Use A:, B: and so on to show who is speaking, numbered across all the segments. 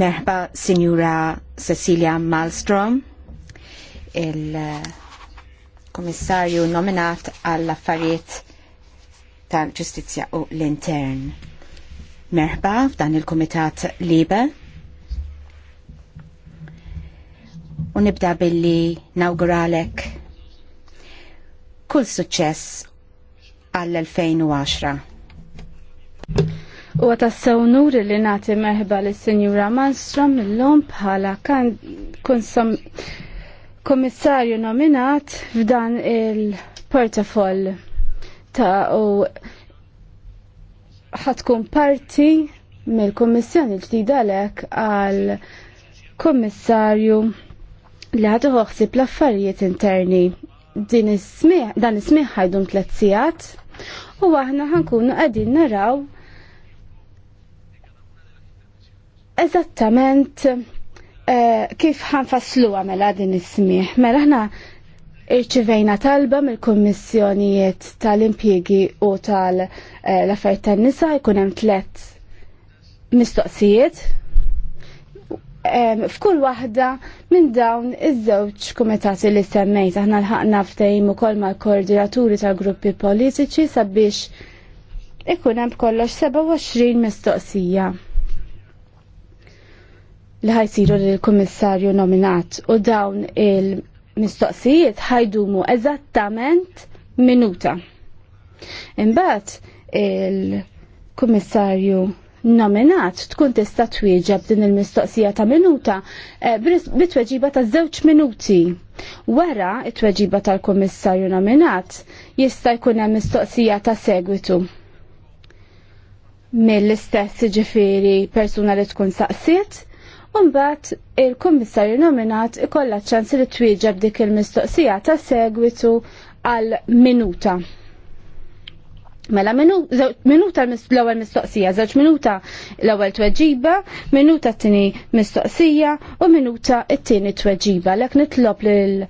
A: Merħba Signora Cecilia Malmstrom, il-Komissarju eh, nominat għall-affarijiet tal-ġustizja u l-intern. Merħba f'dan il-Komitat Libe. u nibda billi nawguralek kull suċċess għall-2010. U għatassaw nuri li nati meħba
B: li Sinjura Manstrom l lom bħala kan konsum komissarju nominat f'dan il-portafoll ta' u ħatkun parti mill-Kommissjoni ġdida lek għal komissarju li ħadu ħsieb l-affarijiet interni. dan is dan ismiħ ħajdun tliet u aħna ħankunu qegħdin naraw eżattament eh, kif ħanfasslu għamela din is-smieħ. Mela ħna irċivejna talba mill-kummissjonijiet tal-impjiegi u tal-affarijiet tan-nisa jkun hemm tliet mistoqsijiet f'kull waħda minn dawn iż-żewġ kumitati li semmejt aħna l-ħaqna ftehim ukoll mal-koordinaturi tal-gruppi politiċi sabiex ikun hemm kollox 27 mistoqsija li ħajsiru lill-kummissarju nominat u dawn il-mistoqsijiet ħajdumu eżattament minuta. Imbagħad il-kummissarju nominat tkun tista' twieġeb din il-mistoqsija ta' minuta eh, bitweġiba ta' żewġ minuti. Wara it-tweġiba tal-kummissarju nominat jista' jkun hemm mistoqsija ta' segwitu. Mill-istess ġifiri persuna li tkun saqsiet Umbat il-kummissarju nominat ikolla ċans li twieġeb dik il-mistoqsija ta' segwitu għal minuta. Mela minuta l-ewwel mistoqsija, żewġ minuta l-ewwel tweġiba, minuta t-tieni mistoqsija u minuta t-tieni tweġiba. Lek nitlob lil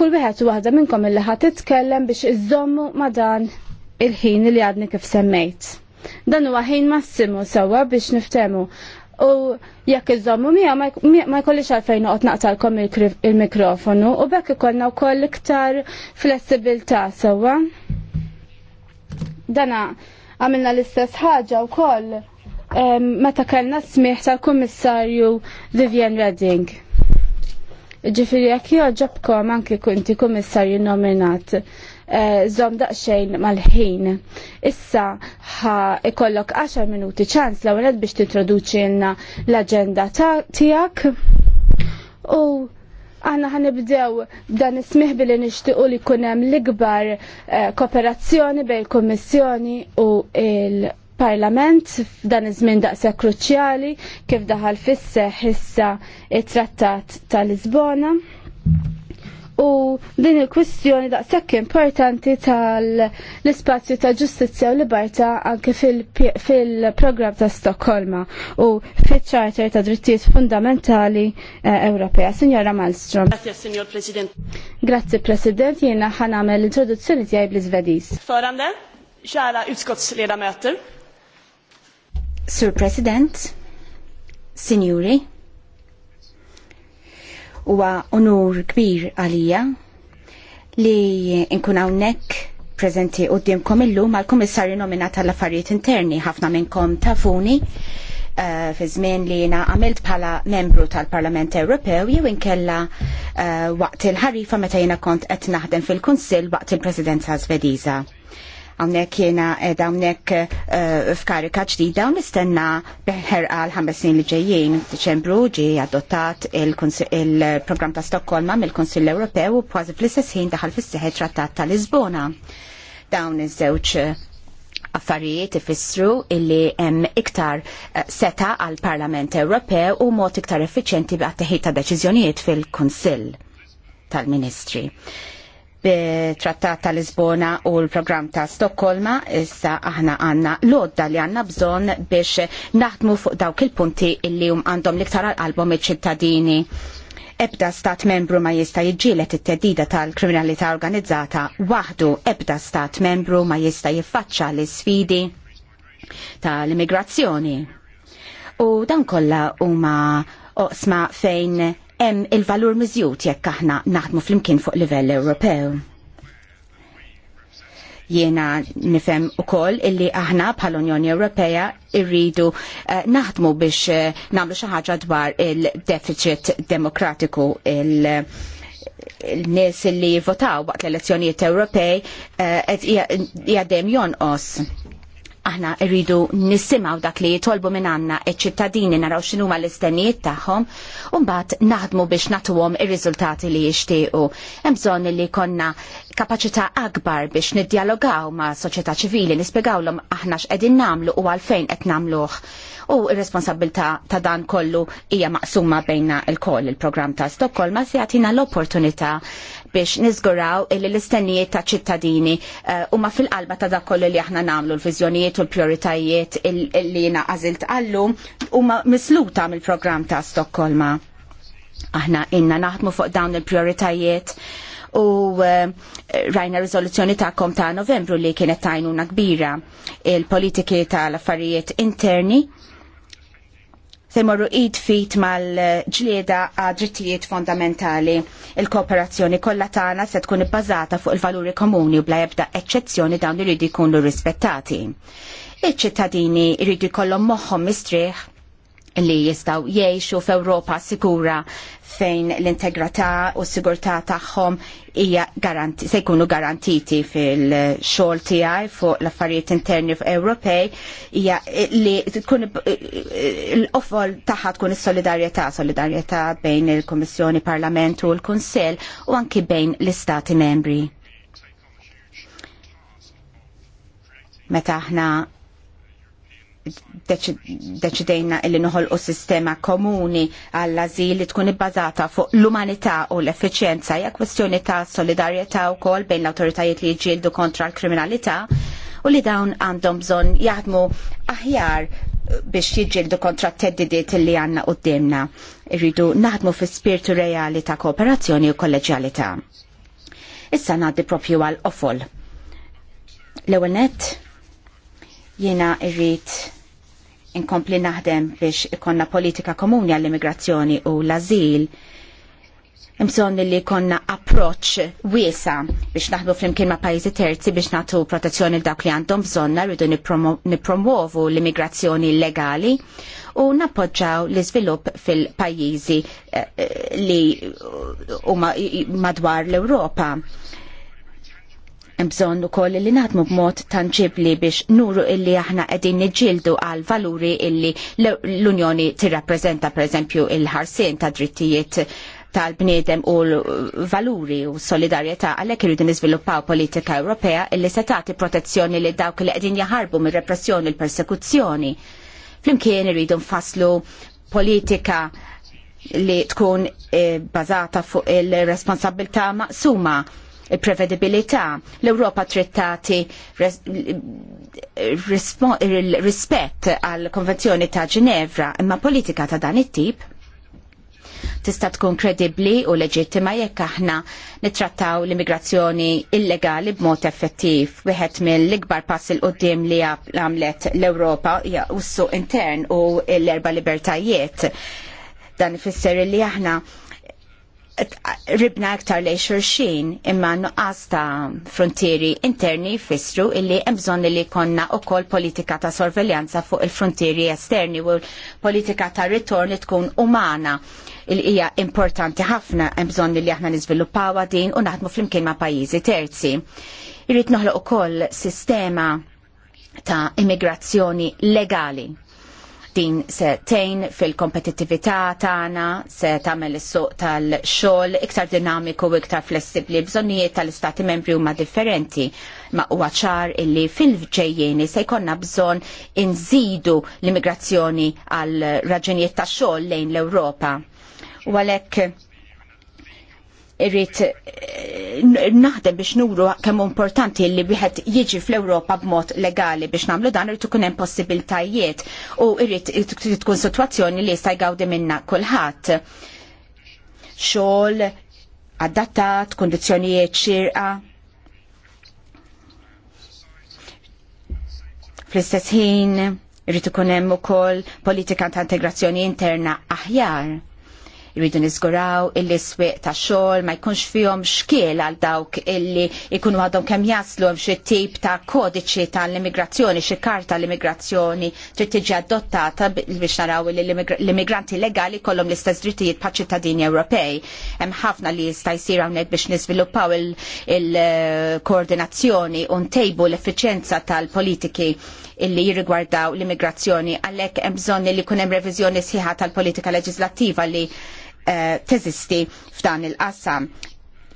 B: kull wieħed u waħda minnkom illi ħadd titkellem biex iżommu ma dan il-ħin li għadni kif semmejt. Dan huwa ħin massimu sewwa biex niftemu u jekk iżommu miha ma jkollix għalfejn noqgħod naqtalkom il-mikrofonu u bekk ikollna wkoll iktar flessibilità sewwa. Dana għamilna l-istess ħaġa wkoll meta kellna smieħ tal-Kummissarju Vivian Redding. Ġifieri jekk joġobkom anki kunti kummissarju nominat, Eh, zom daqxejn mal-ħin. Issa ħa ikollok 10 minuti ċans l għanet biex tintroduċi l-agenda tijak u għanna ħanibdew dan ismiħ billi nishtiqu li kunem l-ikbar eh, kooperazzjoni bej l kommissjoni u il- parlament f'dan iż-żmien daqsja kruċjali kif daħal fis issa it-Trattat tal Lisbona u din il-kwistjoni daqshekk importanti tal-ispazju ta' ġustizzja u libertà anke fil-programm ta' Stokkolma u fil-ċarter ta' drittijiet fundamentali eh, Ewropea. Signora Malmström. Grazie, signor President. Grazie, President. Jena ħanamel l-introduzzjoni tiegħi bl-Iżvediż. Förande, kära utskottsledamöter.
A: Sur President, Signori, Huwa onur kbir għalija li nkun hawnhekk prezenti qudiemkom illum għal kummissarju nominat tal affarijiet interni ħafna minnkom tafuni uh, fi żmien li jiena għamilt bħala membru tal-Parlament Ewropew jew inkella uh, waqt il-ħarifa meta jiena kont qed naħdem fil-Kunsill waqt il-Presidenza Svediża. Għawnek jena eh, dawnek eh, f'karika ġdida u nistenna beħer għal ħames snin li ġejjien f'Diċembru ġi adottat il-program ta' Stokkolma mill-Konsill Ewropew u kważi fl-istess ħin daħal fis-seħħet trattat ta' Lisbona. Dawn iż-żewġ affarijiet ifissru illi hemm iktar eh, seta għal Parlament Ewropew u mod iktar effiċjenti għat teħid ta' deċiżjonijiet fil-Kunsill tal-Ministri trattat ta' Lisbona u l-programm ta' Stokkolma, issa aħna għanna l-odda li għanna bżon biex naħdmu fuq dawk il-punti illi jum għandhom liktar għal-album iċ-ċittadini. Ebda stat membru ma jista jġilet it-teddida tal-kriminalità organizzata waħdu ebda stat membru ma jista jiffaċċa l-sfidi tal-immigrazzjoni. U dan kollha huma oqsma fejn hemm il-valur miżjud jekk aħna naħdmu flimkien fuq livell Ewropew. Jiena nifem u koll illi aħna bħal-Unjoni Ewropea irridu uh, naħdmu biex uh, eh, namlu xaħġa dwar il-deficit demokratiku il- il-nies li votaw waqt l-elezzjonijiet Ewropej uh, eh, jgħaddem jonqos aħna rridu nisimaw dak li jitolbu minn għanna iċ-ċittadini naraw x'inhuma l-istennijiet tagħhom u mbagħad naħdmu biex nagħtuhom ir-riżultati li jixtiequ. Hemm bżonn li konna kapaċità akbar biex niddjalogaw ma' soċjetà ċivili nispjegawlhom aħna x'qegħdin nagħmlu u għalfejn qed nagħmluh. U r-responsabilità ta' dan kollu hija maqsuma bejna l-koll il-programm ta' ma se jagħtina l-opportunità biex niżguraw li l-istennijiet ta' ċittadini eh, huma fil-qalba ta' dak kollu li aħna nagħmlu l-viżjonijiet u l-prijoritajiet li għazilt għażilt u huma misluta mill-programm ta' Stokkolma. Aħna inna naħdmu fuq dawn il-prijoritajiet u eh, rajna rizoluzzjoni kom ta' novembru li kienet tajnuna kbira il-politiki tal-affarijiet interni Se morru id fit mal-ġlieda għad drittijiet fondamentali. Il-kooperazzjoni kollha tagħna se tkun ibbażata fuq il-valuri komuni u bla ebda eċċezzjoni dawn iridu jkunu rispettati. Iċ-ċittadini jridu jkollhom moħħhom mistrieħ li jistaw jiexu f'Ewropa sigura fejn l-integrità u s-sigurtà tagħhom hija garanti, se jkunu garantiti fil-xogħol tiegħi fuq l-affarijiet interni Ewropej hija li tkun l-ofol tagħha tkun is-solidarjetà, solidarjetà bejn il-Kummissjoni Parlament u l-Kunsell u anki bejn l-Istati membri. Meta aħna deċidejna illi noħolqu sistema komuni għall-azil li tkun ibbażata fuq l-umanità u l-effiċjenza hija kwestjoni ta' solidarjetà wkoll bejn l-awtoritajiet li jġieldu kontra l-kriminalità u li dawn għandhom bżonn jaħdmu aħjar biex jiġġieldu kontra t-teddidiet li għanna qoddimna. Irridu naħdmu fi spiritu reali ta' kooperazzjoni u kolleġjalità. Issa ngħaddi propju għal ofol. L-ewwel nett jiena irrid inkompli naħdem biex ikonna politika komuni għall-immigrazzjoni u l-azil. Imson li konna approċ wiesa biex naħdu flimkien ma' pajizi terzi biex natu protezzjoni l-dawk li għandhom bżonna rridu nipromuovu l-immigrazzjoni legali u nappoġġaw l-izvilupp fil-pajizi eh, eh, li huma madwar l-Ewropa Bżonn ukoll li naħdmu b'mod tanġibli biex nuru illi aħna qegħdin niġġieldu għal valuri illi l-Unjoni tirrappreżenta pereżempju il-ħarsien ta' drittijiet tal-bniedem u l-valuri u solidarjetà għalhekk irridu niżviluppaw politika Ewropea illi se tagħti protezzjoni li dawk li qegħdin jaħarbu mir-repressjoni l persekuzzjoni Flimkien irridu nfasslu politika li tkun eh, bazata fuq il-responsabilità maqsuma il-prevedibilità. L-Europa trittati rispett għal konvenzjoni ta' Ginevra imma politika ta' dan it-tip tista' tkun kredibbli u leġittima jekk aħna nittrattaw l-immigrazzjoni illegali b'mod effettiv. Wieħed mill-ikbar pass il qudiem li għamlet l-Ewropa u s-suq intern u l-erba libertajiet. Dan ifisser li aħna ribna aktar lej xurxin imma nuqqas ta' frontieri interni fissru illi imżon li konna u kol politika ta' sorveljanza fuq il-frontieri esterni u politika ta' ritorn li tkun umana il hija importanti ħafna imżon li aħna nizviluppawa din u naħdmu fl-imkien ma' pajizi terzi. Irrit noħloq u kol sistema ta' immigrazzjoni legali din se tejn fil-kompetittività tagħna se tagħmel is-suq tal-xogħol iktar dinamiku u iktar flessibbli bżonnijiet tal-istati membri huma differenti ma huwa ċar illi fil-ġejjeni se jkollna bżonn inżidu l-immigrazzjoni għal raġunijiet tax-xogħol lejn l-Ewropa. U għalhekk irrit eh, naħdem biex nuru kemm importanti li wieħed jiġi fl-Ewropa b'mod legali biex nagħmlu dan irid ikun hemm possibiltajiet u irrid tkun sitwazzjoni li jista' jgawdi minnha kulħadd. Xogħol adattat, kundizzjonijiet xirqa. Fl-istess ħin irrid ikun hemm ukoll politika ta' integrazzjoni interna aħjar Jridu nizguraw il liswiq ta' xogħol ma jkunx fihom xkiel għal dawk illi jkunu għadhom kemm jaslu hemm xi tip ta' kodiċi tal-immigrazzjoni, xi karta l-immigrazzjoni trid tiġi adottata biex naraw li l-immigranti legali kollhom l-istess drittijiet bħal ċittadini Ewropej. Hemm ħafna li jista' jsir hawnhekk biex niżviluppaw il-koordinazzjoni u ntejbu l-effiċjenza tal-politiki illi jirrigwardaw l-immigrazzjoni għalhekk hemm bżonn li jkun hemm reviżjoni sħiħa tal-politika leġislattiva li Eh, teżisti f'dan il-qasam.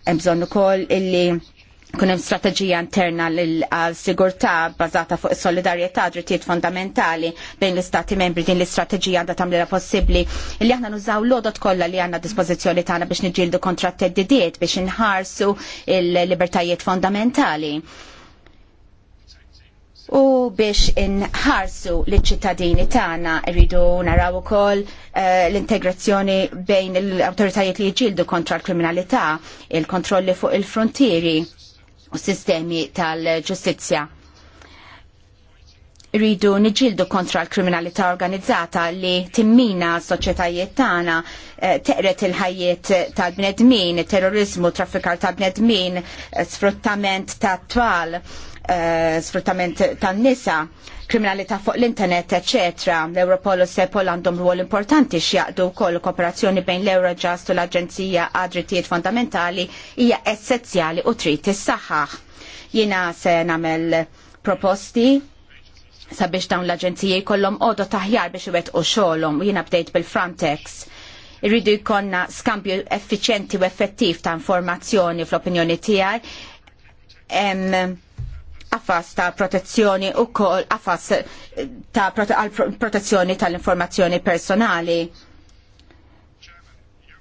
A: Hemm bżonn ukoll illi kun hemm strateġija interna għal sigurtà bbażata fuq is-solidarjetà drittijiet fondamentali bejn l-istati membri din l-istrateġija għandha tagħmilha possibbli li aħna nużaw l-odot kollha li għandna dispożizzjoni tagħna biex niġġieldu kontra t-teddidiet biex inħarsu l libertajiet fondamentali u biex inħarsu l ċittadini tagħna rridu naraw ukoll uh, l-integrazzjoni bejn l-awtoritajiet li jġildu kontra l-kriminalità, il-kontrolli fuq il-frontieri u s sistemi tal-ġustizzja. Rridu niġildu kontra l-kriminalità organizzata li timmina s-soċjetajiet tagħna uh, teqret il-ħajjiet tal-bnedmin, terrorizmu, traffikar tal-bnedmin, eh, sfruttament tat-twal Eh, sfruttament tan-nisa, kriminalità fuq l-internet, etc. L-Europol u Sepol għandhom rwol importanti x'jaqdu wkoll kooperazzjoni bejn l-Eurojust u l-Aġenzija għad-drittijiet fundamentali hija essenzjali u trid issaħħaħ. Jiena se nagħmel proposti sabiex dawn l aġenzija jkollhom għodu taħjar biex iwet u xolom u jina bdejt bil-Frontex. Irridu jkonna skambju effiċenti u effettiv ta' informazzjoni fl-opinjoni tijaj affas ta' protezzjoni u kol għafas ta' protezzjoni tal-informazzjoni personali.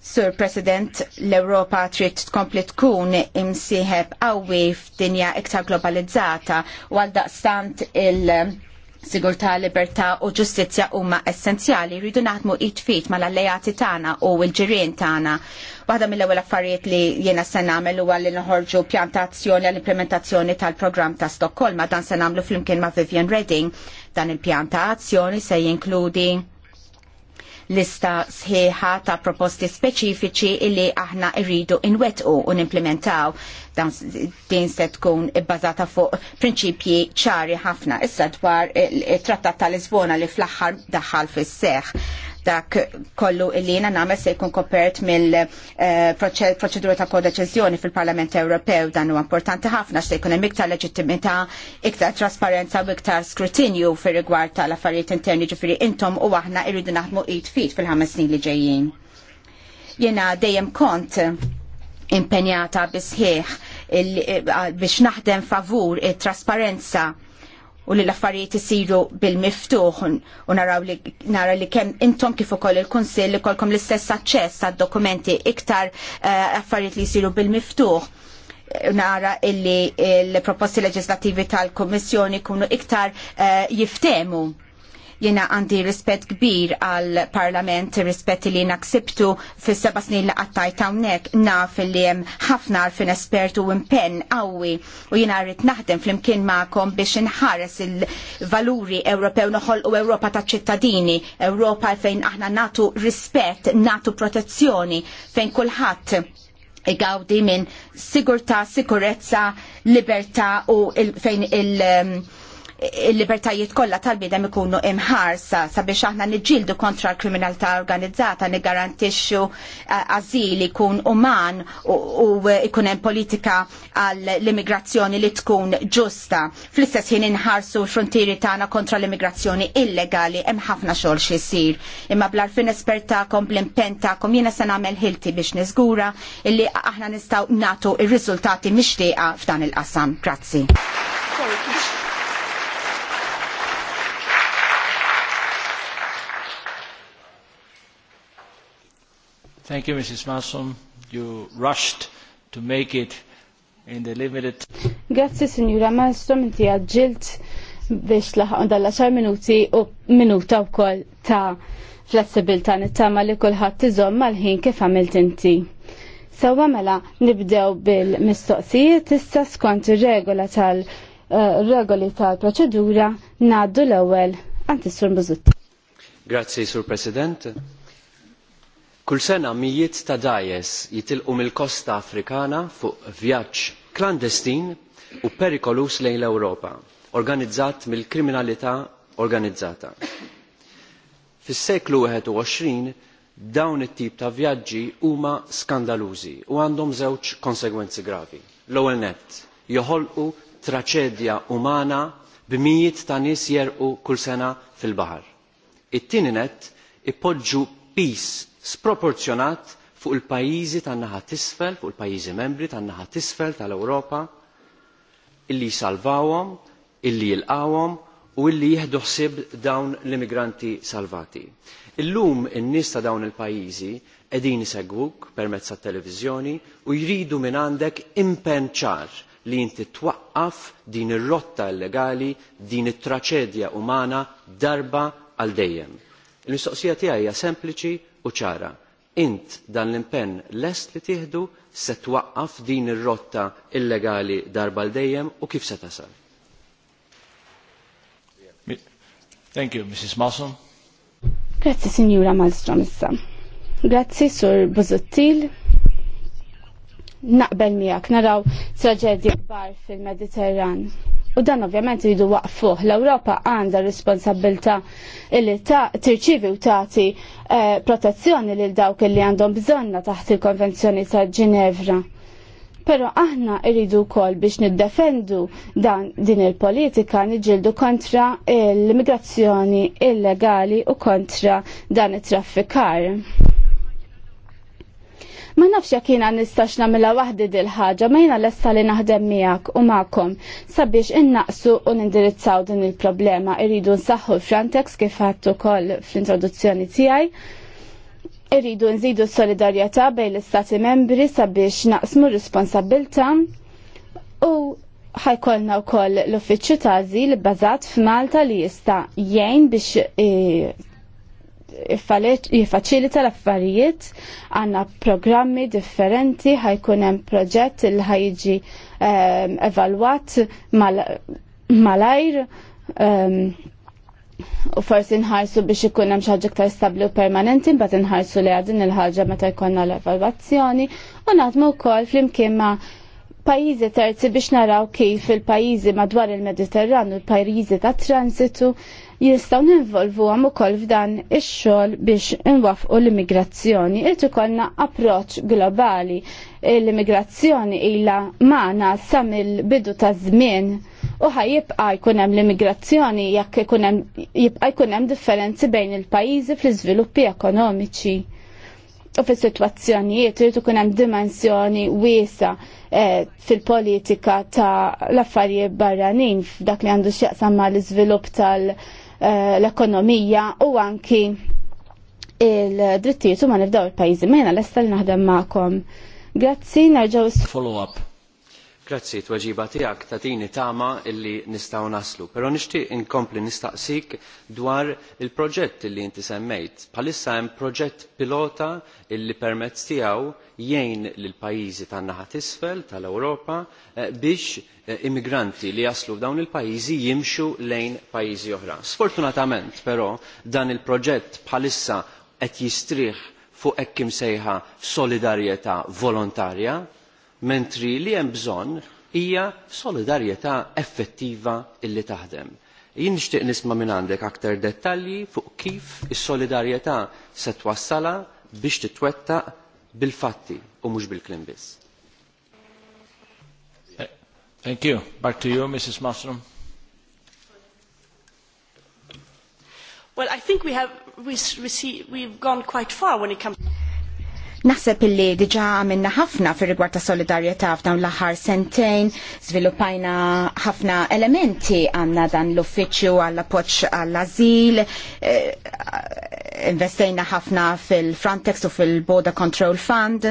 A: Sur President, l-Europa trid tkompli tkun imsieħeb qawwi f'dinja iktar globalizzata u għal daqstant il- Sigurtà, libertà u ġustizzja huma essenzjali, rridu naħdmu it-tfit mal-allejati tagħna u l-ġirien tagħna. Waħda mill-ewwel affarijiet li jiena se nagħmel huwa li noħorġu pjantazzjoni għall-implementazzjoni tal-programm ta' Stokkolma dan se nagħmlu flimkien ma' Vivian Redding. Dan il pjantazzjoni azzjoni se jinkludi lista sħiħa ta' proposti speċifiċi illi aħna rridu inwetqu u nimplementaw din se tkun bbażata fuq prinċipji ċari ħafna issa dwar it-Trattat tal-Lisbona li fl-aħħar daħħal fis-seħħ dak kollu il-lina namel se jkun kopert mill-proċedura eh, ta' kodeċizjoni fil-Parlament Ewropew dan huwa importanti ħafna se jkun hemm iktar leġittimità, iktar trasparenza u iktar skrutinju fir rigward tal-affarijiet interni ġifiri intom u aħna irridu naħdmu id fit fil-ħames snin li ġejjin. Jena dejjem kont impenjata bisħieħ eh, biex naħdem favur it-trasparenza u li l-affarijiet isiru bil-miftuħ u naraw li nara li kemm intom kif ukoll il-Kunsill li kolkom l-istess aċċess għad dokumenti iktar uh, affarijiet li jsiru bil-miftuħ eh, nara illi il-proposti leġislativi tal-Kommissjoni kunu iktar uh, jiftemu Jena għandi rispett kbir għal parlament, rispett li naksibtu fis seba snin li għattaj hawnhekk naf li hemm ħafna għarfin espertu u impenn qawwi u jena għarrit naħdem flimkien magħkom biex inħares il-valuri Ewropew noħol u Ewropa ta' ċittadini, Ewropa fejn aħna natu rispett, natu protezzjoni, fejn kulħadd igawdi minn sigurtà, sikurezza, libertà u il fejn il- um, il-libertajiet kollha tal-bidem ikunu imħarsa sabiex aħna niġġieldu kontra l-kriminalità organizzata nigarantixxu eh, azil ikun uman u ikun hemm politika għall-immigrazzjoni li tkun ġusta. Fl-istess ħin inħarsu l-frontieri tagħna kontra l-immigrazzjoni illegali hemm ħafna xogħol xi jsir. Imma bl-arfin espertakom bl impenn tagħkom jiena se nagħmel ħilti biex niżgura illi aħna nistgħu nagħtu ir-riżultati mixtieqa f'dan il-qasam. Grazzi.
C: Thank you, Mrs. Masson. You rushed to make it in the limited...
B: Grazie, Signora Masson, inti għadġilt biex laħan dalla xar minuti u minuta u kol ta' flessibilta nittama li kulħadd tiżom mal-ħin kif għamilt inti. Sawa mela nibdew bil-mistoqsijiet issa skont ir-regola tal-regoli eh, tal-proċedura ngħaddu l-ewwel għandi sur Grazie,
C: Grazzi, Sur President. Kull sena mijiet ta' dajes jitilqu mill-kosta Afrikana fuq vjaġġ klandestin u perikolus lejn l-Ewropa, organizzat mill-kriminalità organizzata. Fis-seklu 21 dawn it-tip ta' vjaġġi huma skandalużi u għandhom żewġ konsegwenzi gravi. L-ewwel nett joħolqu traċedja umana b'mijiet ta' nies jerqu kull sena fil-baħar. It-tieni nett ipoġġu pis sproporzjonat fuq il-pajjiżi tan-naħa t'isfel, fuq il-pajjiżi membri tan-naħa t'isfel tal-Ewropa illi jsalvawhom, illi jilqawhom u illi jieħdu ħsieb dawn l-immigranti salvati. Illum in-nies ta' dawn il-pajjiżi qegħdin isegwuk permezz tat-televiżjoni u jridu minn għandek impenċar li inti twaqqaf din ir-rotta illegali, din it-traċedja umana darba għal dejjem. Il-mistoqsija tiegħi hija sempliċi u ċara. Int dan l-impenn lest li tieħdu se twaqqaf din ir-rotta illegali darba l dejjem u kif se tasal. Thank you, Mrs. Mawson.
B: Grazzi, Signora Malmström issa. Grazzi, Sur Buzuttil. Naqbel miegħek naraw traġedja kbar fil-Mediterran U dan ovvjament jridu waqfuh. L-Ewropa għandha responsabilta illi ta' tirċivi u tagħti eh, protezzjoni lil dawk li għandhom bżonna taħt il-Konvenzjoni ta' Ġinevra. Pero aħna irridu kol biex niddefendu dan din il-politika niġildu kontra l-immigrazzjoni illegali u kontra dan it-traffikar. Ma nafx jekk jiena nistax nagħmilha waħdi dil ħaġa ma jiena lesta li naħdem miegħek u magħkom sabiex innaqsu u nindirizzaw din il-problema irridu nsaħħu Frontex kif ħadd ukoll fl-introduzzjoni tiegħi. Irridu nżidu s-solidarjetà bejn l-Istati membri sabiex naqsmu responsabilta u ħajkollna wkoll l-Uffiċċju ta' Azil bbażat f'Malta li jista' jgħin biex eh, jiffaċilita l-affarijiet, għanna programmi differenti, ħajkun hemm proġett il ħajġi um, evalwat mal-ajr, um, u forsi nħarsu biex ikun hemm xi ħaġa iktar stabbli u permanenti, mbagħad inħarsu li għadin il-ħaġa meta jkollna l-evalwazzjoni u naħdmu wkoll flimkien ma' pajizi terzi biex naraw kif il-pajizi madwar il-Mediterran u il-pajizi ta' transitu jistaw ninvolvu għam u koll f'dan ix-xol biex nwafqu l-immigrazzjoni. Irtu kollna approċ globali. L-immigrazzjoni ila maħna sam il-bidu ta' zmin u ħajibqa jkun hemm l-immigrazzjoni jekk jibqa jkun hemm differenzi bejn il-pajjiżi fl-iżviluppi ekonomiċi u fis situazzjonijiet irid ikun hemm dimensjoni wiesa eh, fil-politika ta' l-affarijiet barranin f'dak li għandu x'jaqsam mal iżvilupp tal- Eh, l-ekonomija u anki il-drittijiet u ma nibdaw il-pajzi. Mena l-estal naħdem ma'kom. Grazzi, narġaw
C: follow-up. Grazzi, tweġiba tiegħek tatini tama illi nistgħu naslu. Però nixtieq inkompli nistaqsik dwar il-proġett illi inti semmejt. Palissa hemm proġett pilota illi permezz tiegħu jgħin lil pajjiżi tan-naħa t'isfel tal-Ewropa eh, biex eh, immigranti li jaslu f'dawn il-pajjiżi jimxu lejn pajjiżi oħra. Sfortunatament però dan il-proġett bħalissa qed jistrih fuq hekk imsejħa solidarjetà volontarja mentri li hemm bżonn hija solidarjetà effettiva illi taħdem. Jien nixtieq nisma' minn għandek aktar dettalji fuq kif is-solidarjetà se twassala biex titwettaq bil-fatti u mhux bil-klim biss. Eh, thank you. Back to you, Mrs. Mastrom.
D: Well, I think we have we've
B: gone quite far when it comes to
A: Naħseb illi diġa għamilna ħafna fir rigward ta' solidarjetà f'dawn l-aħħar sentejn, żviluppajna ħafna elementi għandna dan l-uffiċċju għall appoġġ għall-azil, eh, investejna ħafna fil-Frontex u fil-Border Control Fund,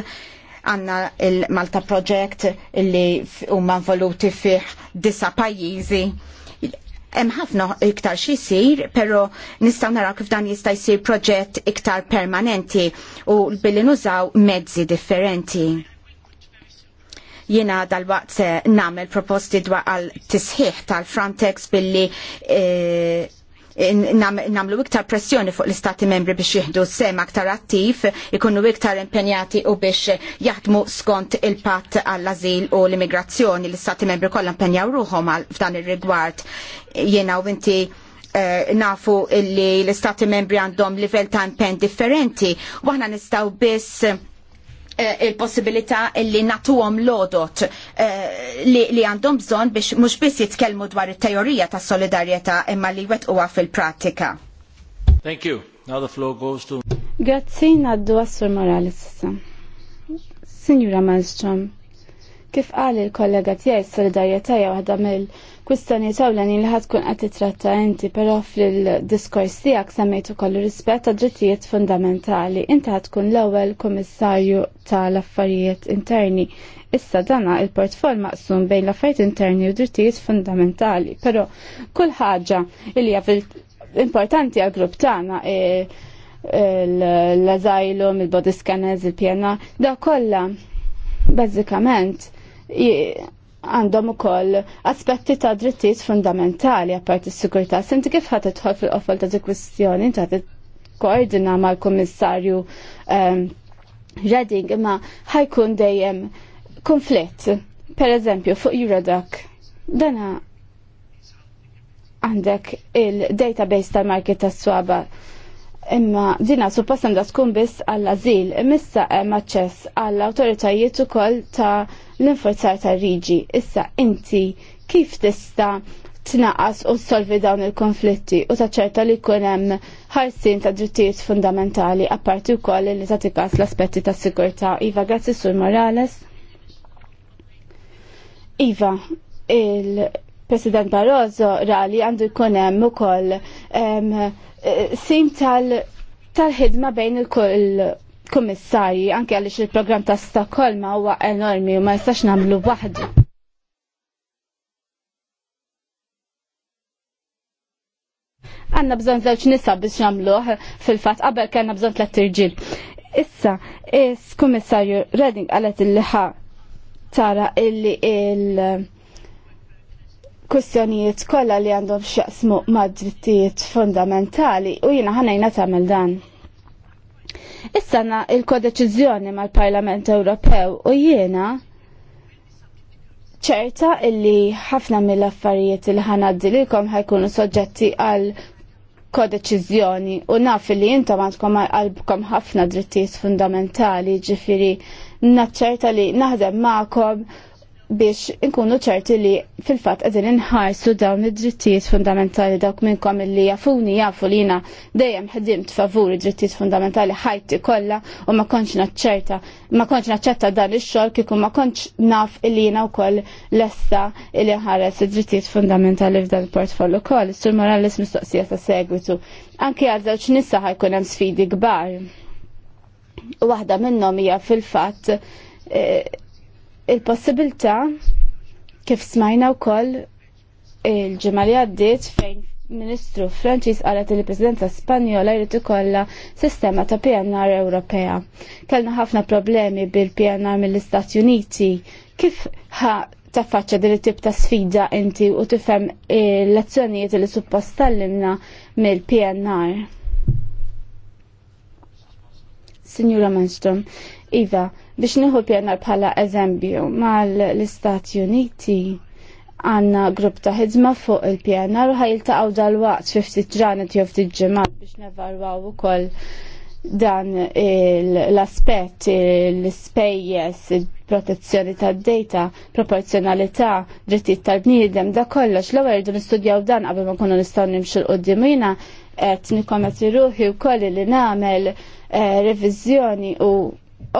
A: għanna il-Malta Project illi huma involuti fih disa pajjiżi Hemm ħafna iktar xi jsir, però nistgħu naraw kif dan jista' jsir proġett iktar permanenti u billi nużaw mezzi differenti. Jiena dal-waqt namel proposti dwar għal tisħiħ tal-Frontex billi eh, namlu iktar pressjoni fuq l-istati membri biex jihdu sem aktar attiv, ikunu iktar impenjati u biex jaħdmu skont il-pat għall-azil u l-immigrazzjoni l-istati membri kollha impenjaw ruħom f'dan ir-rigward. Jiena u inti eh, nafu illi l-istati membri għandhom livell ta' impenn differenti, u aħna nistgħu biss Eh, il-possibilità eh, li natuhom lodot li għandhom bżonn biex mhux biss jitkellmu dwar it-teorija ta' solidarjetà imma li wetquha fil prattika
C: Thank you. Now the floor goes to
B: Grazzi naddu għassur Morales Signora Malmström, kif qal il-kollega tiegħi solidarjetà hija waħda mill- kwistjoni tawlani li ħatkun qed titratta inti però fil-diskors tiegħek semmejt kollu rispett ta' drittijiet fundamentali. Inti kun l-ewwel ta' tal-affarijiet interni. Issa dana il-portfol maqsum bejn l-affarijiet interni u drittijiet fundamentali, però kull ħaġa li hija importanti għal grupp tagħna e, e, l-azajlum, il bodiskanez il-pjena, da kolla bazzikament għandhom ukoll aspetti ta' drittijiet fundamentali apparti s-sigurtà. Senti kif ħadd tħol fil-qofol ta' dik kwistjoni ta' koordina mal-Kummissarju ehm, Redding imma ħajkun dejjem konflitt. Per eżempju, fuq Eurodac, dana għandek il-database tal-market tas-swaba Imma dina suppost da tkun biss għall-azil, imissa hemm aċċess għall-awtoritajiet ukoll ta' l-infurzar tar-riġi. Issa inti kif tista' tnaqqas u solvi dawn il-konflitti u taċċerta li jkun hemm ħarsin ta' drittijiet fundamentali apparti wkoll li ta' tikas l-aspetti ta' sigurtà. Iva, grazzi Sur Morales. Iva, il-President Barroso rali għandu jkun hemm ukoll sim tal-ħidma bejn il-kommissarji, anke għalix il-program ta' Stockholma huwa enormi u ma jistax namlu waħdu. Għanna bżon zewċ nisa biex namluħ fil-fat, qabel kena bżon tlet irġil. Issa, is-kommissarju Redding għalet il-liħa tara illi il-, -il kustjonijiet kollha li għandhom x'jaqsmu mad-drittijiet fundamentali u jiena ħanejna tagħmel dan. Issa na il-kodeċiżjoni mal-Parlament Ewropew u jiena ċerta illi ħafna mill-affarijiet li kom ħajkunu soġġetti għal kodeċiżjoni u naf li intom għandkom għalbkom ħafna drittijiet fundamentali ġifiri naċċerta li naħdem ma'kom biex inkunu ċerti li fil-fat għedin inħarsu dawn id-drittijiet fundamentali dawk minnkom li jafuni jafu li jina dejjem ħedimt favur id-drittijiet fundamentali ħajti kollha u ma konċ naċċerta ma konċ naċċetta dan ix-xogħol kiku ma konċ naf li jina wkoll lesta li ħares id-drittijiet fundamentali f'dan il-portfolio koll. Sur Morales mistoqsija ta' segwitu. Anki għal żewġ ħajkun hemm sfidi kbar. Waħda minnhom hija fil-fatt eh, il-possibilità kif smajna wkoll il-ġimgħa li għaddiet fejn Ministru Franċis qalet li presidenza Spanjola jrid ikollha sistema ta' PNR Ewropea. Kellna ħafna problemi bil-PNR mill-Istati Uniti. Kif ħa taffaċċa din it-tip ta' sfida inti u tifhem l-azzjonijiet li suppost tallimna mill-PNR? Signora Manstrom, Iva, Biex nieħu pjanar bħala eżempju mal-Istati Uniti għanna grupp ta' ħidma fuq il-pjanar u ħajiltaqgħu dal-waqt fi ftit ġranet jew ftit ġimgħat biex nevalwaw ukoll dan l-aspett l-ispejjeż, protezzjoni tad-data, proporzjonalità, drittijiet tal-bniedem, da kollox l-ewwel irdu nistudjaw dan qabel ma nkunu nistgħu nimxu l-qudiem qed nikkommetti ruħi wkoll li nagħmel eh, reviżjoni u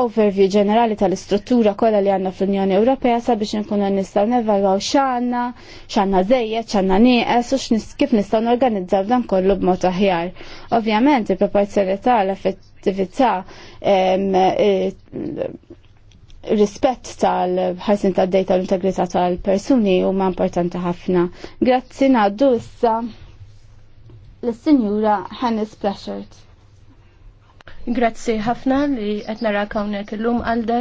B: overview ġenerali tal-istruttura kollha li għandna fl-Unjoni Ewropea sabiex nkunu nistgħu nevalwaw xanna, x'għandna żejjed, x'għandna nieqes u kif nistgħu norganizzaw dan kollu b'mod aħjar. Ovvjament il-proporzjonalità l-effettività e, rispett tal-ħarsin tad dejta tal l-integrità tal-persuni huma importanti ħafna. Grazzi ngħaddu issa
D: l-Sinjura Hannes Pleasure. Grazzi ħafna li qed nara kawnek illum għalda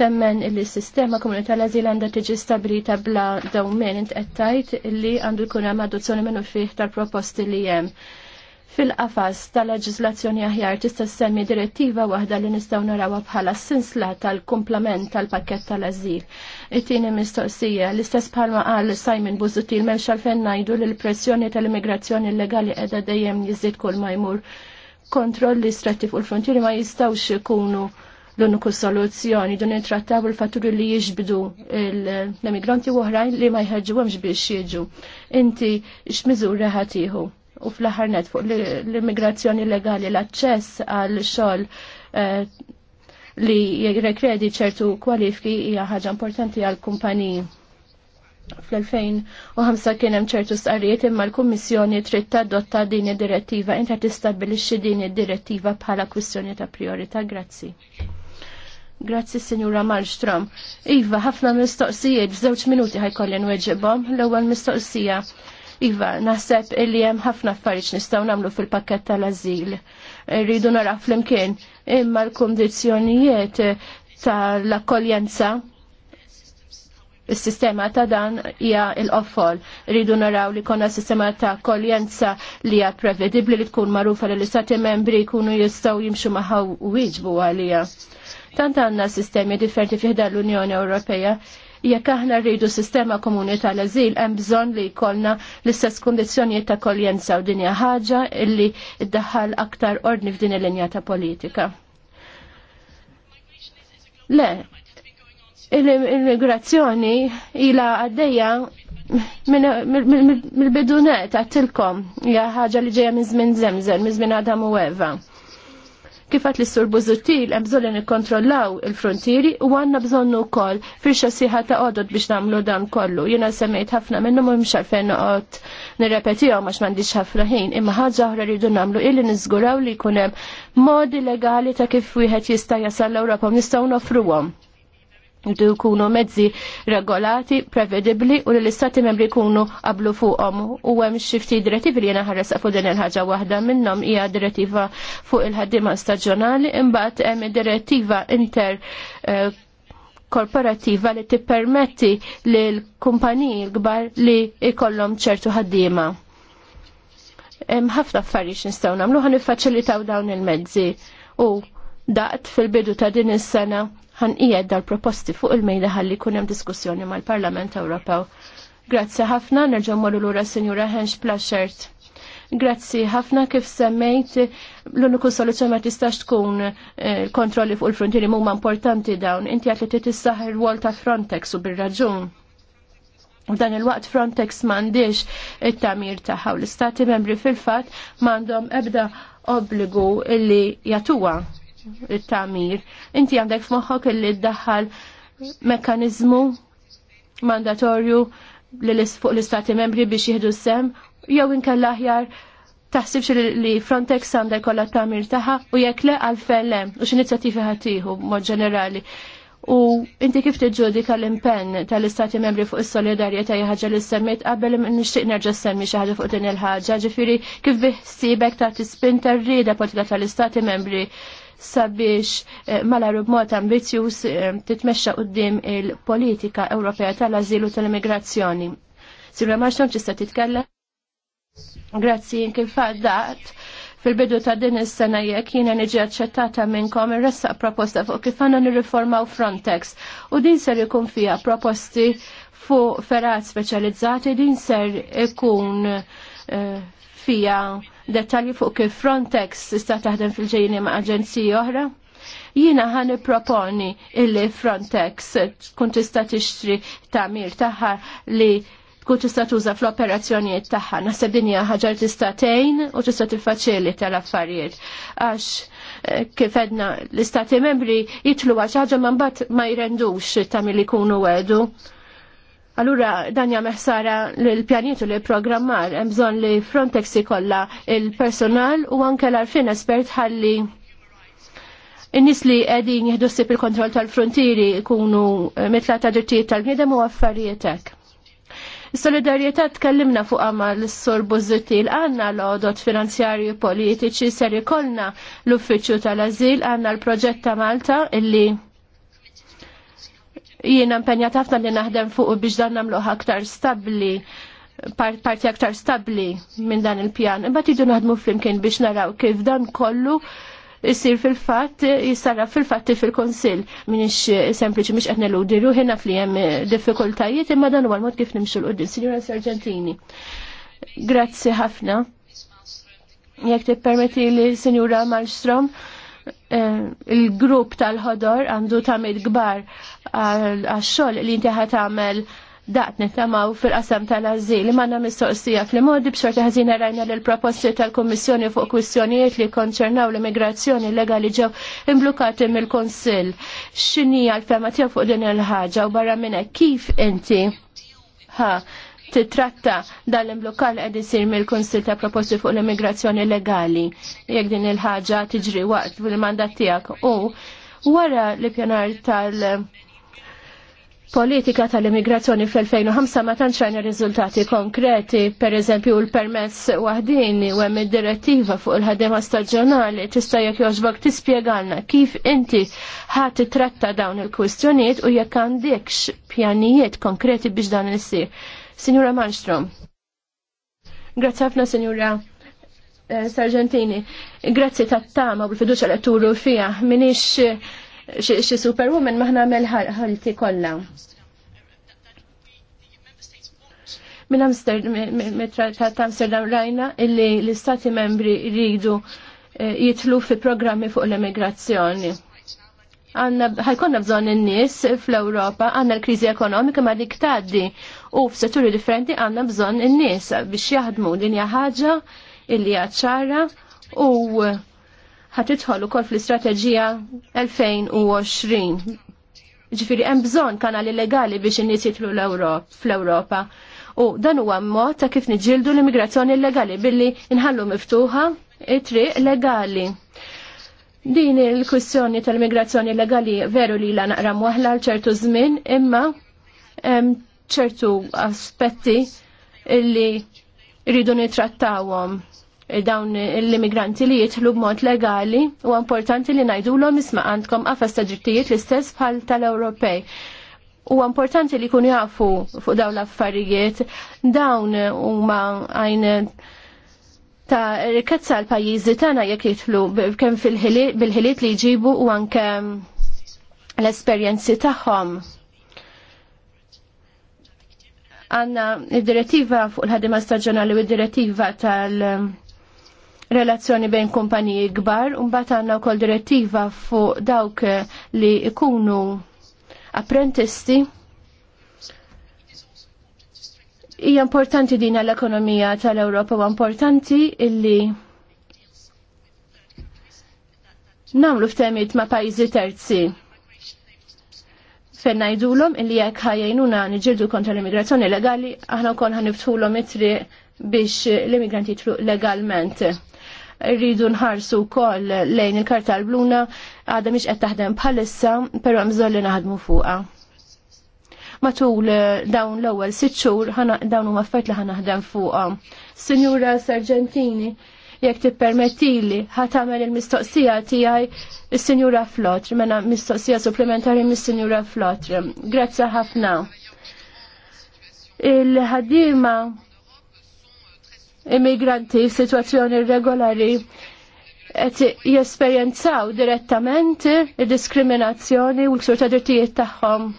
D: temmen s sistema komunità l-azil għandha tiġi stabilita bla dawmen int qed tajt li għandu jkun hemm adozzjoni minnu fih tal-proposti li hemm. Fil-qafas tal-leġislazzjoni aħjar tista' semmi direttiva waħda li nistgħu narawha bħala sinsla tal-kumplament tal-pakkett tal-azil. It-tieni mistoqsija l-istess bħalma qal Simon Buzutil m'hemmx għalfejn ngħidu li l-pressjoni tal-immigrazzjoni illegali qiegħda dejjem jiżdied kull ma jmur kontrolli stretti fuq il-frontieri ma jistawx ikunu l-uniku soluzzjoni dun trattaw il-fatturi li jiġbdu l-emigranti uħrajn oħrajn li ma jħarġuhomx biex jiġu. Inti x'miżura ħatiħu? U fl-aħħar net fuq l-immigrazzjoni legali l-aċċess għal xogħol eh, li jirrekredi ċertu kwalifki hija ħaġa importanti għal kumpaniji Fl-2005 kien hemm ċertu stqarrijiet imma l-Kummissjoni trid tadotta din id-direttiva inta tistabbilixxi din id-direttiva bħala kwistjoni ta' priorità. Grazzi. Grazzi Sinjura Malmström. Iva, ħafna mistoqsijiet f'żewġ minuti ħajkolli nweġibhom. L-ewwel mistoqsija. Iva, naħseb illi hemm ħafna affarijiet nistgħu nagħmlu fil-pakkett tal-ażil. Rridu nara flimkien imma l-kundizzjonijiet tal-akkoljenza Is-sistema ta' dan hija l-offol. Rridu naraw li konna sistema ta' koljenza li hija prevedibli li tkun magħrufa li l-istati membri jkunu jistgħu jimxu magħha wieġbu għalija. Tant għandna sistemi differenti fiħda l-Unjoni Ewropea jekk aħna rridu sistema komuni tal-azil hemm bżonn li jkollna l-istess kundizzjonijiet ta' koljenza u dinja ħaġa illi iddaħħal aktar ordni f'din il-linja ta' politika. Le, il immigrazzjoni ila għaddejja mill-bidunet għattilkom ja ħaġa li ġeja minn zmin zemżel, minn zmin Adam u Eva. Kifat li s-sur Buzutil hemm bżonn li nikkontrollaw il-frontieri u għandna bżonnu wkoll firxa siħa ta' qodod biex nagħmlu dan kollu. Jiena semmejt ħafna minnhom u mhux għalfejn noqgħod nirrepetihom għax m'għandix ħafna ħin, imma ħaġa oħra rridu nagħmlu illi nizguraw li jkun hemm modi legali ta' kif wieħed jista' jasal l europa u nistgħu nofruhom jridu jkunu mezzi regolati, prevedibli u li l-istati membri jkunu qablu fuqhom. U hemm xi ftit direttivi li jena ħarres fuq din il-ħaġa waħda minnhom hija direttiva fuq il-ħaddiema staġjonali, imbagħad hemm direttiva inter eh, korporativa li tippermetti li l-kumpaniji l-kbar li ikollhom ċertu ħaddiema. Hemm ħafna affarijiet nistgħu nagħmlu ħan niffaċilitaw dawn il-mezzi u daqt fil-bidu ta' din is-sena ijed dal-proposti fuq il-mejda ħalli kun hemm diskussjoni mal-Parlament Ewropew. Grazzi ħafna, nerġa' l lura Sinjura Henx Plaxert. Grazzi ħafna kif semmejt l-uniku soluzzjoni ma tistax tkun eh, kontrolli fuq il-frontieri huma importanti dawn. Inti għatli li tissaħ il-wol ta' Frontex u bir-raġun. U dan il-waqt Frontex m'għandix it-tamir tagħha l-istati membri fil-fatt m'għandhom ebda obbligu illi jatuwa il-tamir. Inti għandek f'moħħok illi ddaħħal mekanizmu mandatorju fuq l-istati membri biex jihdu sem jew inkell aħjar taħsibx li Frontex għandha t tamir taħħa u jekk le għal le u x'inizjattivi ħatiħu mod ġenerali. U inti kif tiġġudika l-impenn tal-istati membri fuq is-solidarjetà hija ħaġa li semmit qabel nixtieq nerġa' semmi xi ħaġa fuq din il-ħaġa, ġifieri kif biħsibek ta' tispin tar-rieda politika tal-istati membri sabiex eh, malaru b'mod ambizjuż eh, titmexxa qudiem il-politika Ewropea tal azilu tal-immigrazzjoni. Sirra Marxon tista' titkella? Grazzi kif faddat fil-bidu ta' din is-sena jekk jiena niġi aċċettata minnkom ir-ressa proposta fuq kif għandna nirriformaw Frontex u din ser ikun fiha proposti fuq ferat speċjalizzati din ser ikun uh, eh, fija dettalji fuq kif Frontex tista' taħdem fil-ġejjini ma' aġenziji oħra? Jina ħan proponi illi Frontex tkun tista' tixtri tagħmir tagħha li tkun tista' tuża fl-operazzjonijiet tagħha. Naħseb din hija ħaġa tista' tgħin u tista' tiffaċilita l-affarijiet. Għax eh, kif edna l-istati membri jitlu għax ħaġa ma mbagħad ma jrendux tagħmel jkunu għedu. Allura dan jagħmel ħsara l-pjanitu li programmar hemm bżonn li Frontex ikollha il-personal u anke l-arfin espert ħalli in-nies li qegħdin jieħdu ssib il-kontroll tal-frontieri jkunu eh, mitla ta' drittijiet tal-bniedem u affarijiet hekk. Is-solidarjetà tkellimna fuq għama s-sur l għandna l-għodot finanzjari politiċi ser ikollna l-uffiċċju tal-azil għandna l-proġett ta' Malta illi Jiena mpenja ħafna li naħdem fuq biex dan namlu aktar stabbli parti aktar stabbli minn dan il-pjan. Imma tidu naħdmu flimkien biex naraw kif dan kollu jisir fil-fatt, jisarra fil fat fil-konsil. ix sempliċi miex għetna l udiru ruħina fli jem diffikultajiet, imma dan u għal-mod kif nimxu l udin Signora Sargentini, grazzi ħafna. Jek permetti li Signora Malmstrom, Eh, il-grupp tal-ħodor għandu tamid gbar għax-xogħol li inti ħat tagħmel daqt nittamaw fil-qasam tal-azil. Manna mistoqsija fil modi b'xorta ħażina rajna l proposti tal-Kommissjoni fuq kwistjonijiet li konċernaw l-immigrazzjoni legali ġew imblukati mill konsil X'inhi għal-fema tiegħu fuq din il-ħaġa u barra minn kif inti ha titratta dal-imblokkar qed isir mill-Kunsil ta' proposti fuq l-immigrazzjoni legali jekk din il-ħaġa tiġri waqt fil-mandat tiegħek u wara l-pjanar tal- politika tal-immigrazzjoni fl-2005 ma tantx riżultati konkreti, pereżempju l-permess waħdin u hemm id-direttiva fuq il-ħadema staġjonali tista' jekk jogħġbok tispjegalna kif inti ħadd titratta dawn il-kwistjonijiet u jekk għandekx pjanijiet konkreti biex dan isir. Signora Malmström. Grazie ħafna, Signora eh, Sargentini. Grazie ta' tama u l-fiduċa li turu fija. Minix eh, xi superwoman maħna għamel ħalti kollha. Minn Amsterdam, Amsterdam rajna illi l-istati membri rridu eh, jitlu fi programmi fuq l-immigrazzjoni għanna ħajkonna bżon n-nis fl-Europa, għanna l-krizi ekonomika ma dik tgħaddi u f'setturi differenti għandna bżonn in-nies biex jaħdmu din hija ħaġa illi ċara u ħatidħol ukoll fl-istrateġija 2020. Ġifieri hemm bżonn kanali legali biex in-nies jitlu fl-Ewropa. U dan huwa mod ta' kif niġġieldu l-immigrazzjoni illegali billi nħallu miftuħa it-triq legali. Din il-kwistjoni tal-immigrazzjoni legali veru li la naqra waħla l ċertu żmien imma ċertu aspetti illi rridu nitrattawhom dawn l-immigranti li jitħlu b'mod legali u importanti li ngħidulhom isma' għandkom għafas ta' drittijiet l-istess bħal tal-Ewropej. U importanti li jkunu jafu fuq dawn l-affarijiet dawn huma għajn ta' rikazza l-pajjiżi tagħna jekk jitlu kemm bil-ħiliet li jġibu u anke l-esperjenzi tagħhom għanna id-direttiva fuq il-ħadima staġjonali u id-direttiva tal- relazzjoni bejn kumpaniji kbar, un bat għanna kol direttiva fuq dawk li ikunu apprentisti hija importanti din l-ekonomija tal-Ewropa u importanti illi namlu ftemiet ma' pajjiżi terzi fejn ngħidulhom illi jekk ħajjejnuna niġġieldu kontra l-immigrazzjoni legali aħna wkoll ħaniftħulhom it-triq biex l-immigranti jitlu legalment. Rridu nħarsu wkoll lejn il-karta l-bluna għadha mhix qed taħdem bħalissa, però hemm bżonn li naħdmu fuqha. Matul eh, dawn l-ewwel sitt xhur dawn huma affarijiet li ħanaħdem fuqhom. Sinjura Sargentini, jekk tippermettili ħatamel il-mistoqsija tiegħi is-Sinjura Flotr, mena mistoqsija supplementari mis-Sinjura Flotr. Grazzi ħafna. Il-ħaddiema immigranti f'sitwazzjoni regolari qed jesperjenzaw direttament id-diskriminazzjoni u l sur ta' drittijiet tagħhom.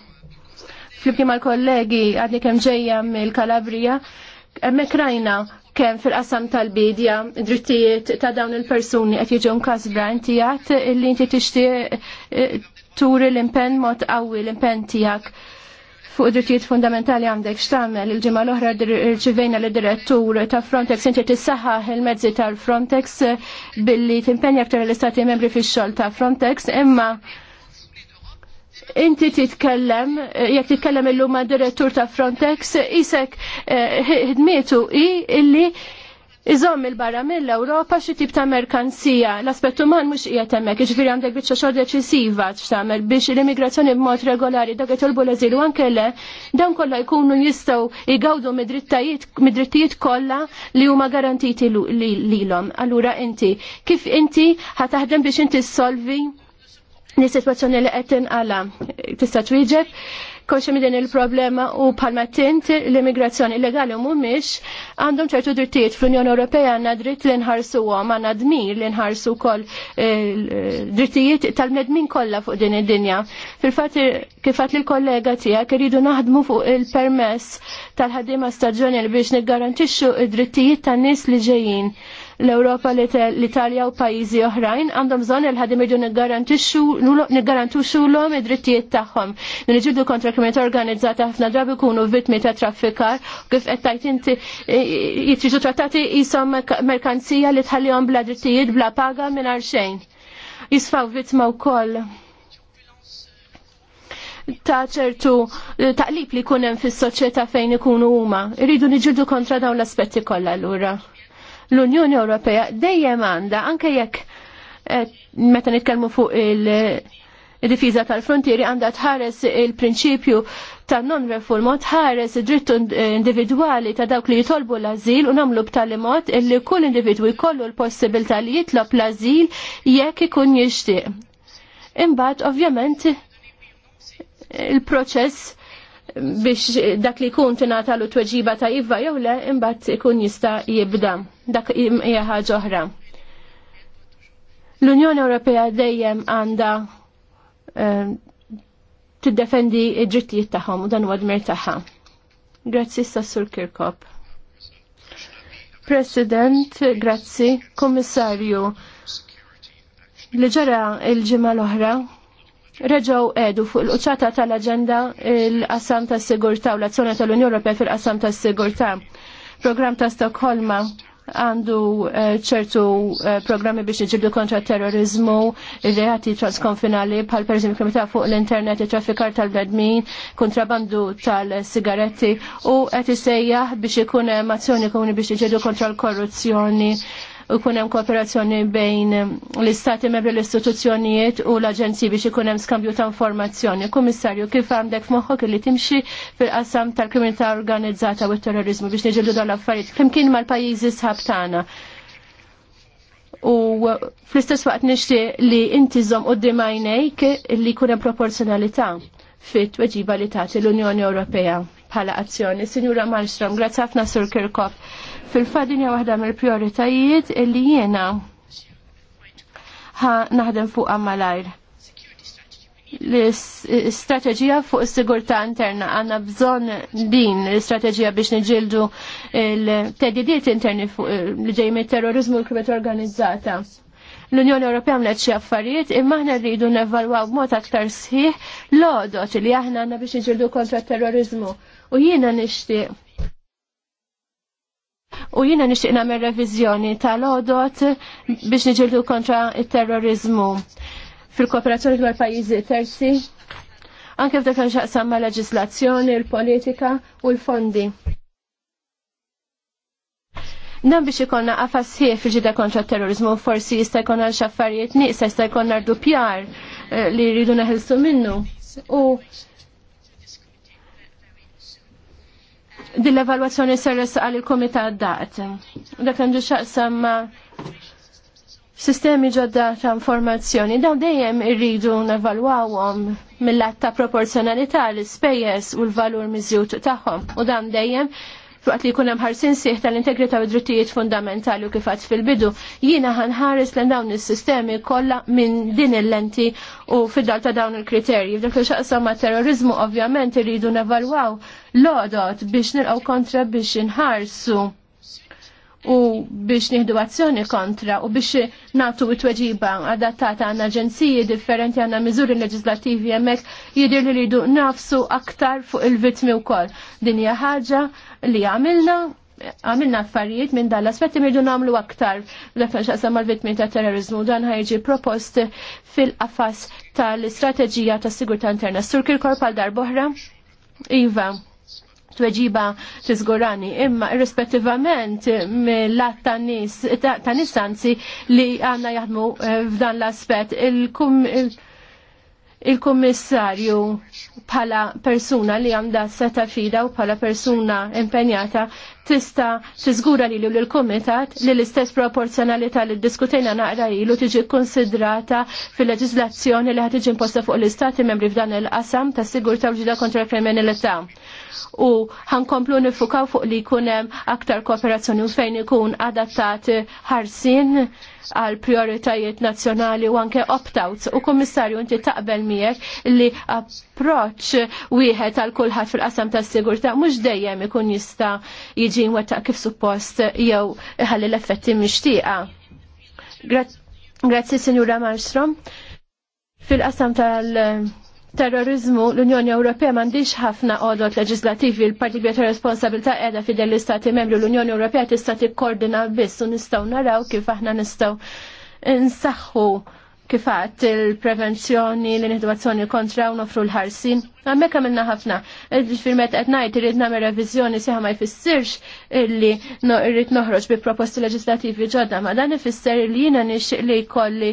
D: Flimkien mal-kollegi għadni kemm ġejja mill-Kalabrija, hemmhekk rajna kemm fil-qasam tal-bidja, drittijiet ta' dawn il-persuni qed jiġu nkasbra inti li illi inti tixtieq eh, turi l-impenn mod qawwi l-impenn tiegħek fuq drittijiet fundamentali għandek x'tagħmel il-ġimgħa l-oħra rċivejna l direttur ta' Frontex inti tissaħħaħ il-mezzi tal-Frontex billi timpenja aktar l-istati membri fix-xogħol ta' Frontex imma inti titkellem, eh, jekk titkellem illum ma' direttur ta' Frontex, isek eh, ħidmietu i illi Iżom il-barra mill-Europa xi tip ta' merkanzija. L-aspett uman mhux qiegħed hemmhekk, jiġifieri għandek biċċa xogħol deċisiva x'tagħmel biex l-immigrazzjoni b'mod regolari dak qed jolbu l-eżilu anke le dan kollha jkunu jistgħu jgawdu mid-drittijiet kollha li huma garantiti lilhom. Allura inti kif inti ħataħdem biex inti ssolvi nis-situazzjoni li qed inqala tista' twieġeb konxa din il-problema u palma tint l-immigrazzjoni illegali u mhumiex għandhom ċertu drittijiet fl-Unjoni Ewropea għandna dritt li nħarsu għom għandna dmir li nħarsu wkoll eh, drittijiet tal-medmin kollha fuq din id-dinja. Fil-fatt kif li l-kollega tiegħek iridu naħdmu fuq il-permess tal-ħaddiema staġjonali biex niggarantixxu id-drittijiet tan-nies li ġejjin l-Europa, l-Italja u pajizi oħrajn għandhom bżonn il-ħadim irdu niggarantixxu l id-drittijiet tagħhom. Niġidu kontra kriminalità organizzata ħafna drabi jkunu vittmi ta' traffikar kif qed tajt inti jitriġu trattati jisom merkanzija li tħallihom bla drittijiet bla paga mingħajr xejn. Jisfaw vittma wkoll ta' ċertu eh, taqlib li kunem fis soċjetà fejn ikunu huma. Irridu niġidu kontra dawn l-aspetti kollha allura l-Unjoni Ewropea dejjem għandha anke jekk eh, meta nitkellmu fuq il-difiża tal-frontieri għandha tħares il-prinċipju ta' non reform tħares id-drittu individwali ta' dawk li jitolbu l-azil u namlu b'tali mod illi kull individwi jkollu l-possibilità li jitlob l-azil jekk ikun jixtieq. Imbagħad ovvjament il-proċess biex dak li kun tina talu tweġiba ta' iva jew le imbagħad ikun jista' jibda. Dak hija ħaġa oħra. L-Unjoni Ewropea dejjem għandha eh, tiddefendi id-drittijiet tagħhom u dan huwa dmir tagħha. Grazzi Sassur Kirkop. President, grazzi, Komissarju. Li ġara il-ġimgħa l-oħra reġaw edu fuq il-qċata tal-agenda il-qassam tas sigurtà u l-azzjoni tal-Unjoni Ewropea fil-qassam tas sigurtà Program ta' Stokholma għandu eh, ċertu eh, programmi biex iġibdu kontra terrorizmu, reati transkonfinali bħal per eżempju kriminalità fuq l-internet, traffikar tal-bnedmin, kontrabandu tal-sigaretti u qed isejjaħ biex ikun mazzjoni komuni biex iġibdu kontra l-korruzzjoni u kunem kooperazzjoni bejn l-istati membri l-istituzzjonijiet u l-aġenzji biex ikunem skambju ta' informazzjoni. Kummissarju, kif għandek moħħok li timxi fil-qasam tal-kriminalità organizzata u terrorizmu biex niġildu l affarijiet flimkien mal-pajjiżi sħab tagħna. U fl-istess waqt nixtieq li inti żomm qudiem għajnejk li jkun hemm proporzjonalità fit-tweġiba li tagħti l-Unjoni Ewropea bħala azzjoni. Signora Malmström, grazie ħafna Sur Kirkop. Fil-fadinja waħda mill-prioritajiet illi jiena ħa naħdem fuq malajr l-istrateġija fuq is-sigurtà interna għanna bżonn din l-istrateġija biex niġildu l-tedidiet interni li ġej mit-terrorizmu l-krimet organizzata. L-Unjoni Ewropea mlet xi affarijiet imma aħna rridu nevalwaw b'mod aktar sħiħ l-għodot li aħna għandna biex niġildu kontra terrorizmu. U jiena nixtieq U jiena nixtieq nagħmel reviżjoni tal-odot biex niġildu kontra il-terrorizmu fil-kooperazzjoni dwar pajjiżi terzi, anke f'dak xaqsam ma' leġislazzjoni, il-politika u l-fondi. Nam biex ikonna għafas sħiħ fil-ġida kontra terrorizmu, forsi jista' jkun għal xaffarijiet nieqsa jista' jkun pjar eh, li jridu neħilsu minnu. U din l-evalwazzjoni serres għal il-komitat dat. Dak għandu xaqsam sistemi ġodda ta' informazzjoni. Dawn dejjem irridu nevalwawhom mill-att ta' proporzjonalità l-ispejjeż u l-valur miżjud tagħhom u dan dejjem waqt li jkun hemm ħarsin sieħ tal-integrità u drittijiet fundamentali u kif għad fil-bidu, jiena ħanħares l dawn is-sistemi kollha minn din il-lenti u fid-dal ta' dawn il-kriterji. F'dak li xaqsam ma' terrorizmu ovvjament irridu nevalwaw l-odot biex nilqgħu kontra biex inħarsu u biex nieħdu azzjoni kontra u biex natu it-tweġiba adattata għanna ġenziji differenti għanna miżuri leġislativi jemmek jidir li ridu nafsu aktar fuq il-vitmi u koll. Din hija ħaġa li għamilna għamilna affarijiet minn dal aspetti mirdu namlu aktar l-ekna xaqsam mal-vitmi ta' terrorizmu dan ħajġi propost fil-qafas tal-istrateġija ta' sigurta interna. Sur korpal dar boħra? Iva tweġiba tiżgurani, imma irrespettivament mill-att ta' nis, li għanna jaħdmu eh, f'dan l-aspet il-kummissarju bħala persuna li għanda seta fida u bħala persuna impenjata tista' tiżgura li l kumitat li l-istess proporzjonalità li ddiskutejna naqra ilu tiġi konsidrata fil leġislazzjoni li ħatiġi imposta fuq l-istati membri f'dan il-qasam ta' sigurta u ġida kontra l-kriminalità. U ħankomplu nifukaw fuq li jkun hemm aktar kooperazzjoni u fejn ikun adattat ħarsin għal prioritajiet nazzjonali u anke opt-outs. U komissarju inti taqbel miegħek li approċ wieħed għal kulħadd fil-qasam tas-sigurtà mhux dejjem ikun jista' jiġi mwettaq kif suppost jew ħalli l-effetti mixtieqa. Grazzi Sinjura Marstrom. Fil-qasam tal- terrorizmu l-Unjoni Ewropea m'għandix ħafna għodot leġislativi l-partibi ta' responsabilità qiegħda fidel l-Istati membri l-Unjoni Ewropea tista' tikkoordina biss u nistgħu naraw kif aħna nistgħu nsaħħu kifat il-prevenzjoni, l-individuazzjoni kontra u nofru l-ħarsin. Għamek għamilna ħafna. Il-firmet għetnajt irrit namer revizjoni siħa ma jfissirx illi irrit noħroġ bi proposti leġislativi ġodda. Ma dan ifisser li jina nix li kolli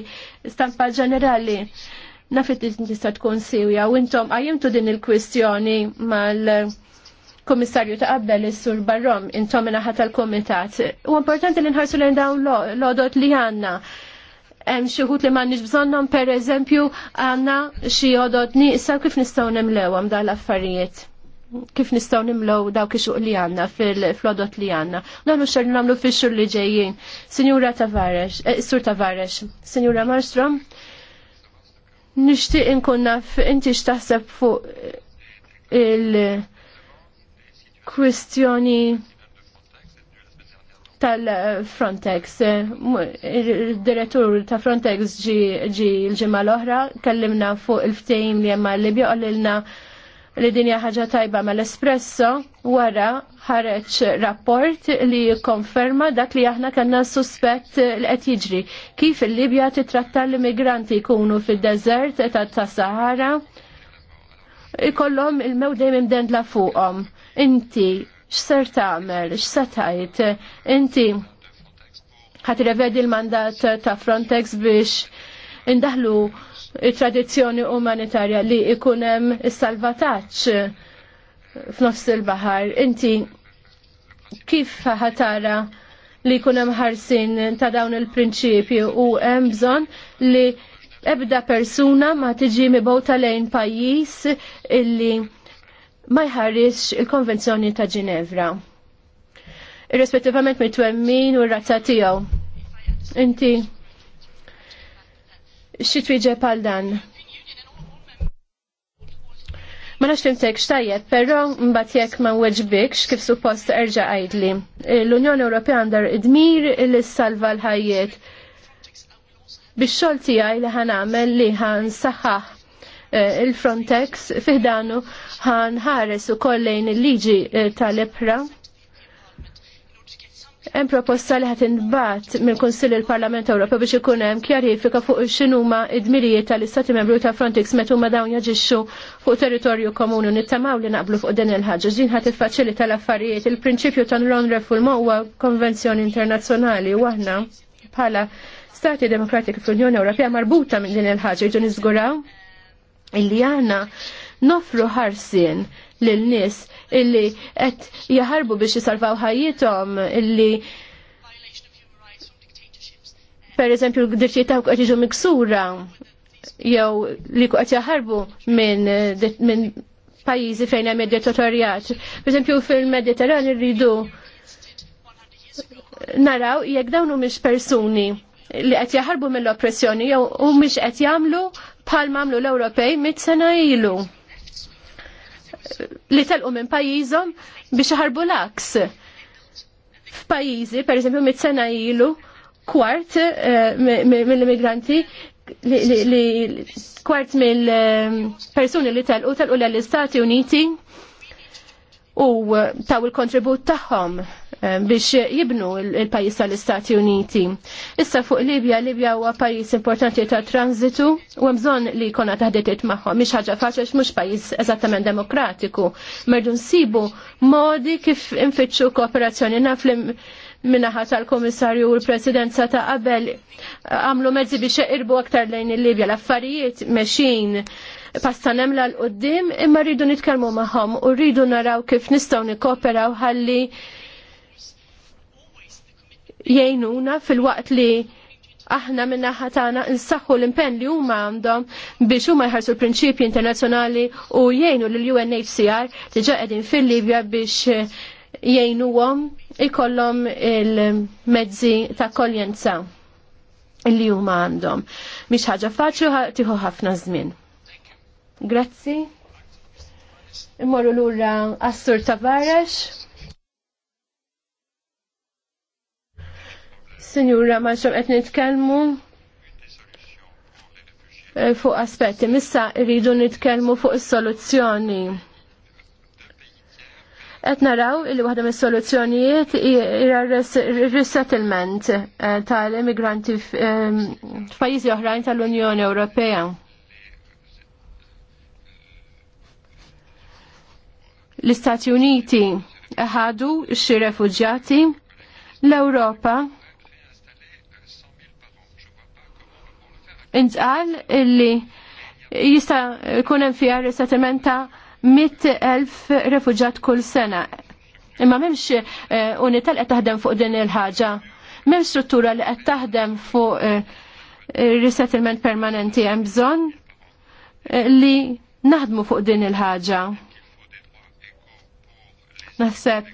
D: stampa ġenerali. li tista tkun siwja u intom għajimtu din il-kwistjoni mal- komissarju ta' qabbel is-sur Barrom intom minaħat tal-komitat. U importanti li nħarsu l-dawn l-odot li għanna hemm xi wħud li m'għandniex bżonnhom pereżempju għandna xi għodod nieqsa kif nistgħu nimlewhom dawn l-affarijiet kif nistgħu nimlew dawk ix li għandna fil-flodot li għandna. Dan u nagħmlu fix-xhur li ġejjin. Sinjura Tavares, eh, Sur Tavares, Sinjura Marstrom, nixtieq inkun naf inti x'taħseb fuq il-kwistjoni tal-Frontex. Il-direttur ta' Frontex ġi l-ġimma l-oħra, kellimna fuq il-ftejim li jemma libja bjoqlilna li dinja ħaġa tajba mal espresso wara ħareċ rapport li konferma dak li aħna kanna suspett li qed jiġri. Kif il-Libja titratta l-immigranti jkunu fid-deżert ta' Sahara ikollhom il-mew dejjem la' fuqhom. Inti x'ser tagħmel, x'se tajt, inti ħat revedi l-mandat ta' Frontex biex indaħlu tradizzjoni umanitarja li ikunem is-salvataġġ f'nofs il-baħar. Inti kif ħatara li kunem ħarsin ta' dawn il-prinċipju u hemm bżonn li ebda persuna ma tiġi mibgħuta lejn pajjiż illi ma jħarrix il-Konvenzjoni ta' Ġinevra. Irrespettivament mit-twemmin u r-razza tiegħu. Inti xi pal dan? Ma nafx timtek xtajet, però mbagħad jekk ma weġbik kif suppost erġa' għajdli. L-Unjoni Ewropea għandha dmir li salva l-ħajjiet. Bix-xogħol tiegħi li għamel li ħansaħħaħ eh, il-Frontex fiħdanu ħares u kollejn il-liġi eh, tal-lepra. Hemm proposta li ħadd inbat mill-Kunsill il-Parlament Ewropew biex ikun hemm kjarifika fuq x'inhuma d-dmirijiet tal-Istati Membru ta' Frontex meta huma dawn jaġixxu fuq territorju komuni nittamaw li naqblu fuq din il-ħaġa. Ġin ħat iffaċili l-affarijiet. Il-prinċipju ta' non-refoulement huwa konvenzjoni internazzjonali u aħna bħala Stati Demokratiki fl-Unjoni Ewropea marbuta minn din il-ħaġa jiġu niżguraw illi għandna nofru ħarsien lil nies illi qed jaħarbu biex jisalvaw ħajjithom illi per eżempju l-dirċiet ta' qed jiġu miksura jew li qed jaħarbu minn min pajjiżi fejn hemm dittatorjat. Per eżempju fil-Mediterran irridu naraw jekk dawn mhumiex persuni li qed jaħarbu mill-oppressjoni jew miex qed jagħmlu bħal mamlu l-Ewropej mit sena ilu li telqu minn pajjiżhom biex iħarbu l-aks. F'pajjiżi, pereżempju, mit sena ilu kwart eh, mill-immigranti li kwart mill-persuni eh, li telqu telqu l-Istati Uniti u uh, taw il-kontribut tagħhom uh, biex jibnu il-pajis tal-Istati Uniti. Issa fuq Libja, Libja huwa pajis importanti ta' transitu u hemm bżonn li jkollna taħdiet magħhom Mish ħaġa faċli mhux pajis eżattament demokratiku. Merdu nsibu modi kif infittxu kooperazzjoni naf minnaħat tal-Komissarju u l-Presidenza ta' qabel għamlu mezzi biex irbu aktar lejn il-Libja l-affarijiet mexin pastanem l qoddim imma rridu nitkellmu magħhom u rridu naraw kif nistgħu nikoperaw ħalli jgħinuna fil-waqt li aħna minna ħatana nsaħħu l-impenn li huma għandhom biex huma jħarsu l-prinċipji internazzjonali u jgħinu l-UNHCR diġa qegħdin fil-Libja biex jgħinuhom ikollhom il-mezzi ta' koljenza li huma għandhom. Mhix ħaġa faċli tieħu ħafna żmien. Grazzi. Immorru lura Assur Tavares. Sinjura, ma xom qed nitkellmu eh, fuq aspetti. Missa rridu nitkellmu fuq is-soluzzjoni. Qed naraw li waħda mis-soluzzjonijiet hija resettlement eh, tal-immigranti eh, f'pajjiżi oħrajn tal-Unjoni Ewropea. L-Istati Uniti ħadu xi refuġjati, l-Ewropa intqal illi jista' jkun hemm fiha resettlement ta' elf refuġjat kull sena. Imma m'hemmx eh, unità li qed taħdem fuq din il-ħaġa. M'hemm struttura li qed taħdem fuq eh, resettlement permanenti hemm bżonn eh, li naħdmu fuq din il-ħaġa naħseb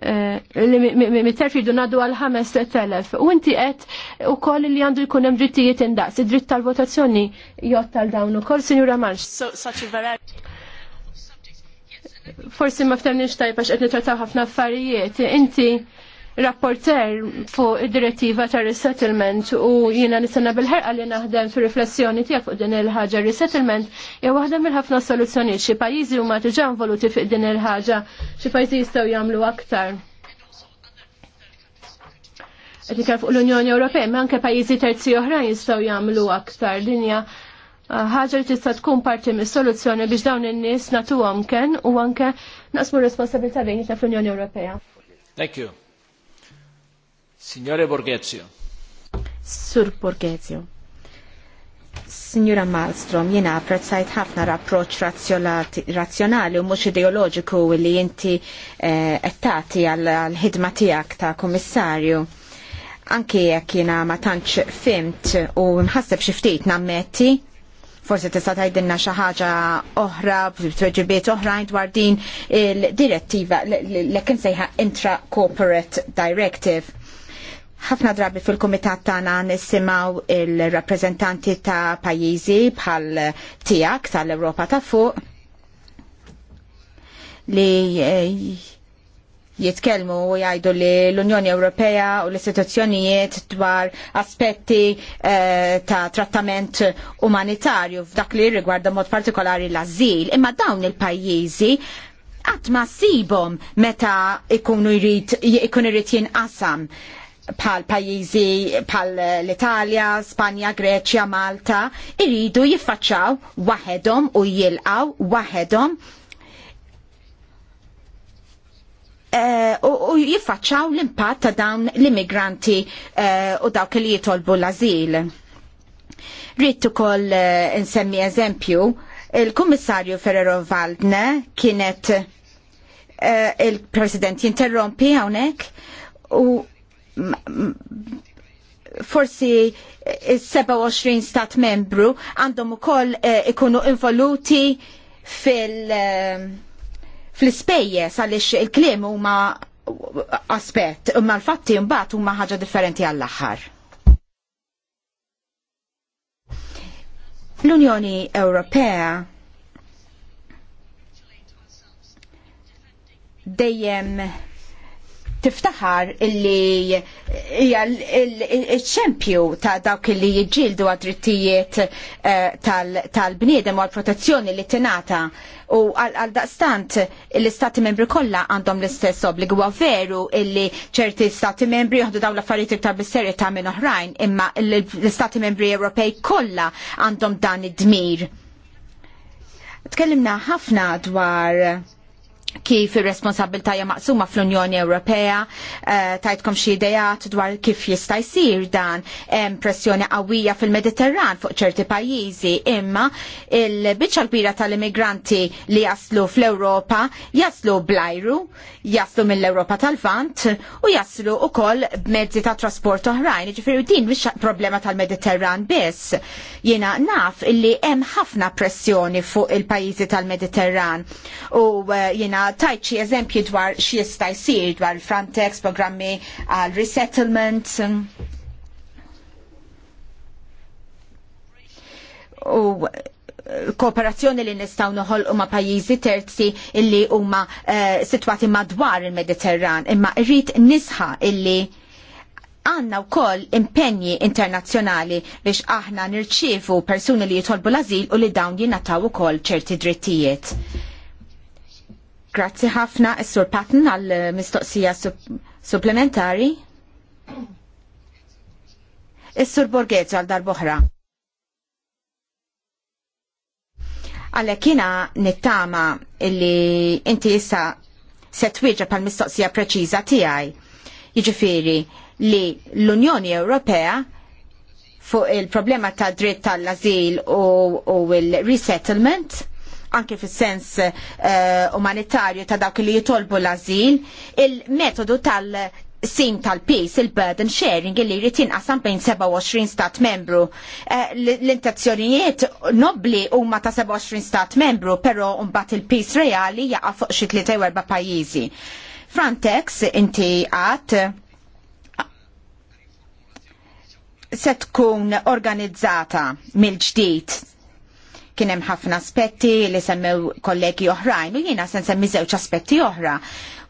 D: eh, li mitter jridu ngħaddu għal ħames telef. U inti qed ukoll li għandu jkun hemm drittijiet indaqs, id-dritt tal-votazzjoni jgħod tal-dawn ukoll, Sinjura Marx. Forsi ma ftemniex tajba x'qed nitrataw ħafna affarijiet. Inti rapporter fuq id-direttiva ta' resettlement u jina nistenna bil-ħerqa li naħdem fi riflessjoni tiegħek fuq din il-ħaġa. Resettlement jew waħda mill-ħafna soluzzjoni, xi pajjiżi huma diġà involuti fuq din il-ħaġa, xi pajjiżi jistgħu jagħmlu aktar. Qed fuq l-Unjoni Ewropea, ma anke pajjiżi terzi oħrajn jistgħu jagħmlu aktar. Dinja ah, ħaġa li tista' tkun parti mis-soluzzjoni biex dawn in-nies nagħtuhom kien, u anke naqsmu responsabilità bejnietna fl-Unjoni Ewropea.
C: Thank you. Signore Borghezio.
A: Sur Borghezio. Signora Malmström, jena apprezzajt ħafna rapproċ razzjonali u mux ideoloġiku li jinti ettati għal-ħidma tijak ta' kommissarju. Anki jekk jena ma tantx fimt u mħasseb xiftit nammetti, forse tista' tgħidilna xi ħaġa oħra b'tweġibiet oħrajn dwar din il-direttiva l-kien sejħa intra corporate directive ħafna drabi fil-komitat tagħna nissimaw il-rappreżentanti ta' pajjiżi bħal tiegħek tal-Ewropa ta' fuq li eh, jitkellmu u jgħidu li l-Unjoni Ewropea u l-istituzzjonijiet dwar aspetti eh, ta' trattament umanitarju f'dak li rigwarda mod partikolari l-azil. Imma dawn il-pajjiżi għatma sibom meta ikun irrit jinqasam bħal pajjiżi bħal l-Italja, Spanja, Greċja, Malta, iridu jiffaċċaw waħedhom u jilqaw waħedhom eh, u jiffaċċaw l-impatt ta' dawn l-immigranti eh, u dawk li jitolbu l-azil. Rrid ukoll eh, insemmi eżempju, il-Kummissarju Ferrero Valdne kienet il-President jinterrompi hawnhekk u forsi 27 stat membru għandhom ukoll eh, ikunu involuti fil- eh, fl-ispejjeż għaliex il-kliem huma aspett imma l-fatti mbagħad huma ħaġa differenti għall-aħħar. L-Unjoni Ewropea dejjem tiftaħar illi hija l-ċempju ta' dawk illi jiġġieldu għad-drittijiet eh, tal-bniedem u għal-protezzjoni li tingħata u għal daqstant l-istati membri kollha għandhom l-istess obbligu huwa veru illi ċerti stati membri għandu dawn l-affarijiet iktar bis ta' minn oħrajn imma l-istati membri Ewropej kollha għandhom dan id-dmir. Tkellimna ħafna dwar kif ir-responsabilta hija maqsuma fl-Unjoni Ewropea, uh, tajtkom xi idejat dwar kif jista' jsir dan hemm pressjoni qawwija fil-Mediterran fuq ċerti pajjiżi, imma il-biċċa kbira tal-immigranti li jaslu fl-Ewropa jaslu blajru, jaslu mill-Ewropa tal-Vant u jaslu wkoll b'mezzi ta' trasport oħrajn, jiġifieri din mhix problema tal-Mediterran biss. Jiena naf illi hemm ħafna pressjoni fuq il-pajjiżi tal-Mediterran u eh, jiena tajt xi eżempji dwar jista' jsir dwar Frontex, programmi għal resettlement. U kooperazzjoni li nistaw noħolqu ma' pajjiżi terzi illi huma uh, eh, sitwati madwar il-Mediterran, imma rrid nisħa illi għanna u koll impenji internazzjonali biex aħna nirċievu persuni li jitolbu l-azil u li dawn jinataw u koll ċerti drittijiet. Grazzi ħafna s-sur Patton għal-mistoqsija supplementari. Is-sur Borghezzo għal darboħra. Għalek kina nittama illi inti issa se pal-mistoqsija preċiża tiegħi. Jiġifieri li l-Unjoni Ewropea fuq il-problema ta' dritt tal-azil u, u il-resettlement anke fis sens uh, eh, umanitarju ta' dawk li jitolbu l-azil, il-metodu tal- sim tal-peace, il-burden sharing li jrid jinqasam bejn 27 stat membru. Eh, l-intenzjonijiet nobli huma ta' 27 stat membru, però mbagħad il-peace reali jaqa' fuq xi 34 pajjiżi. Frontex inti għat se tkun organizzata mill-ġdid Kien hemm ħafna aspetti li semmew kollegi oħrajn u jiena se nsemmi żewġ aspetti oħra.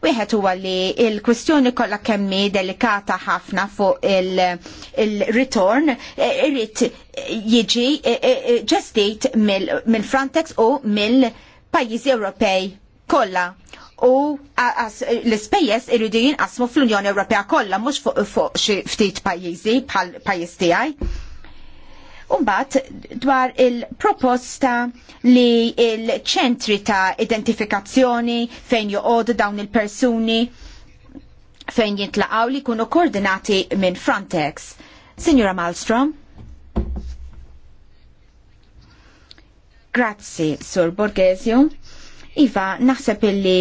A: Wieħed huwa li l-kwistjoni kollha kemmi delikata ħafna fuq il-return e, irrid jiġi e, e, ġestit mill-Frontex u mill-pajjiżi Ewropej kollha u l-ispejjeż irridu jinqasmu fl-Unjoni Ewropea kollha mhux fuq xi ftit pajjiżi bħal pajjiż tiegħi Umbat dwar il-proposta li il-ċentri ta' identifikazzjoni fejn joqogħdu dawn il-persuni fejn jintlaqaw li kunu koordinati minn Frontex. Signora Malmstrom? Grazzi, Sur Borghesio. Iva, naħseb illi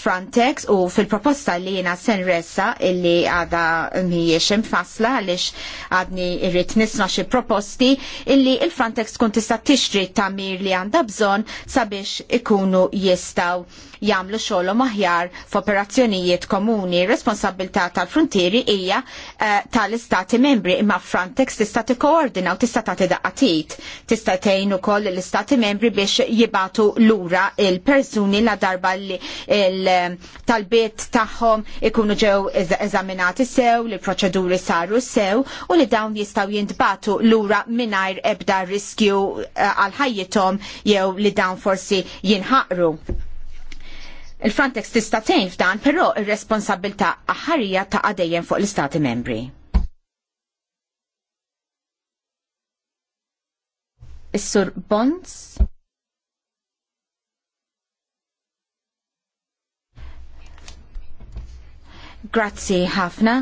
A: Frontex u fil-proposta li jena senressa illi għada mhijiex imfasla għaliex għadni irrit nisma xie proposti illi il-Frontex tkun tista' tixtri tamir li għandha bżonn sabiex ikunu jistaw jagħmlu xogħolhom aħjar f'operazzjonijiet komuni. Responsabilità tal-frontieri hija eh, tal-istati membri imma Frontex tista' tikkoordina u tista' tagħti daqqatit. Tista' tgħin ukoll l-istati membri biex jibatu lura il-persuni la darba li eh, tal-bit tagħhom ikunu ġew eżaminati sew, li proċeduri saru sew u li dawn jistgħu jintbatu lura mingħajr ebda riskju eh, għal ħajjithom jew li dawn forsi jinħaqru. Il-Frontex tista' tgħin f'dan, però ir-responsabilità aħarija ta' għadejjem fuq l-Istati membri. Is-Sur Bonds. Grazzi ħafna.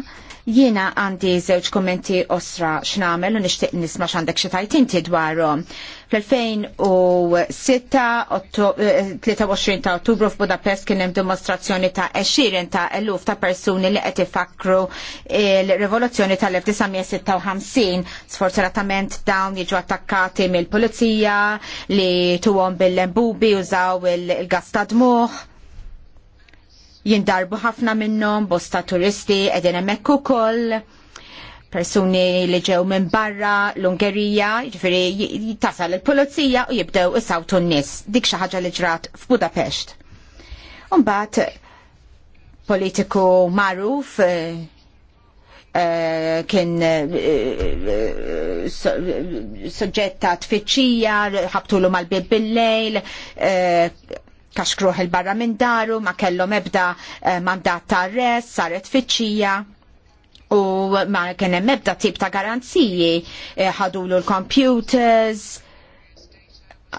A: Jiena għandi żewġ kommenti osra x'namel u nixtieq nisma xandek xi tajt inti dwarhom. Fl-2006 23 eh, ta' Ottubru f'Budapest kien hemm dimostrazzjoni ta' 20 ta' eluf ta' persuni li qed ifakru l-rivoluzzjoni tal-1956. Sfortunatament dawn jiġu attakkati mill-pulizija li tuhom bil-lembubi użaw il-gas ta' jindarbu ħafna minnhom bosta turisti edin emmekku ukoll persuni li ġew minn barra l-Ungerija, ġifiri tasal il-polizija u jibdew isawtu n-nis. Dik xi ħaġa li ġrat f'Budapest. Umbat politiku magħruf eh, eh, kien eh, soġġetta ta' tfittxija, ħabtulu mal-bib bil-lejl, kaxkruħ il-barra minn daru, ma kellhom ebda eh, mandat ta' arrest, saret fiċċija u ma kien hemm ebda tip ta' garanziji eh, ħadulu l-computers,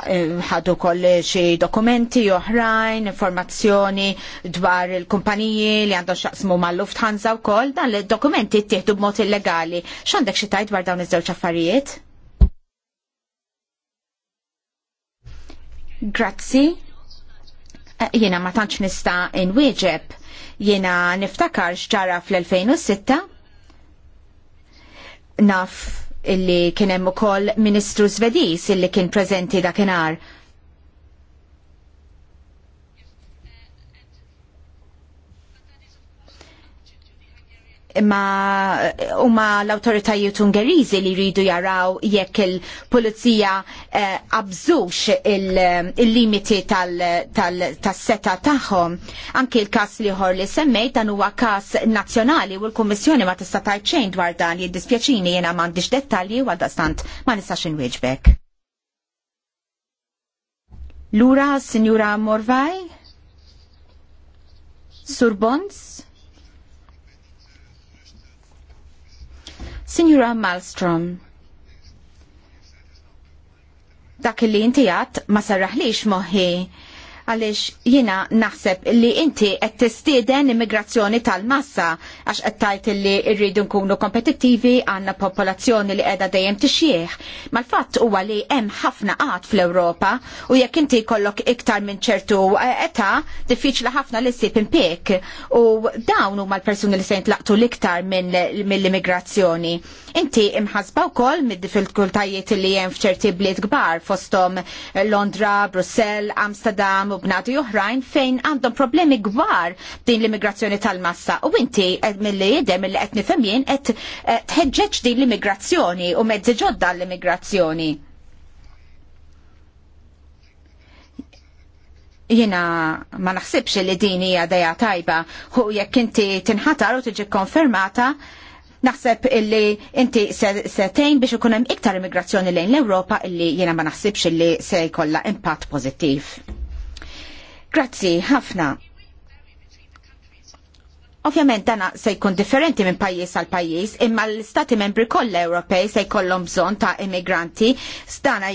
A: eh, ħadu koll xi dokumenti oħrajn, informazzjoni dwar il-kumpaniji li għandhom xaqsmu mal Lufthansa wkoll, dan l dokumenti ttieħdu b'mod illegali. X'għandek xi tajt dwar dawn iż-żewġ affarijiet? Grazzi. Eh, jiena ma tantx nista' inwieġeb. Jiena niftakar x'ġara fl-2006 naf illi kien hemm ukoll Ministru Svediż illi kien preżenti dakinhar imma huma l-awtoritajiet Ungeriżi li jridu jaraw jekk il-pulizija eh, abżux il-limiti tas-seta tagħhom. Anki l-każ liħor li semmejt dan huwa każ nazzjonali u l-Kummissjoni ma tista' tgħid xejn dwar dan li dispjaċini jiena m'għandix dettalji u għaldaqstant ma nistax inwieġbek. Lura, Sinjura Morvaj? Sur Bons? Signora Malmstrom, dak li inti għat ma sarraħlix moħħi għaliex jiena naħseb li inti qed tistieden immigrazzjoni tal-massa għax qed tajt li rridu nkunu kompetittivi għandna popolazzjoni li qiegħda dejjem Ma Mal-fatt huwa li hemm ħafna qatt fl-Ewropa u jekk inti jkollok iktar minn ċertu eh, età diffiċli ħafna li ssib impik u dawn huma l-persuni li se jintlaqtu l-iktar mill-immigrazzjoni. Inti imħasba wkoll mid-diffikultajiet li hemm f'ċerti bliet kbar fosthom Londra, Brussell, Amsterdam, u bnadi oħrajn fejn għandhom problemi kbar din l-immigrazzjoni tal-massa. U inti eh, mill-li jidem mill-li qed nifhem jien qed eh, tħeġġeġ din l-immigrazzjoni u mezzi ġodda l-immigrazzjoni. jina ma naħsibx li din hija dejja tajba u jekk inti tinħatar u tiġi konfermata naħseb illi inti setejn biex ikun hemm iktar immigrazzjoni lejn l-Ewropa illi jiena ma naħsibx illi se jkollha impatt pożittiv. Grazzi, ħafna. Ovvjament dana se jkun differenti minn pajjiż għal pajjiż, imma l istati membri kollha Ewropej se jkollhom bżonn ta' immigranti, stana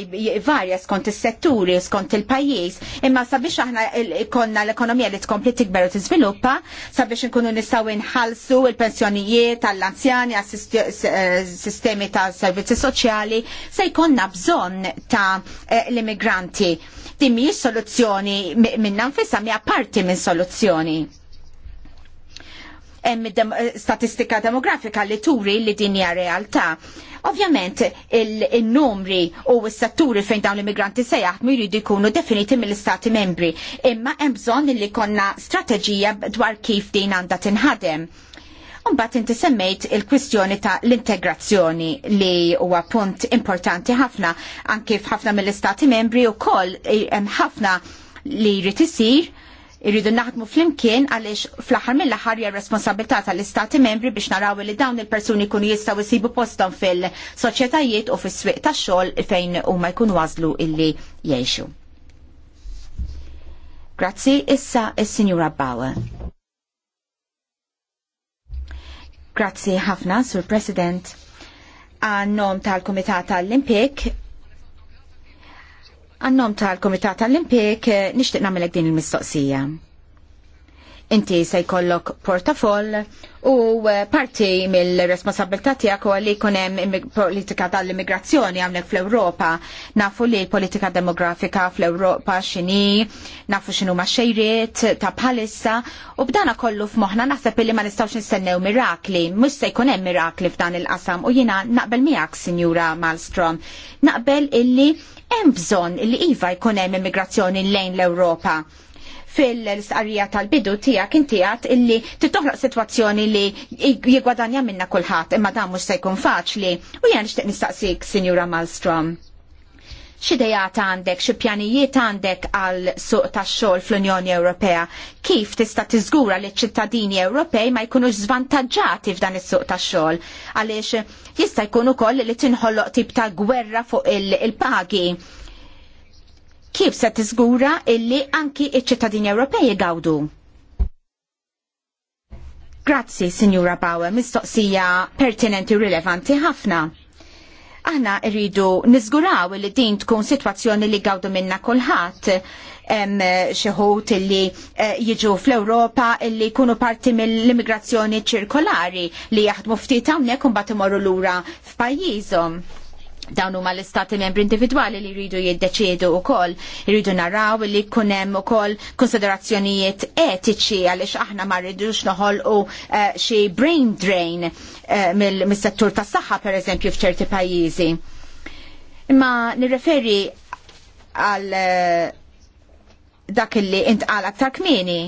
A: varja skont is-setturi, skont il-pajjiż, imma sabiex aħna konna l-ekonomija li tkompli tikber u tiżviluppa, sabiex inkunu nistgħu inħallsu il-pensjonijiet tal-anzjani għas-sistemi eh, ta' servizzi soċjali, se jkollna bżonn ta' eh, l-immigranti Din mhijiex soluzzjoni minn nfissa mi parti minn soluzzjoni. Hemm statistika demografika li turi li din hija realtà. Ovvjament il-numri u s-setturi fejn dawn l-immigranti se jaħdmu jridu jkunu definiti mill-istati membri, imma hemm bżonn li konna strateġija dwar kif din għandha tinħadem Unbat inti semmejt il-kwistjoni ta' l-integrazzjoni li huwa punt importanti ħafna anki f'ħafna mill-istati membri u koll eh, ħafna li jrid isir irridu naħdmu flimkien għaliex fl-aħħar mill-aħħar hija responsabilità tal-istati membri biex naraw li dawn il-persuni jkunu jistgħu jsibu posthom fil-soċjetajiet u fis-swieq tax-xogħol fejn huma jkunu għażlu illi jgħixu. Grazzi issa is-Sinjura Bauer. Grazzi ħafna, Sur President. Għannom tal-Komitat tal-Olimpik, għannom tal-Komitat tal-Olimpik, eh, nishtiq namelek din il-mistoqsija. Inti se jkollok portafoll u eh, parti mill-responsabilità tiegħek huwa li jkun hemm politika tal-immigrazzjoni hawnhekk fl-Ewropa. Nafu li l-politika demografika fl-Ewropa x'inhi, nafu x'inhu ma' xejriet ta' bħalissa u b'dana kollu f'moħħna naħseb li ma nistgħux nistennew mirakli, mhux se jkun hemm mirakli f'dan il-qasam u jiena naqbel miegħek, Sinjura Malmstrom. Naqbel illi hemm bżonn li iva jkun hemm immigrazzjoni lejn l-Ewropa fil-istqarrija tal-bidu tiegħek intijat illi titoħloq sitwazzjoni li jigwadanja minna kulħadd imma dan mhux se jkun faċli u jien nixtieq nistaqsik Sinjura Malmstrom. Xi dejat għandek, xi pjanijiet għandek għal suq tax-xogħol fl-Unjoni Ewropea? Kif tista' tiżgura li ċ-ċittadini Ewropej ma jkunux żvantaġġati f'dan is-suq tax-xogħol? Għaliex jista' jkun ukoll li tinħolloq tip ta' gwerra fuq il-pagi. il pagi kif se tiżgura illi anki iċ-ċittadini Ewropej jgawdu? Grazzi, Signora Bauer, mistoqsija pertinenti u rilevanti ħafna. Aħna rridu niżguraw li din tkun sitwazzjoni li gawdu minna kulħadd hemm xi ħud illi eh, jiġu fl-Ewropa illi jkunu parti mill-immigrazzjoni ċirkolari li jaħdmu ftit hawnhekk u mbagħad imorru lura f'pajjiżhom dawn huma l-istati membri individwali li jridu jiddeċiedu wkoll jridu naraw li jkun hemm ukoll konsiderazzjonijiet etiċi għaliex aħna ma rridux noħolqu uh, xi brain drain uh, mis-settur tas-saħħa pereżempju f'ċerti pajjiżi. Imma nirreferi għal eh, dak li intqal aktar kmieni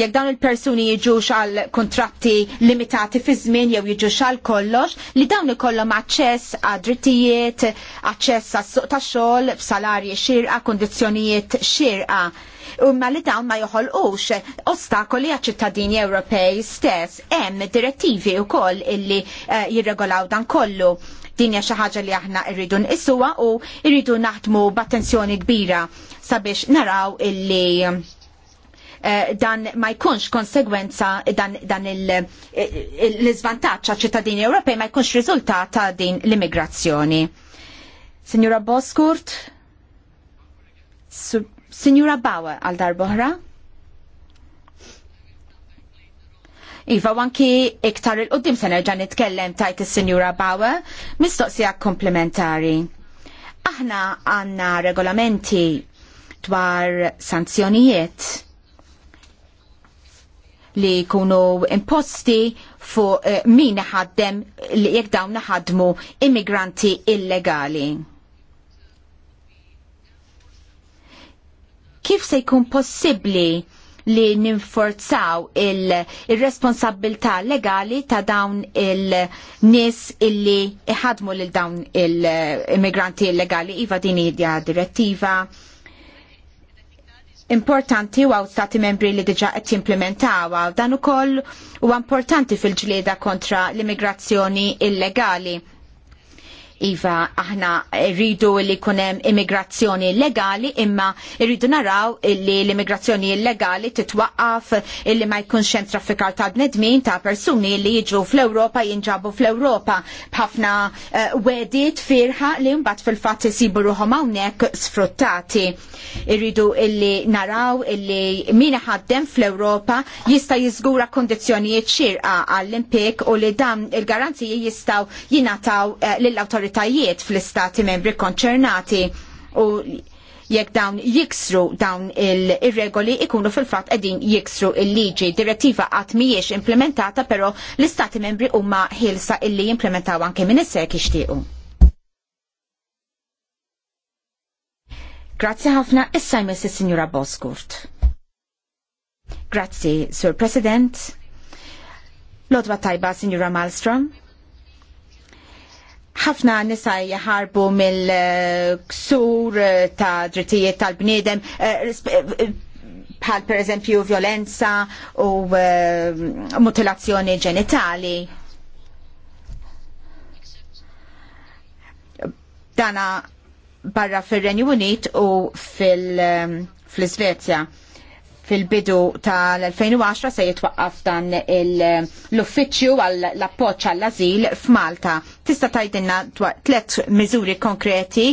A: Jekk dawn il-persuni jiġu għal kontratti limitati fi żmien jew jiġu għal kollox, li dawn ikollhom aċċess għad drittijiet, aċċess għas suq tax xogħol, salarji xirqa, kundizzjonijiet xirqa. Imma li dawn ma joħolqux ostakoli għal ċittadini Ewropej stess. Hemm direttivi wkoll illi eh, jirregolaw dan kollu din hija xi ħaġa li aħna rridu nqisuha u rridu naħdmu b'attenzjoni kbira sabiex naraw illi Eh, dan ma jkunx konsegwenza dan, dan l-izvantaċ ċittadini Ewropej ma jkunx riżultat ta' din l-immigrazzjoni. Signora Boskurt, Signora Bauer għal darboħra. Iva, wanki iktar il-qoddim se nerġa' nitkellem tajt il sinjura Bauer, mistoqsija komplementari. Aħna għandna regolamenti dwar sanzjonijiet li jkunu imposti fu eh, min ħaddem li jekk dawn ħadmu immigranti illegali. Kif se jkun possibbli li ninforzaw il-responsabilità il legali ta' dawn il-nis illi iħadmu lil dawn il-immigranti illegali iva din hija direttiva importanti u għaw stati membri li diġa qed jimplementawa dan ukoll huwa importanti fil-ġlieda kontra l-immigrazzjoni illegali. Iva, aħna rridu li kunem immigrazzjoni legali, imma rridu naraw li l-immigrazzjoni illegali titwaqqaf illi ma jkunx hemm traffikar ta' bnedmin ta' persuni li jiġu fl-Ewropa jinġabu fl-Ewropa b'ħafna uh, wedit firħa li mbagħad fil-fatt isibu ruhom hawnhekk sfruttati. Irridu illi naraw illi min ħaddem fl-Ewropa jista' jiżgura kondizzjonijiet xirqa għall-impik u li dan il-garanziji jistgħu jingħataw uh, eh, lill-awtorità l-awtoritajiet fl-istati membri konċernati u jekk dawn jiksru dawn il-regoli ikunu fil-fat edin jiksru il-liġi. Direttiva għat miex implementata pero l-istati membri umma ħilsa illi implementaw anke is-sek kixtiqu. Grazzi ħafna issa jmiss il-Sinjura Boskurt. Grazzi, Sur President. Lodwa tajba, Sinjura Malmstrom ħafna nisa jaħarbu mill-ksur eh, ta' drittijiet tal-bniedem eh, eh, bħal per eżempju violenza u mutilazzjoni ġenitali. Dana barra fil-Renju Unit u fil-Svezja. fil svezja fil fil-bidu tal-2010 se jitwaqqaf dan l-uffiċċju għall-appoċ għall-azil f'Malta. Tista' tajdinna tlet miżuri konkreti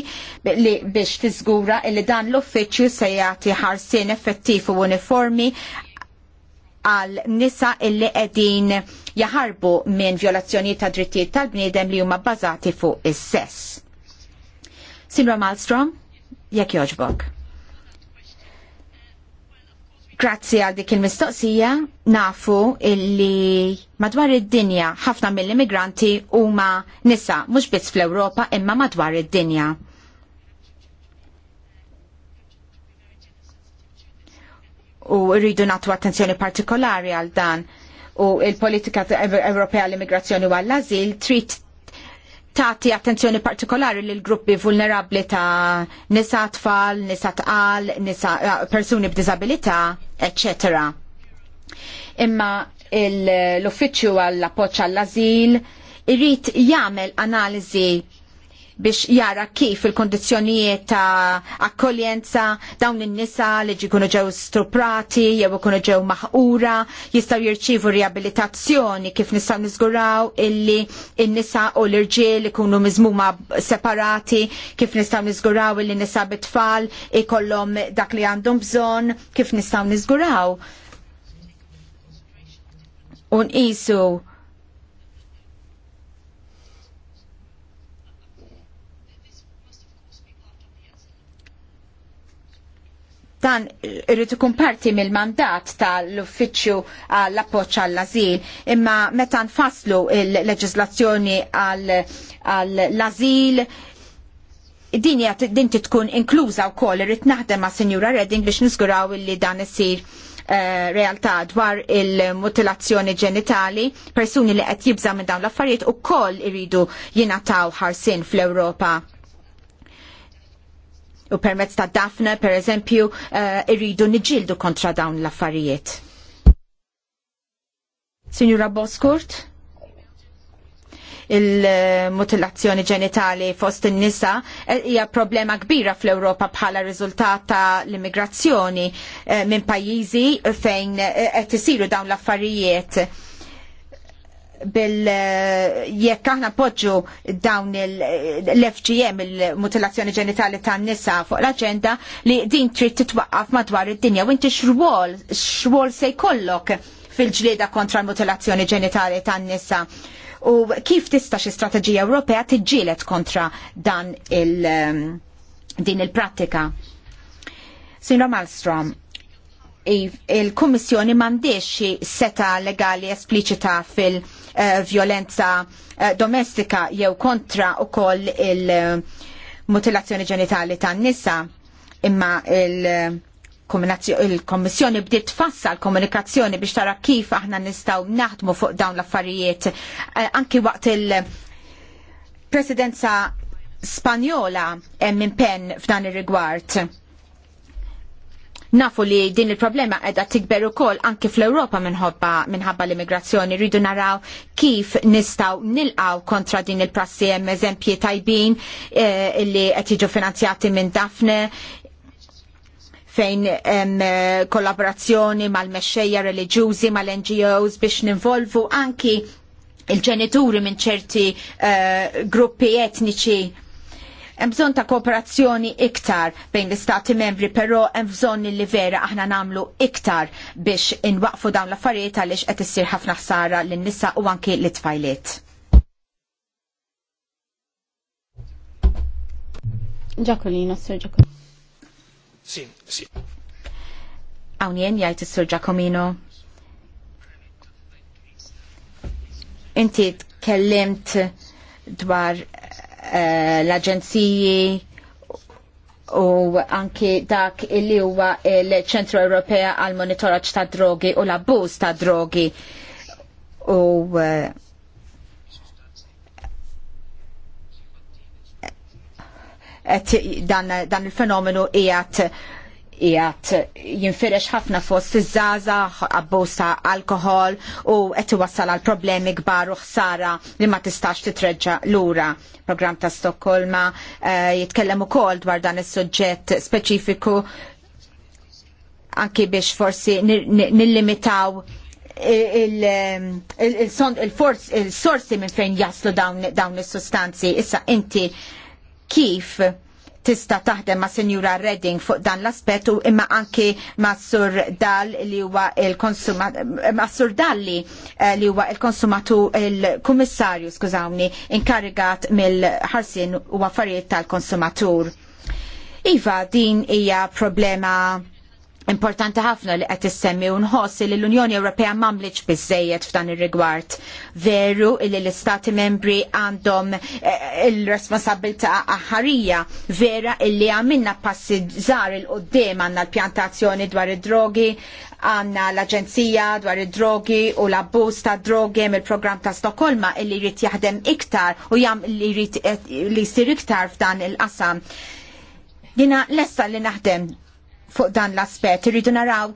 A: li biex tiżgura li dan l-uffiċċju se jagħti ħarsien effettiv u uniformi għal nisa illi qegħdin jaħarbu minn violazzjoni ta' drittijiet tal-bniedem li huma bbażati fuq is-sess. Sinra Malmstrom, jekk jogħġbok. Grazzi għal dik il-mistoqsija nafu illi madwar id-dinja ħafna mill-immigranti huma nisa mhux biss fl-Ewropa imma madwar id-dinja. U rridu nagħtu attenzjoni partikolari għal dan u il-politika Ewropea l-immigrazzjoni u għall-azil trid tagħti attenzjoni partikolari lil gruppi vulnerabbli ta' nisa tfal, nisa tqal, nisa persuni b'diżabilità etc. Imma l-uffiċċju għall-appoċ għall-azil irrit jagħmel analiżi biex jara kif il-kondizjonijiet ta' akkoljenza dawn in-nisa li ġikunu ġew struprati, jew ikunu ġew maħqura jistgħu jirċievu riabilitazzjoni kif nistgħu niżguraw illi n-nisa u l-irġiel ikunu miżmuma separati kif nistgħu niżguraw illi nisa bit-tfal ikollhom dak li għandhom bżonn kif nistgħu niżguraw. U nqisu dan irrid ikun parti mill-mandat tal-Uffiċċju għall-Appoġġ għall-Ażil, imma meta nfasslu l-leġiżlazzjoni għall-ażil din din tkun inkluża wkoll irrid naħdem ma' Sinjura Redding biex niżguraw li dan isir eh, realtà dwar il-mutilazzjoni ġenitali, persuni li qed jibża minn dawn l-affarijiet ukoll iridu jingħataw ħarsien fl-Ewropa u permezz ta' Daphne per eżempju, eh, irridu niġildu kontra dawn l-affarijiet. Signora Boskurt? il-mutilazzjoni ġenitali fost in-nisa eh, hija problema kbira fl-Ewropa bħala riżultat ta' l-immigrazzjoni eh, minn pajjiżi fejn qed isiru dawn l-affarijiet bil eh, jekk aħna poġġu dawn l-FGM il-mutilazzjoni ġenitali tan nisa fuq l-aġenda li din trid titwaqqaf madwar id-dinja u inti x'rwol x'rwol se jkollok fil-ġlieda kontra l-mutilazzjoni ġenitali tan nisa u kif tista' xi strateġija Ewropea tiġġieled kontra dan il- eh, din il-prattika. Sinra Malmstrom, il-Kummissjoni mandiex seta legali espliċita fil-violenza eh, domestika jew kontra u koll il-mutilazzjoni ġenitali tan nisa imma il- il-Kommissjoni bdiet tfassa l-komunikazzjoni biex tara kif aħna nistaw naħdmu fuq dawn l-affarijiet eh, anki waqt il-presidenza Spanjola hemm impenn f'dan ir-rigward Nafu li din il-problema qiegħda tikberu kol anki fl europa minħobba minħabba l-immigrazzjoni rridu naraw kif nistgħu nilqaw kontra din il-prassi hemm eżempji tajbin eh, li qed jiġu finanzjati minn Dafne fejn em, eh, kollaborazzjoni mal-mexxejja reliġjużi mal-NGOs biex ninvolvu anki il-ġenituri minn ċerti uh, gruppi etniċi Hemm bżonn ta' kooperazzjoni iktar bejn l-istati membri, però hemm bżonn li vera aħna nagħmlu iktar biex inwaqfu dawn l-affarijiet għaliex qed issir ħafna ħsara lin-nisa u anke l-tfajliet. Ġakolina, Sir Ġakolina. Awnien jgħid is-Sur Ġakomino. Inti tkellimt dwar Eh, l-aġenziji u anki dak li huwa l-ċentru Ewropea għal monitoraġġ ta' drogi u l-abbuż ta' drogi u eh, dan il-fenomenu qiegħed jgħat jinfirex ħafna fost iż-żaza, abbusa alkohol u qed iwassal għal problemi kbar u ħsara li ma tistax titreġġa lura. Program ta' Stokkolma eh, jitkellem ukoll dwar dan is-suġġett speċifiku anki biex forsi nillimitaw il-sorsi minn fejn jaslu dawn is-sustanzi. Issa inti kif tista taħdem ma' Senjura Redding fuq dan l-aspet u imma anki ma' Sur Dal li huwa ma' Sur Dalli eh, li huwa il-konsumatu il-kummissarju skużawni inkarigat mill-ħarsin u affarijiet tal-konsumatur. Iva, din hija problema Importanti ħafna li qed issemmi u nħossi li l-Unjoni Ewropea m'għamlitx biżejjed f'dan ir-rigward. Veru li l-Istati membri għandhom eh, il-responsabilità aħħarija, vera illi għamilna passi żgħar il qudiem għandna l-pjantazzjoni dwar id-drogi, għandna l-Aġenzija dwar id-drogi u l-abbuż ta' drogi il programm ta' Stokolma illi jrid jaħdem iktar u jam li jrid eh, li jsir iktar f'dan il-qasam. Dina lesta li naħdem fuq dan l-aspet. Irridu naraw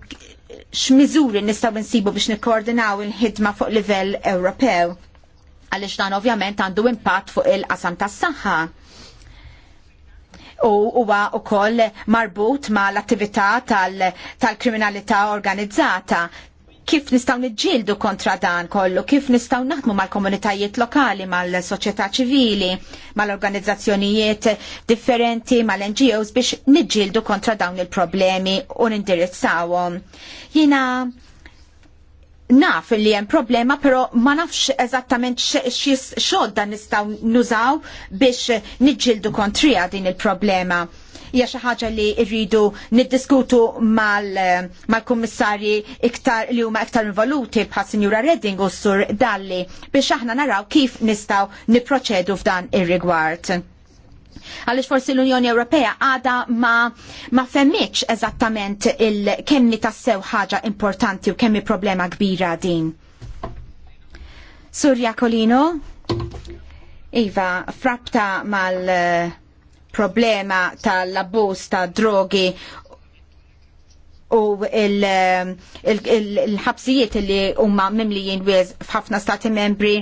A: x'miżuri nistgħu nsibu biex nikkoordinaw il-ħidma fuq livell Ewropew. Għaliex dan ovvjament għandu impatt fuq il-qasam tas-saħħa u huwa wkoll marbut ma l-attività tal-kriminalità organizzata kif nistgħu niġġieldu kontra dan kollu, kif nistgħu naħdmu mal-komunitajiet lokali, mal-soċjetà ċivili, mal-organizzazzjonijiet differenti, mal-NGOs biex niġġieldu kontra dawn il-problemi u nindirizzawhom. Jiena naf li hemm problema, però ma nafx eżattament dan nistgħu nużaw biex niġġieldu kontrija din il-problema hija xi ħaġa li rridu niddiskutu mal-kummissarji iktar li huma iktar involuti bħal Sinjura Redding u Sur Dalli biex aħna naraw kif nistgħu nipproċedu f'dan ir-rigward. Għalix forsi l-Unjoni Ewropea għada ma, ma femmiċ eżattament il-kemmi tassew ħaġa importanti u kemmi problema kbira din. Surja Kolino, Iva, frapta mal- problema tal-abbuż ta' drogi u il-ħabsijiet il, il, il li huma mimlijin wiz f'ħafna stati membri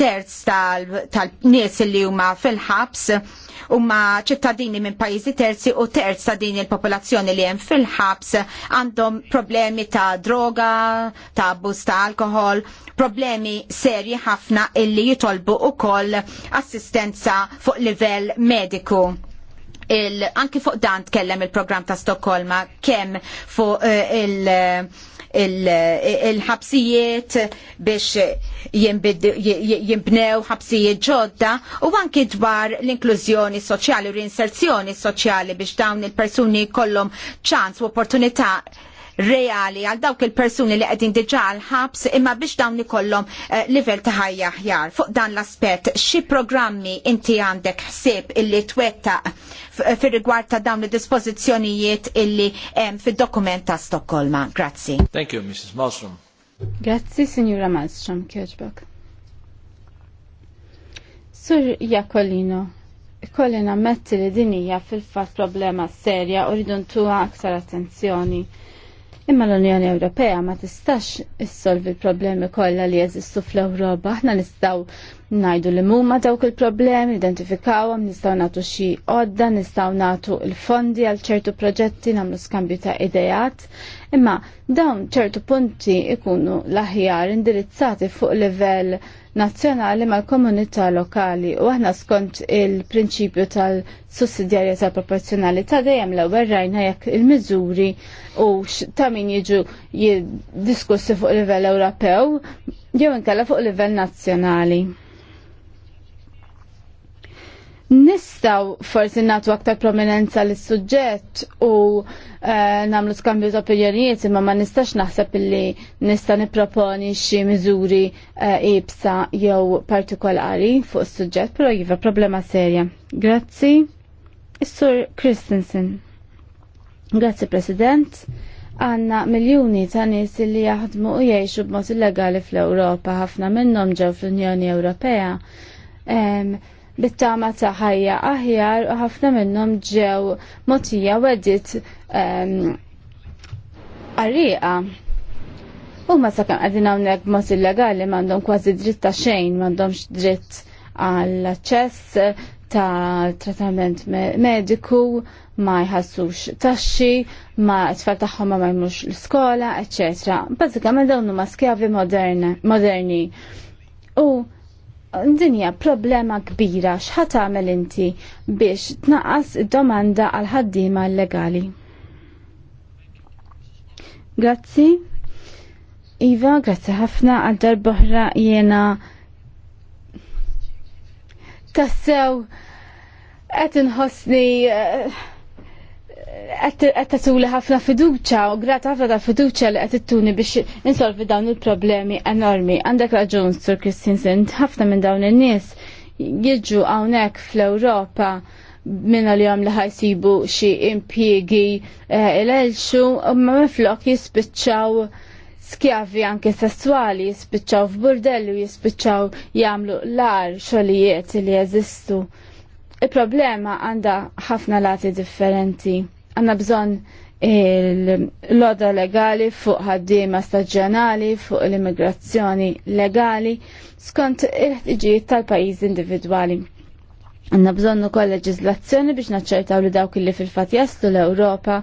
A: terz tal-nies tal li huma fil-ħabs huma ċittadini minn pajjiżi terzi u terz ta' din il-popolazzjoni li hemm fil-ħabs għandhom problemi ta' droga, ta' abbuż ta' alkohol, problemi serji ħafna illi jitolbu ukoll assistenza fuq livell mediku il anki fuq dan tkellem il-programm ta' Stokkolma kemm fuq eh, il- il-ħabsijiet biex jimbnew ħabsijiet ġodda u anki dwar l-inklużjoni soċjali u l-inserzjoni soċjali biex dawn il-persuni kollom ċans u opportunità reali għal dawk il-persuni li qegħdin diġà għal ħabs imma biex dawn ikollhom uh, livell ta' ħajja ħjar. Fuq dan l-aspett xi programmi inti għandek ħsieb illi twettaq fir rigward ta' dawn id-dispożizzjonijiet illi hemm fid-dokument ta' Stokkolma. Grazzi.
C: Thank you, Mrs. Malmstrom.
A: Grazzi, Signora Malmstrom, kieġbok. Sur
B: Jakolino, kolli nammetti li dinija fil-fat problema serja u ridun tuha aktar attenzjoni. Imma l-Unjoni Ewropea ma tistax issolvi l-problemi kollha li jeżistu fl-Ewropa. Aħna nistgħu ngħidu li mhuma dawk il-problemi, identifikawhom, nistgħu nagħtu xi għodda, nistgħu nagħtu l-fondi għal ċertu proġetti nagħmlu skambju ta' idejat. Imma dawn ċertu punti ikunu l-aħjar indirizzati fuq livell nazzjonali mal-komunità lokali u aħna skont il-prinċipju tal-sussidjarjetà ta ta dejjem l-ewwel rajna jekk il-miżuri u ta' min jiġu jiddiskussi fuq livell Ewropew jew inkella fuq livell nazzjonali nistaw forsi natu aktar prominenza l suġġett u uh, namlu skambju ta' opinjonijiet imma ma nistax naħseb illi nista' nipproponi xi miżuri uh, ibsa jew partikolari fuq is-suġġett, però jiva problema serja. Grazzi. Is-Sur Christensen. Grazzi President. Għanna miljoni ta' nies li jaħdmu u jgħixu b'mod illegali fl-Ewropa, ħafna minnhom ġew fl-Unjoni Ewropea. Um, bit ta' ħajja aħjar u ħafna minnhom ġew motija weddit għarriqa. Ehm, u ma sa' kan għadin għawnek b'mod illegali m'għandhom kważi dritt ta' xejn, m'għandhomx dritt għall aċċess ta' trattament mediku, ma jħassux taxxi, ma tfal tagħhom ma jmux l-iskola, eċċetera. Bażikament dawn huma skjavi moderni. U dinja problema kbira x'ħat tagħmel inti biex tnaqqas domanda għal ħaddiema illegali. Grazzi. Iva, grazzi ħafna għal darbohra jena tassew qed inħossni uh, qed tasuli ħafna fiduċja u grat ħafna ta' fiduċja li qed tuni biex insolvi dawn il-problemi enormi. Għandek raġun, Sur Kristinsen, ħafna minn dawn in-nies jiġu hawnhekk fl-Ewropa minna li għom li ħajsibu xie impiegi eh, il-elxu, ma minflok jispiċċaw skjavi anke sessuali, jispiċċaw f'burdellu, jispiċċaw jagħmlu l-ar xogħlijiet li jeżistu. Il-problema għandha ħafna lati differenti għanna bżon l-loda legali fuq ħaddiema staġjonali fuq l-immigrazzjoni legali skont il-ħtiġijiet tal pajiz individwali. Għanna u koll leġizlazzjoni biex naċċertaw li dawk li fil-fat jaslu l-Ewropa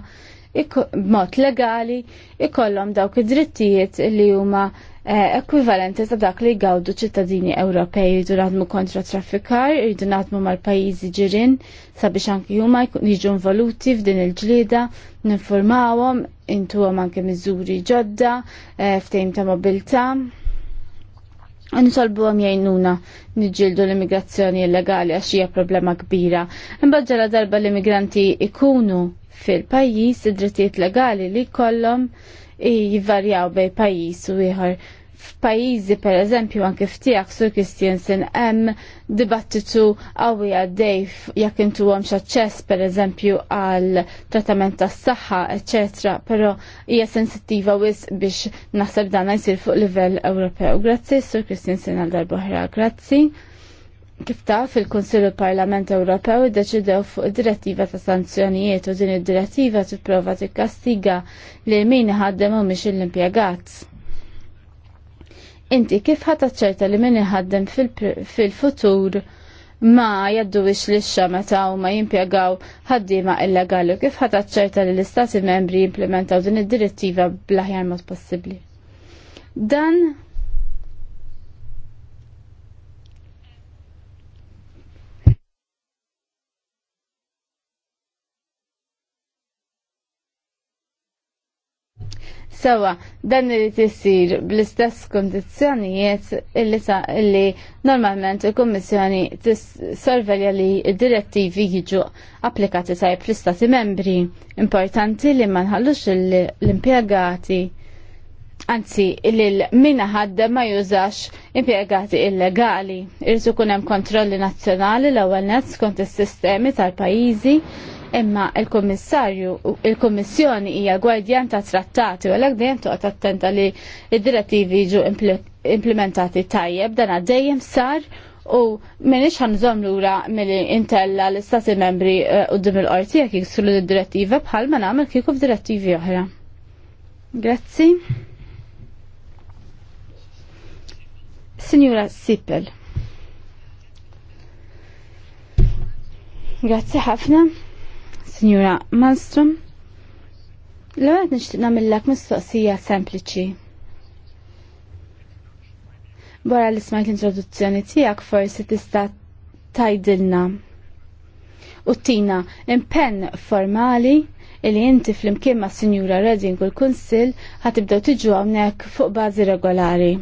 B: b'mod legali ikollhom dawk id-drittijiet li huma Eh, ekwivalenti ta' dak li jgawdu ċittadini Ewropej jridu naħdmu kontra traffikar, jridu naħdmu mal-pajjiżi ġirin sabiex anki huma jiġu involuti f'din il-ġlieda, ninformawhom intuhom anke miżuri ġodda eh, ftehim ta' mobilità. Nisolbu għom jajnuna nġildu l-immigrazzjoni illegali għax hija problema kbira. Mbagġala darba l-immigranti ikunu fil-pajjiż id-drittijiet legali li kollom jivarjaw bej pajjiż u ieħor f'pajjiżi per eżempju anke ftijak Sur Kristjensen hemm dibattitu qawwi għaddej jekk intu hemm aċċess per eżempju għal trattament tas-saħħa, eċetera, però hija sensittiva wis biex naħseb dan jsir fuq livell Ewropew. Grazzi Sur Kristjensen għal darba grazzi. Kif taf il-Konsil u Parlament Ewropew iddeċidew fuq id-direttiva ta' sanzjonijiet u din id-direttiva tipprova tikkastiga li min ħaddem u mhix l-impjegat inti kif ħat ċerta li min iħaddem fil-futur ma jaddu ix li meta u ma jimpiegaw ħaddiema illegali u kif ħat ċerta li l-istati membri jimplementaw din id-direttiva bl-aħjar mod possibbli. Dan sewa dan irid isir bl-istess kondizjonijiet illi sa illi normalment il-Kummissjoni sorvelja li d-direttivi jiġu applikati tajb fl-Istati membri. Importanti li ma nħallux l-impjegati anzi li l-mina ħadda ma jużax impjegati illegali. Irridu kunem kontrolli nazzjonali l-ewwel nett kont is-sistemi tal-pajjiżi imma il-Kommissarju, il-Kommissjoni hija gwardjan ta' trattati u għalhekk dejjem toqgħod attenta li id-direttivi jiġu implementati tajjeb dan dejjem sar u minix ħanżom lura milli intella l-istati membri eh, qudiem il-qorti jekk jiksru l-direttiva bħal ma nagħmel kieku f'direttivi oħra. Grazzi. Signora Sippel. Grazzi ħafna. Signora Malmström, l-għad nishtiq namillak mistoqsija sempliċi. Wara li smajt l-introduzzjoni tijak forsi tista tajdilna. U tina impenn formali illi inti fl-imkien ma' Sinjura Redding u l-Kunsil ħatibdew tiġu hawnhekk fuq bażi regolari.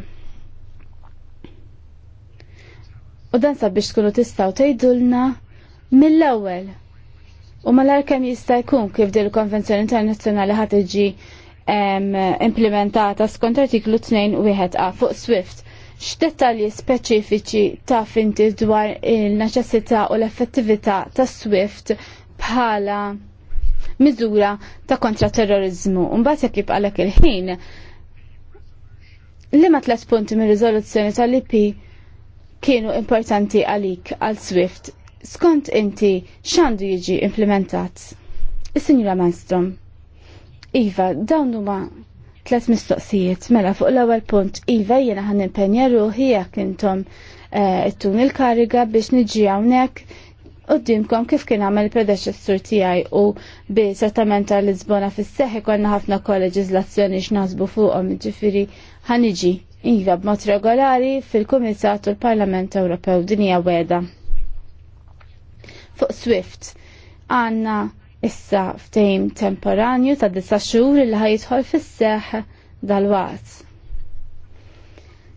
B: U dan sabiex tkunu tistgħu tgħidulna mill-ewwel U malar kem jista' jkun kif dil konvenzjoni internazzjonali ħad iġi implementata skont artiklu 2 wieħed a fuq Swift. X'dettalji speċifiċi ta' finti dwar il neċessità u l-effettività ta' Swift bħala miżura ta' kontraterrorizmu. Mbagħad jekk jibqalek il-ħin, li ma tlet punti mir riżoluzzjoni tal-IP kienu importanti għalik għal Swift skont inti x'għandu jiġi implementat? Is-Sinjura Manstrom. Iva, dawn huma tlet mistoqsijiet mela fuq l-ewwel punt iva jiena ħan impenja ruħi jekk intom eh, ittun il-kariga biex niġi hawnhekk qudiemkom kif kien għamel predeċessur tiegħi u bi settament tal Lisbona fis-seħħi konna ħafna koleġiżlazzjoni x'naħsbu fuqhom, jiġifieri ħaniġi iva b'mod regolari fil-Kumitat u l-Parlament Ewropew din hija weda fuq Swift. Għanna issa ftejm temporanju ta' disa xhur li ħajidħol fis-seħ dal-waqt.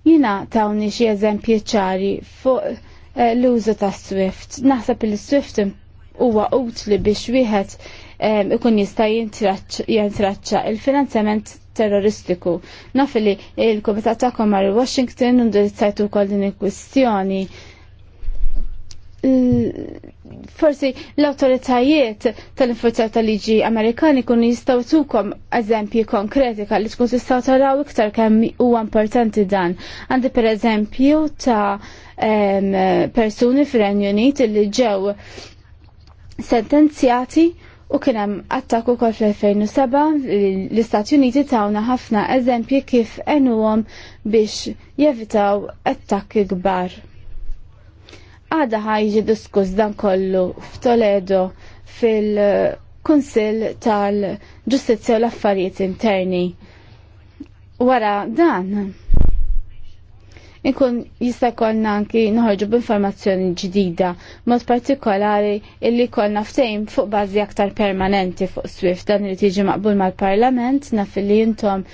B: Jina tawni xi eżempji ċari fuq eh, l-użu ta' Swift. Naħseb li Swift huwa utli biex wieħed eh, ikun jista' jintraċċa il-finanzjament terroristiku. Naf li il-Komitat ta' Komar Washington undirizzajtu wkoll din il-kwistjoni forsi l-autoritajiet tal-infurzar tal-liġi Amerikani kun jistaw tukom eżempji konkreti li tkun tistaw taraw iktar kemm huwa importanti dan. Għandi per eżempju ta' persuni fir-Renju Unit li ġew sentenzjati u kien hemm kol fl-2007 l-Istati Uniti tawna ħafna eżempji kif għenuhom biex jevitaw attakki kbar. Għada ħajġi diskuss dan kollu f'Toledo fil-Kunsil tal-Ġustizzja u l-Affarijiet Interni. Wara dan, Inkun jista' jkollna anki noħorġu b'informazzjoni ġdida, mod partikolari illi kollna ftejm fuq bażi aktar permanenti fuq Swift dan li tiġi maqbul mal-Parlament naf li intom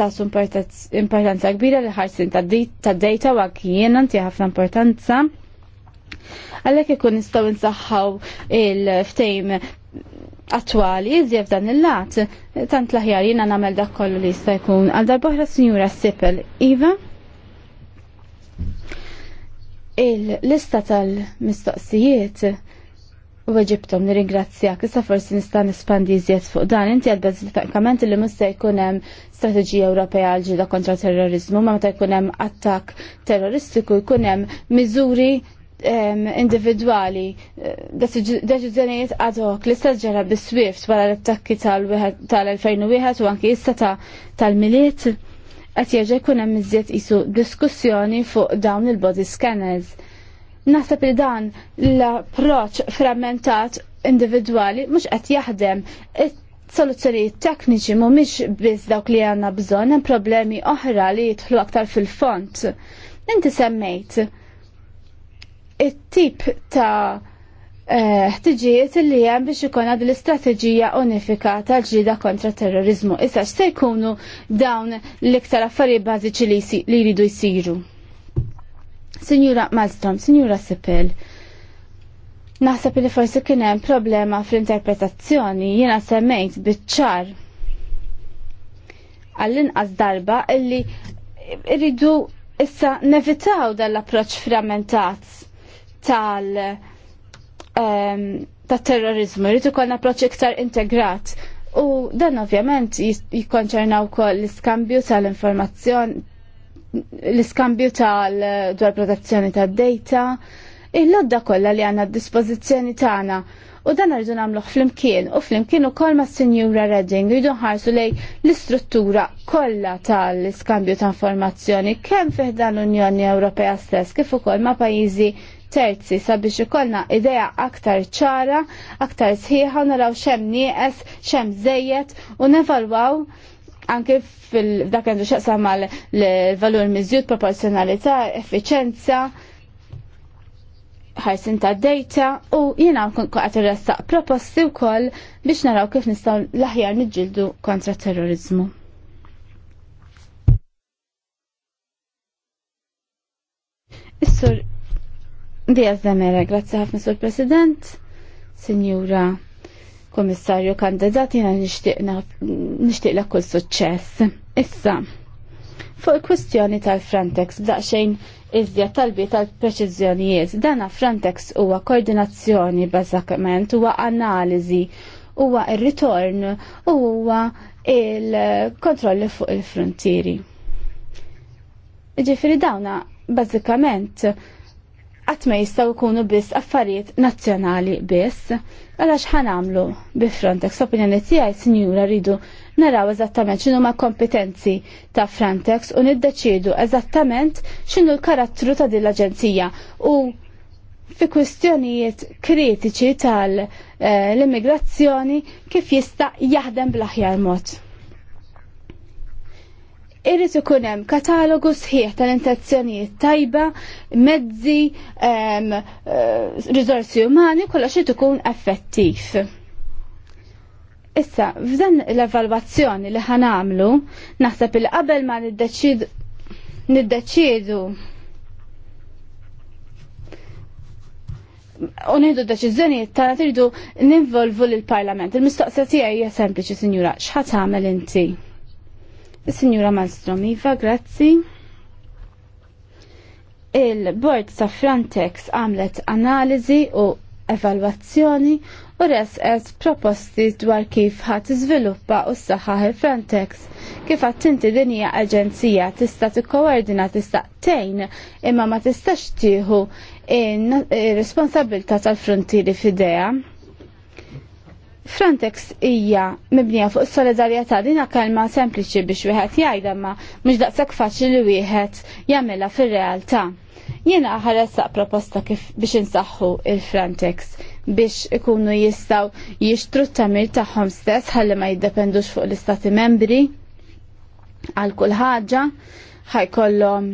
B: ta' importanza kbira li ħarsin ta' data wa għakijen għanti ħafna importanza għallek ikun nistaw nsaħħaw il-ftejm attwali zjef dan il-lat, tant laħjar jina namel dak kollu li jista' jkun. Għal darbohra Sinjura Sipel, Iva? Il-lista tal-mistoqsijiet u nir nirringrazzjak. Issa forsi nista' nispandi iżjed fuq dan. Inti għadbet li mhux se jkun hemm strateġija Ewropea għal ġida kontra terrorizmu, ma meta jkun hemm terroristiku jkun hemm miżuri individwali eh, deċiżjonijiet ad hoc li staġġara bi Swift wara l-attakki tal-2001 u anki issa tal-miliet qed jerġa' jkun hemm iżjed isu diskussjoni fuq dawn il-body scanners Naħseb li dan l-approċ frammentat individwali mhux qed jaħdem soluzzjonijiet tekniċi mhumiex biss dawk li għandna bżonn hemm problemi oħra li jidħlu aktar fil-font. Inti semmejt it-tip ta' eh, ħtiġijiet li hemm biex ikun għad l-istrateġija unifikata ġlida kontra terrorizmu. Issa x'se jkunu dawn l-iktar affarijiet bażiċi li jridu jsiru? Signora Malstrom, Signora Sipil, naħseb li forsi kien hemm problema fl-interpretazzjoni jiena semmejt biċ-ċar għall-inqas darba illi rridu issa nevitaw dal approċċ frammentat tal um, tat terrorizmu, rridu kol approċċ iktar integrat. U dan ovvjament jikkonċerna wkoll l-iskambju tal-informazzjoni l-iskambju tal dwar protezzjoni tad data il-lodda kollha li għandna d-dispożizzjoni tagħna u dan rridu fl flimkien u flimkien ukoll ma' s-senjura Redding rridu nħarsu lej l-istruttura kollha tal-iskambju ta' informazzjoni kemm fih dan l-Unjoni Ewropea stess kif ukoll ma' pajjiżi terzi sabiex ikollna idea aktar ċara, aktar sħiħa naraw xem nieqes, xem żejjed u nevalwaw anke fil għandu xaqsa mal valur miżjud proporzjonalità, effiċenza, ħarsin ta' data u jena għat irressaq proposti u koll biex naraw kif nistaw laħjar nġildu kontra terrorizmu. Is-sur Diaz Demera, grazzi ħafna sur President, Signora Komissarju kandidat jena nishtiq la kull suċċess. Issa, fuq il-kwestjoni tal-Frontex b'daqxejn iżjed talbi tal-preċiżjonijiet, dana Frontex huwa koordinazzjoni bażikament, huwa analiżi, huwa ir-ritorn, il huwa il-kontrolli fuq il-frontieri. Ġifieri dawna bażikament ma jistaw kunu biss affarijiet nazzjonali biss, xħan għamlu bi Frontex. Opinjoni tiegħi sinjura rridu naraw eżattament xinu ma' kompetenzi ta' Frontex u niddeċiedu eżattament x'inhu l-karattru ta' din l-aġenzija u fi kwistjonijiet kritiċi tal-immigrazzjoni eh, kif jista' jaħdem bl-aħjar mod irrit ikun hemm katalogu sħiħ tal-intenzjonijiet tajba, mezzi, eh, rizorsi umani, kolla xie ikun effettiv. Issa, f'dan l-evalwazzjoni li ħanamlu, naħseb il qabel ma niddeċidu unħidu deċizjonijiet tagħna tridu ninvolvu lill-Parlament. Il-mistoqsija tiegħi hija sempliċi, Sinjura, x'ħat tagħmel inti? Signora sinjura Iva, grazzi. Il-Bord ta' Frontex għamlet analiżi u evalwazzjoni u resqet proposti dwar kif ħat iżviluppa u s-saħħaħ il-Frontex. Kif tinti dinja aġenzija tista' tikkoordina tista' tejn imma ma tistax tieħu responsabilta tal-frontieri fidea. Frontex hija mibnija fuq solidarjetà dina kelma sempliċi biex wieħed jgħidha ma mhux daqshekk faċli li wieħed jagħmilha fir-realtà. Jiena saq proposta kif biex insaħħu il-Frontex biex ikunu jistaw jixtru t-tamir tagħhom stess ħalli ma jiddependux fuq l-istati membri għal kull ħaġa ħajkollhom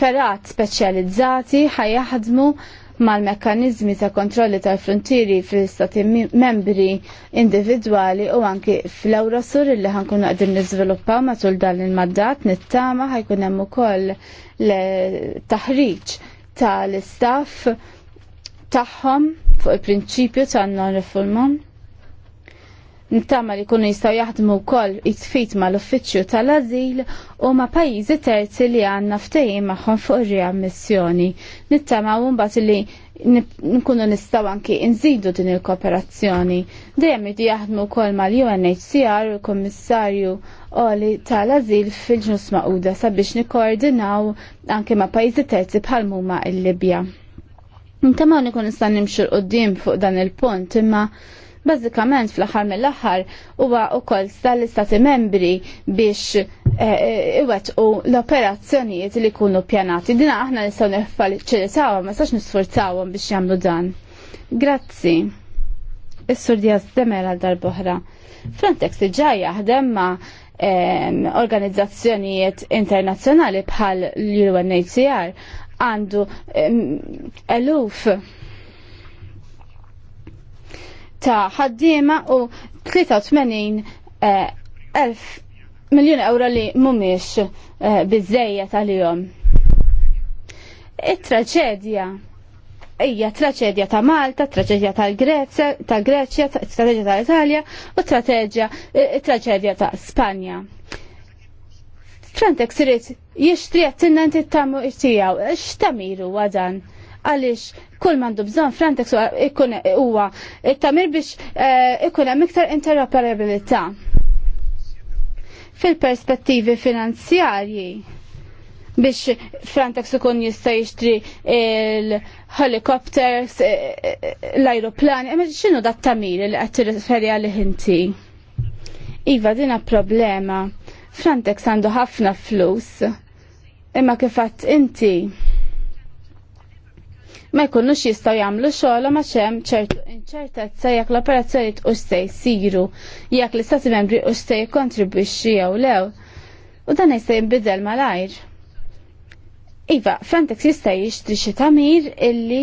B: ferat speċjalizzati ħajjaħdmu mal-mekkanizmi ta' kontrolli tal-frontieri fil-stati membri individuali u anki fl-Eurosur li ħankun għadir nizviluppaw matul dan il-maddat nittama ħajkun hemm ukoll taħriġ tal-istaff tagħhom fuq il-prinċipju tan non reformon nittama li kunu jistaw jaħdmu kol jitfit ma l-uffiċju tal-azil u ma pajizi terzi li għanna ftejim maħħon fuq riammissjoni. Nittama u mbat li nkunu nistaw anki nżidu din il-kooperazzjoni. Dejjem id jaħdmu kol ma l-UNHCR u l-Kommissarju Oli tal-azil fil-ġnus maquda sabiex nikoordinaw anki ma pajizi terzi bħalmu ma il-Libja. Nittama u nikun nistan nimxu qoddim fuq dan il-punt imma Bażikament fl-aħħar mill-aħħar huwa wkoll tal-istati membri biex eh, eh, iwettqu l-operazzjonijiet li jkunu ppjanati. Dina aħna nistgħu niffaċilitawhom, ma sax nisforzawhom biex jagħmlu dan. Grazzi. Is-Sur Diaz Demera dal bohra Frontex diġà jaħdem ma' organizzazzjonijiet internazzjonali bħal l-UNHCR għandu eluf ta' ħaddiema u 83.000 eh, elf miljon euro li mumiex eh, bizzejja tal-jom. It-traċedja hija traċedja ta' Malta, traċedja tal-Greċja, tal-Greċja, traċedja tal-Italja u traċedja eh, traċedja ta' Spanja. Frontex irid jixtri għattinna inti tamu irtijaw, x'tamiru għadan? għaliex kull mandu bżonn Frontex huwa it-tamir biex eh, ikun hemm iktar interoperabilità fil-perspettivi finanzjarji biex Frantex ikun jista' jixtri il-helikopters, eh, eh, l-ajruplani, imma x'inhu dat tamir li qed tirreferi għalih inti? Iva dina problema. Frantex għandu ħafna flus. Imma kifat kifatt inti ma jkunux jistgħu jagħmlu xogħolhom ma hemm ċertu inċertezza jekk l-operazzjonijiet u se jsiru jekk l-istati membri u se jikkontribwixxi jew lew. U dan jista' jinbidel malajr. Iva, Frontex jista' jixtri xi tamir illi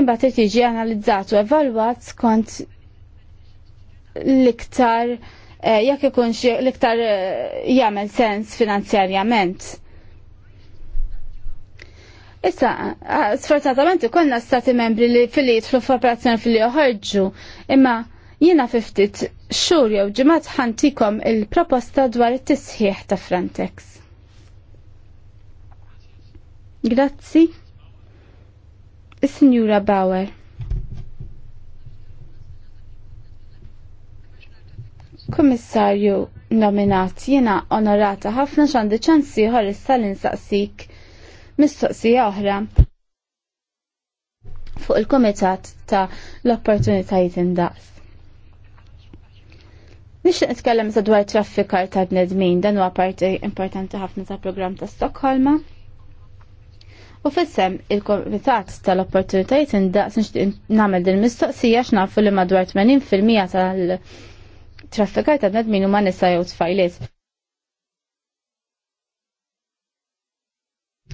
B: imbagħad irid jiġi analizzat u evalwat skont l-iktar eh, jekk ikunx l-iktar eh, jagħmel sens finanzjarjament. Issa, sfortunatament konna stati membri li filiet li operazzjoni f'operazzjoni fil-li joħorġu, imma jina fiftit xur jew ġimat ħantikom il-proposta dwar it-tisħiħ ta' Frontex. Grazzi. Is-Sinjura Bauer. Kummissarju nominat jena onorata ħafna xandi ċansi ħor issa l-insaqsik mistoqsija oħra fuq il-Komitat ta' l-Opportunitajiet Indaqs. Nixtieq nitkellem sa dwar traffikar ta' bnedmin dan huwa parti importanti ħafna ta' programm ta' Stokholma. U fissem il-Komitat tal-Opportunitajiet Indaqs nixtieq nagħmel din mistoqsija x'nafu li madwar 80% tal-traffikar ta' bnedmin huma nisa jew tfajliet.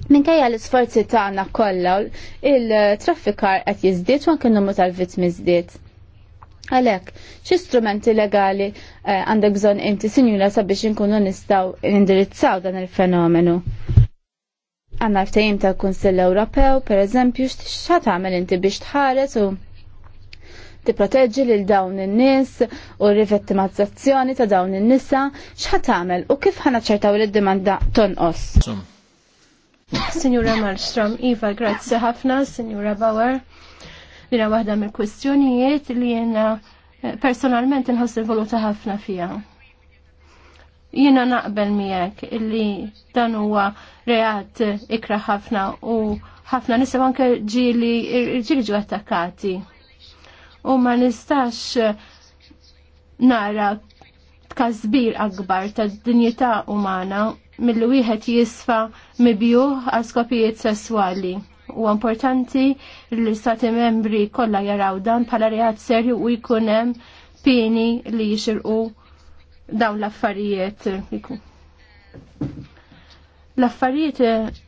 B: Minkejja l-isforzi tagħna kollha il-traffikar qed jiżdied u anke numru tal-vittmi żdied. Għalhekk, xi strumenti legali eh, għandek bżonn inti sinjura sabiex inkunu nistgħu indirizzaw dan il-fenomenu. Għanna ftehim tal-Kunsill Ewropew, pereżempju, xħat tagħmel inti biex tħares u tipproteġġi lil dawn in-nies u r-rivettimazzazzjoni ta' dawn in-nisa x'ħat tagħmel u kif ħana li d-dimanda tonqos.
D: Signora Malmström, Iva, grazzi ħafna, Signora Bauer. Lina waħda mill-kwestjonijiet li jena eh, personalment nħoss voluta ħafna fija. Jena naqbel miegħek illi dan huwa reat ikra ħafna u ħafna nisem anke ġili ġili ġu attakkati. U ma nistax eh, nara tkazbir akbar tad dinjità umana mill wieħed jisfa mibjuħ għal skopijiet sesswali. U importanti li stati membri kollha jaraw dan bħala reat serju u jkun hemm pieni li jixirqu dawn l-affarijiet. L-affarijiet eh,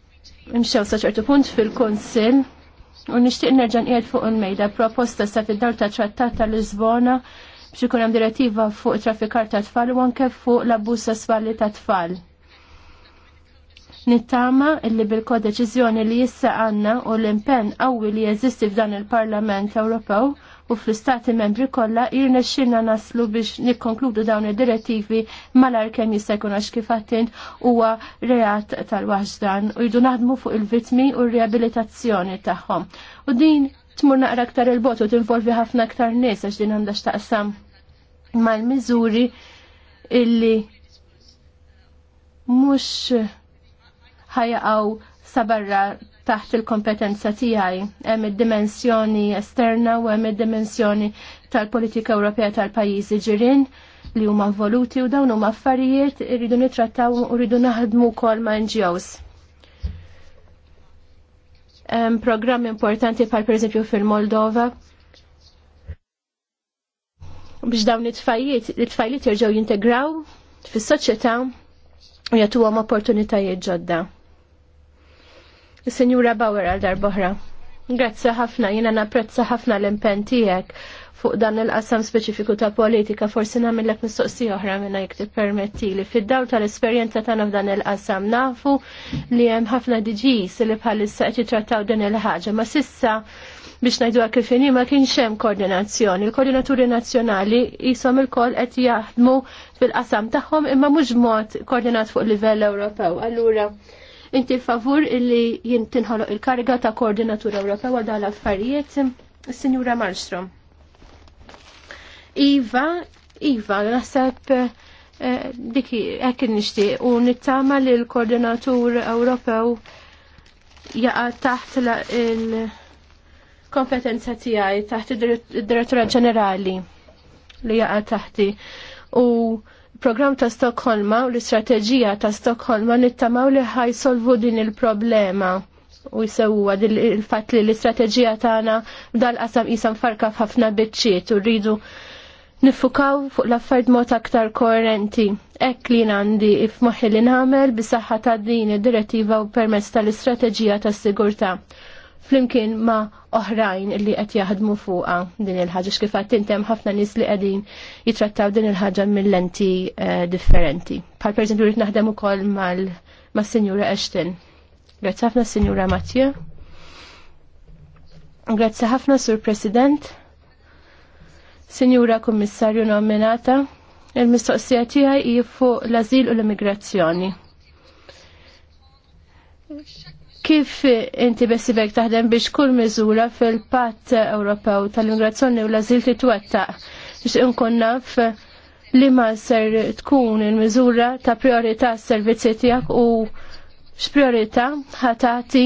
D: imxew sa ċertu punt fil-Konsil u nixtieq nerġa' qiegħed fuq il-mejda proposta sa fid-dawl ta' Trattat ta' Lisbona biex ikun hemm direttiva fuq traffikar ta' tfal u anke fuq l-abbuż sesswali ta' tfal. Nittama illi bil-kodeċizjoni li jissa għanna u l-impenn qawwi li jeżisti f'dan il-Parlament Ewropew u fl-istati membri kollha xinna naslu biex nikkonkludu dawn id-direttivi malar kemm jista' jkun għax kif u huwa reat tal-waħġdan u jdu naħdmu fuq il-vitmi u r-riabilitazzjoni tagħhom. U din tmur naqra aktar il-bot u tinvolvi ħafna ktar nies għax din għandha x'taqsam mal-miżuri illi mhux ħajaqgħu sabarra taħt il-kompetenza tiegħi. Hemm id-dimensjoni esterna u hemm id-dimensjoni tal-politika Ewropea tal-pajjiżi ġirien li huma voluti u dawn huma affarijiet irridu nittrattaw u rridu naħdmu wkoll ma' NGOs. Hemm programm importanti bħal pereżempju fil-Moldova biex dawn it-tfajliet, it-tfajliet jerġgħu jintegraw fis-soċjetà u jagħtuhom opportunitajiet ġodda. Signora Bauer għal darboħra. Grazzi ħafna, jina napprezza ħafna l-impen tijek fuq dan il-qasam speċifiku ta' politika, forsi namillek mistoqsija oħra minna jek permetti li fid-daw tal-esperjenza tagħna f'dan il-qasam nafu li hemm ħafna diġis li bħalissa qed jitrattaw din il-ħaġa, ma sissa biex najdu għakifini ma kienx hemm koordinazzjoni. Il-koordinaturi nazzjonali jisom il-koll qed jaħdmu fil-qasam tagħhom imma mhux mod koordinat fuq livell Ewropew. Allura, Inti favur illi jintinħoloq il-kariga ta' koordinatura Ewropew għal dal affarijiet Sinjura Malmstrom. Iva, Iva, naħseb eh, diki hekk nixtieq u nittama li l-koordinatur Ewropew jaqa' taħt il-kompetenza tiegħi taħt id-direttura ġenerali li jaqa' taħti u Program ta' Stokholma u l-istrateġija ta' Stokholma nittamaw li ħajsolvu din il-problema u jisewwa il-fatt li l-istrateġija tagħna dal-qasam qisam farka f'ħafna biċċiet u rridu nifukaw fuq l-affarijiet mod aktar koerenti. Ekk li għandi f'moħħi li nagħmel bis-saħħa ta' din id-direttiva u permezz tal-istrateġija tas-sigurtà. Flimkien ma' oħrajn li qed jaħdmu fuqha din il-ħaġa x'kif qed tintem ħafna nies li qegħdin jitrattaw din il-ħaġa mill-lenti eh, differenti. Bħal pereżempju rrid naħdem ukoll mas-Sinjura Ashton. Grazzi ħafna Sinjura Mathieu. Grazzi ħafna Sur President. Sinjura Kummissarju nominata, il-mistoqsija tiegħi hi fuq l-ażil u l-immigrazzjoni Kif inti bessibek taħdem biex kull miżura fil-patt Ewropew tal-immigrazzjoni u l-azil titwettaq biex inkun naf li ma ser tkun il-miżura ta' priorità s-servizzi tiegħek u x'priorità ħatati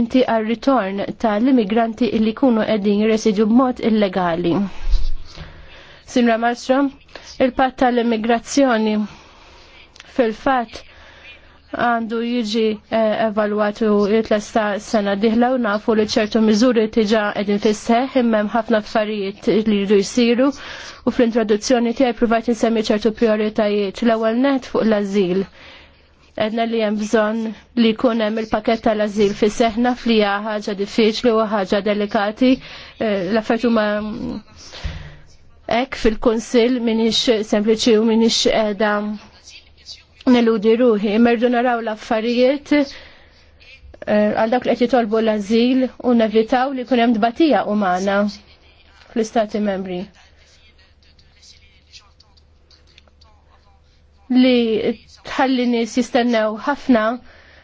D: inti għal-ritorn tal-immigranti illi kunu qegħdin jirresidu b'mod illegali. Sinra Malstrom, il-patt tal-immigrazzjoni fil-fatt għandu jiġi eh, evalwatu jitlesta sena diħla u nafu li ċertu miżuri tiġa edin fisseħ immem ħafna affarijiet li jridu jisiru u fl-introduzzjoni tiegħi provajt insemmi ċertu prioritajiet l-ewwel net fuq l-azil. Edna li hemm bżonn li jkun hemm il-pakett tal-azil fis seħna fli hija ħaġa diffiċli u ħaġa delikati eh, l-affarijiet huma hekk fil-kunsill minix sempliċi u minix qiegħda neludi ruħi, merdu naraw l-affarijiet eh, għal dak li qed jitolbu l-azil u nevitaw li kunem dbatija umana fl-istati membri. Li tħalli nies jistennew ħafna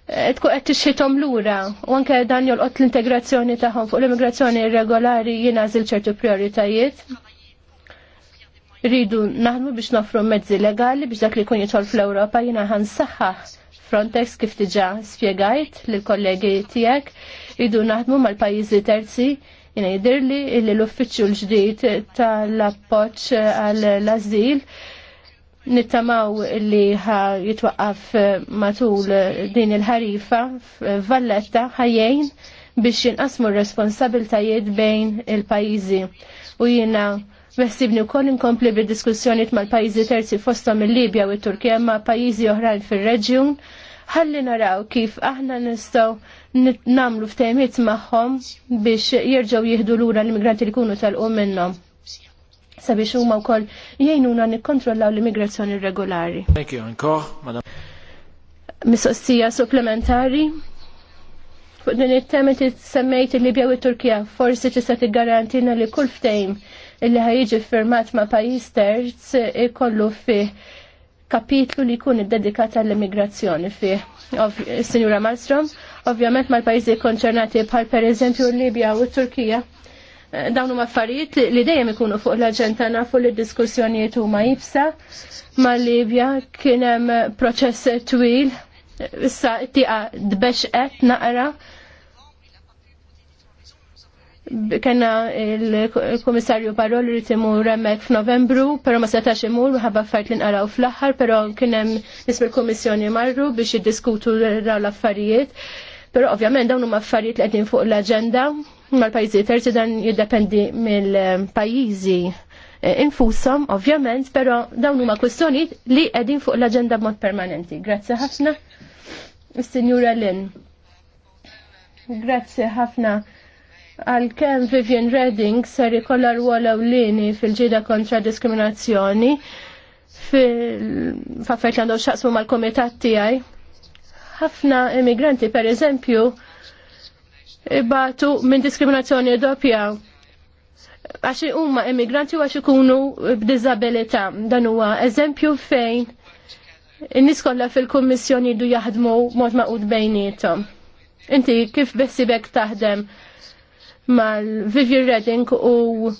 D: eh, tkun qed tixħithom lura u anke dan jolqot l-integrazzjoni tagħhom fuq l-immigrazzjoni irregolari jingħażil ċertu prioritajiet Rridu naħdmu biex nofru mezzi legali biex dak li kun jitħol fl-Ewropa jina ħan saħħax Frontex kif diġa spiegajt l-kollegi tijek. idu naħdmu mal-pajizi terzi jina jidirli li l-uffiċċju l-ġdijt tal-appoċ għal-azil nittamaw li ħa jitwaqqaf matul din il-ħarifa f'Valletta ħajjejn biex jinqasmu r-responsabiltajiet bejn il-pajizi u jina Mestibni u koll inkompli bil-diskussjoniet mal-pajizi terzi fostom il-Libja u il-Turkija ma' pajizi oħrajn fil-reġjun, ħalli naraw kif aħna nistaw namlu ftejmiet magħhom biex jirġaw jihdu lura l-immigranti li kunu tal minnhom. Sabiex huma wkoll jgħinuna nikkontrollaw l-immigrazzjoni regolari.
C: Thank you encore, madam. Mistoqsija
D: supplementari. Fuq din it-tema semmejt il-Libja u il turkija forsi tista' tiggarantina li kull ftejm illi ħajġi firmat ma' pajjiż terz ikollu fi kapitlu li jkun iddedikat għall-immigrazzjoni fih. Sinjura Malmstrom, ovvjament mal-pajjiżi konċernati bħal pereżempju l-Libja u t-Turkija. Eh, dawn huma affarijiet li dejjem ikunu fuq l-aġenda nafu li d-diskussjonijiet huma jibsa mal-Libja kien hemm proċess twil issa tiqa dbexqet naqra kena il-komissarju parol li timur hemmhekk f'Novembru, però ma setax imur ħabba fajt li nqaraw fl-aħħar, però kien hemm nisma' l-Kummissjoni marru biex jiddiskutu raw l-affarijiet. Però ovvjament dawn huma affarijiet li qegħdin fuq l-aġenda mal-pajjiżi terzi dan jiddependi mill-pajjiżi infushom, ovvjament, però dawn huma kwistjonijiet li qegħdin fuq l-aġenda b'mod permanenti. Grazzi ħafna. Is-Sinjura Lin. Grazzi ħafna għal kem Vivian Redding ser ikolla rwol ewlieni fil-ġida kontra diskriminazzjoni fil-faffet għandu xaqsmu mal-komitat tijaj. Ħafna immigranti, per eżempju, batu minn diskriminazzjoni doppja għax huma immigranti u għax ikunu b'diżabilità. Dan huwa eżempju fejn in-nies kollha fil-kummissjoni jdu jaħdmu mod maqud bejnietom. Inti kif bessibek taħdem mal-Vivian Redding u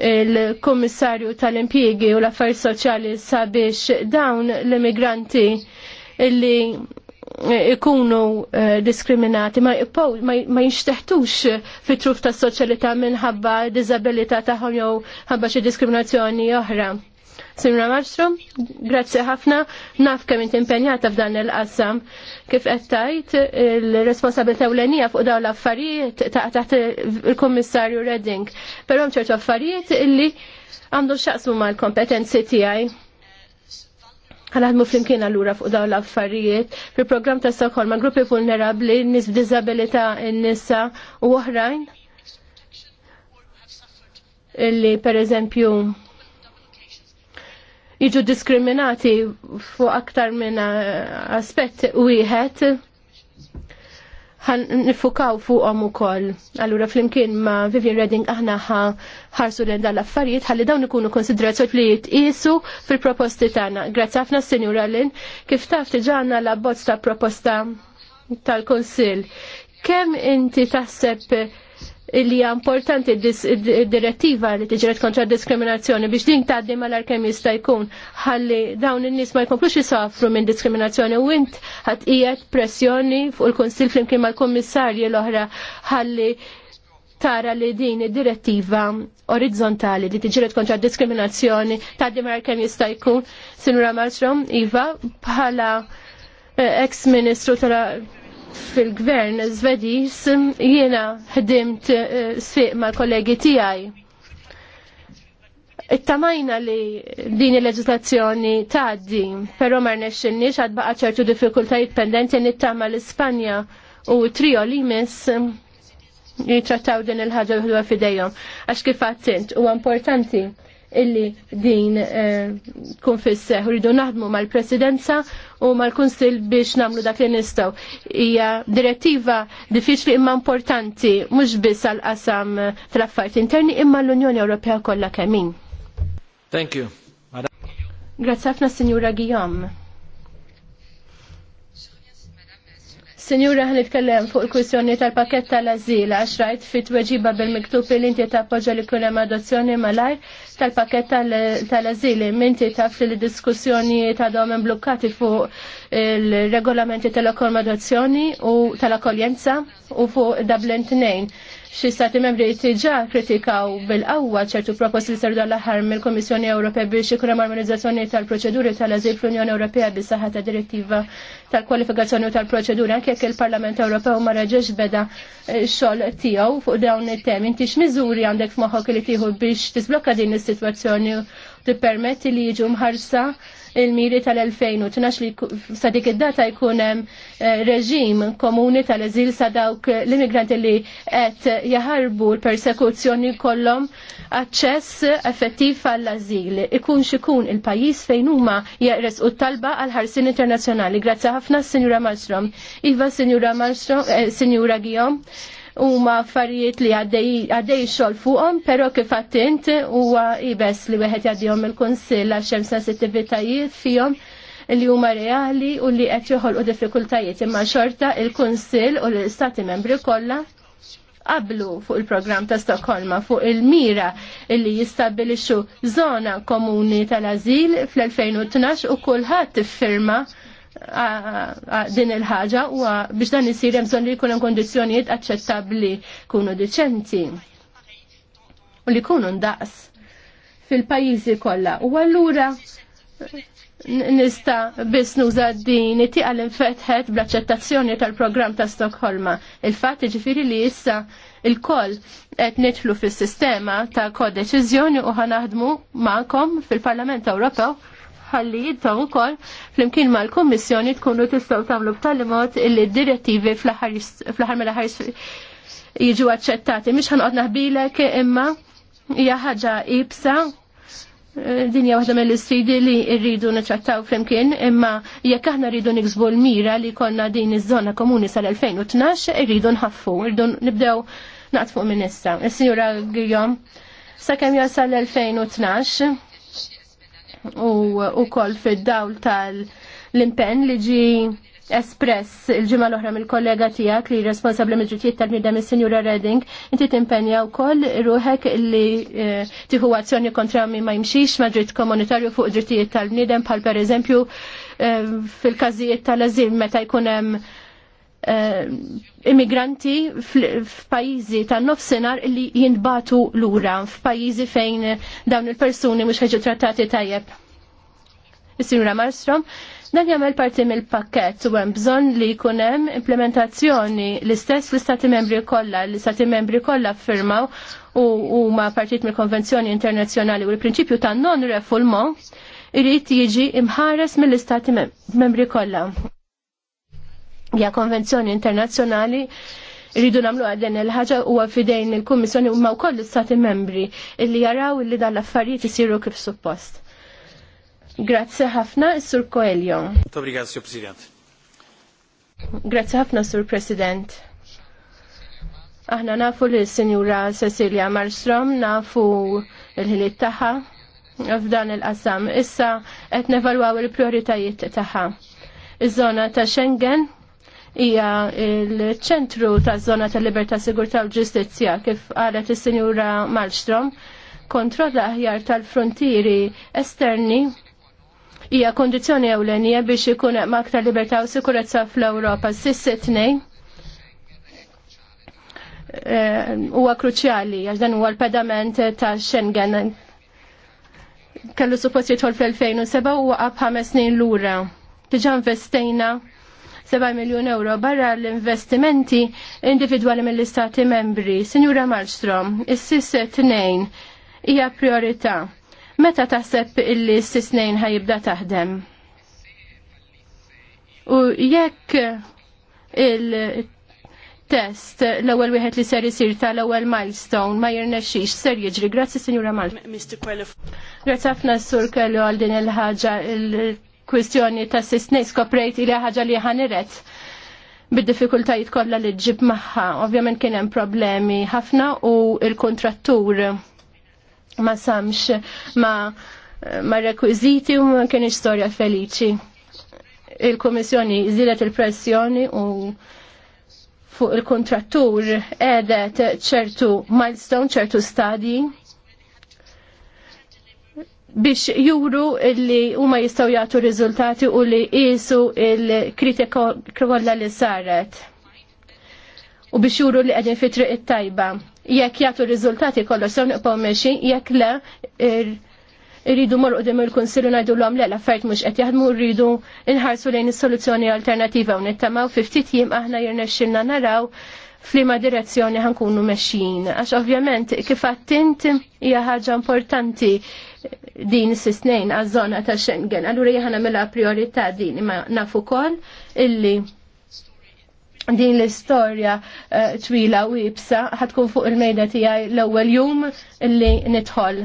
D: il-Komissarju tal-Impjiegi u l-Affarijiet Soċjali sabiex dawn l-immigranti li ikunu eh, diskriminati ma, jinxteħtux fit-truf tas soċjalità minħabba disabilità tagħhom jew ħabba xi diskriminazzjoni oħra. Simra Marstrom, grazzi ħafna, naf kemm inti impenjata f'dan il-qassam. Kif qed tgħid, il-responsabilità ewlenija fuq dawn l-affarijiet taħt il-Kummissarju Redding. Però hemm ċertu affarijiet illi għandu x'aqsmu mal-kompetenzi tiegħi Għal-ħadmu flimkien allura fuq dawn l-affarijiet. Fil-programm ta' Stockholm gruppi vulnerabli, nis b'diżabilità n-nisa u oħrajn. Illi per eżempju jiġu diskriminati fuq aktar minn eh, aspett wieħed ħan nifukaw fuqhom ukoll. Allura flimkien ma' Vivian Redding aħna ħarsu lejn l-affarijiet ħalli dawn ikunu konsidrazzjoni li jitqisu fil-proposti tagħna. Grazzi ħafna Sinjura Lin, kif taf tiġana la bozz ta' proposta tal-Kunsill. Kemm inti taħseb li hija importanti d-direttiva li tiġret kontra diskriminazzjoni biex din tgħaddi mal-arkem jista' jkun ħalli dawn in-nies ma jkomplux jisafru minn diskriminazzjoni u int ħadd qiegħed pressjoni fuq il-Kunsill flimkien mal-Kummissarji l-oħra ħalli tara li din id-direttiva orizzontali li tiġret kontra diskriminazzjoni tgħaddi mal-arkem jista' jkun. Sinura Malstrom, Iva, bħala eh, ex-ministru tal fil-gvern Zvediż jiena ħdimt eh, sfiq ma' kollegi tiegħi. Ittamajna li din il-leġislazzjoni tgħaddi, però ma rnexxinniex għad baqa' ċertu diffikultajiet pendenti nittama l-Ispanja u trio li mis jitrattaw din il-ħaġa l-ħdwa fidejhom. Għax kif u huwa importanti illi din eh, tkun fisseħ. Rridu naħdmu mal-presidenza u mal-kunsil biex namlu dak li nistaw. Hija direttiva diffiċli imma importanti mhux biss għal qasam eh, tal-affarijiet interni imma l-Unjoni Ewropea kollha kemm Thank you. Grazie ħafna Sinjura Guillaume. Sinjura ħan nitkellem fuq il-kwissjoni tal-pakett tal-azil għax rajt fit weġiba bil-miktub li inti tappoġġa li kunem adozzjoni malaj tal-pakett tal-azil minti taf li diskussjoni ta' domen blokkati fuq il-regolamenti tal-akkomodazzjoni u tal-akkoljenza u fuq Dublin 2 xi stati membri tiġa kritikaw bil-qawwa ċertu proposti li saru l-aħħar mill-Kummissjoni Ewropea biex ikun hemm armonizzazzjoni tal-proċeduri tal-ażil fl-Unjoni Ewropea bis saħħa ta' direttiva tal-kwalifikazzjoni u tal-proċeduri anke jekk il-Parlament Ewropew ma reġgħex beda eh, xogħol tiegħu fuq dawn it-temi. Inti x'miżuri għandek f'moħħok li tieħu biex tisblokka din is-sitwazzjoni tippermetti li jiġu mħarsa il-miri tal-2012 li sa dik id-data jkun hemm eh, reġim komuni tal-eżil sa dawk l-immigranti li qed jaħarbu l-persekuzzjoni kollhom aċċess effettiv għall-azil. Ikun xikun il-pajjiż fejn huma jeqres u talba għal ħarsin internazzjonali. Grazzi ħafna Sinjura Malmstrom. Iva Sinjura Malstrom, eh, Sinjura Gijom huma affarijiet li għaddej xol fuqhom, però kif attint huwa ibes li wieħed jgħaddihom il-kunsill għal hemm sensittivitajiet fihom li huma reali u li qed joħolqu diffikultajiet imma xorta il-Kunsill u l-Istati Membri kollha qablu fuq il-programm ta' Stokholma fuq il-mira illi jistabilixxu zona komuni tal-azil fl-2012 u kulħadd iffirma din il-ħaġa u biex dan jisir hemm bżonn li jkun hemm kondizzjonijiet aċċettabbli jkunu diċenti u li jkunu ndaqs fil-pajjiżi kollha. U allura nista biss nuża din it-tieqa li nfetħet bl-aċċettazzjoni tal-programm ta' Stokholma. Il-fatt ġifiri li issa il-koll qed nidħlu fis-sistema ta' kodeċiżjoni u ħanaħdmu magħkom fil-Parlament Ewropew ħalli jintom ukoll flimkien mal-Kummissjoni tkunu tistaw tagħmlu b'tali mod illi d-direttivi fl-aħħar mill-aħħar jiġu aċċettati. Mhix ħanqod naħbilek imma hija ħaġa ibsa eh, dinja waħda mill-istridi li rridu niċċattaw flimkien, imma jekk aħna rridu niksbu l-mira li konna din iż-żona komuni sal-2012, rridu nħaffu, rridu nibdew naqtfu minn issa. Is-Sinjura Gijom, sakemm jasal l-2012, u ukoll fid-dawl tal-impenn li ġi espress il-ġimgħa l-oħra mill-kollega tiegħek li responsabbli mill-ġittijiet tal-bniedem is-Sinjura Redding, inti timpenja wkoll ruħek li eh, tieħu azzjoni kontra mi ma jimxix ma' dritt komunitarju fuq drittijiet tal-bniedem bħal pereżempju eh, fil-każijiet tal-azil meta jkun hemm Eh, immigranti f'pajjiżi tan nofsinhar li jintbatu lura f'pajjiżi fejn dawn il-persuni mhux ħeġu trattati tajjeb. Is-Sinjura Marstrom, dan jagħmel parti mill-pakkett u hemm bżonn li jkun hemm implementazzjoni l-istess fl-istati membri kollha, l-istati membri kollha firmaw u huma partit mill-Konvenzjoni Internazzjonali u l-prinċipju ta' non-refoulement irid jiġi imħares mill-istati membri kollha. Ja konvenzjoni internazzjonali rridu namlu għadden il-ħagġa u għafidejn il-Kummissjoni u ma' koll l-Stati membri illi jaraw illi dal-affarijiet isiru kif suppost. Grazzi ħafna, Sur Coelho.
C: Tobrigat,
D: Grazzi ħafna, Sur President. Aħna nafu li s-Sinjura Cecilia Marstrom, nafu il-ħiliet taħħa f'dan il-qasam. Issa qed nevalwaw il-prioritajiet taħħa. Iż-żona ta' Schengen, hija il-ċentru taż-żona tal-libertà, sigurtà u ġustizzja kif qalet is-Sinjura Malmstrom kontrolla aħjar tal-frontieri esterni hija kondizjoni ewlenija biex ikun hemm aktar libertà u sikurezza fl-Ewropa. sissitnej eh, huwa kruċjali għax dan huwa l-pedament ta' Schengen kellu suppost jidħol fl-2007 u waqab ħames snin lura. Diġà investejna 7 miljon euro barra l-investimenti individwali mill-istati membri. Signora Malmström, is-sis tnejn hija priorità. Meta taħseb illi s-sis tnejn ħajibda taħdem? U jekk il- test l-ewwel wieħed li ser isir tal-ewwel milestone ma jirnexxix ser jiġri. Grazzi Sinjura Mal. Grazzi ħafna s Sur Kello għal din il-ħaġa kwistjoni ta' sisnej skoprejt li ħaġa li ħaniret bid-diffikultajiet kollha li ġib magħha. Ovvjament kien hemm problemi ħafna u l-kuntrattur ma samx ma ma rekwiziti u ma kienx storja feliċi. Il-Komissjoni zilet il-pressjoni u fuq il-kontrattur edet ċertu milestone, ċertu stadji biex juru li huma jistgħu jagħtu riżultati u li qisu l kritika kollha li saret. U biex juru li qegħdin fitri it-tajba. Jekk jagħtu riżultati kollox sew nibqgħu mexi, jekk le rridu mor qudiem il-Kunsill u ngħidu l-om le l-affarijiet mhux qed jaħdmu rridu nħarsu lejn is-soluzzjoni alternattiva u nittamaw fi ftit jiem aħna jirnexxilna naraw flima direzzjoni ħankunu mexxin. Għax ovvjament kif attint hija ħaġa importanti din s-snejn għaż-żona ta' Schengen. Allura jħana mela priorità din ma nafu kol illi din l-istorja eh, twila u jibsa ħatkun fuq il-mejda tijaj l-ewwel jum illi nidħol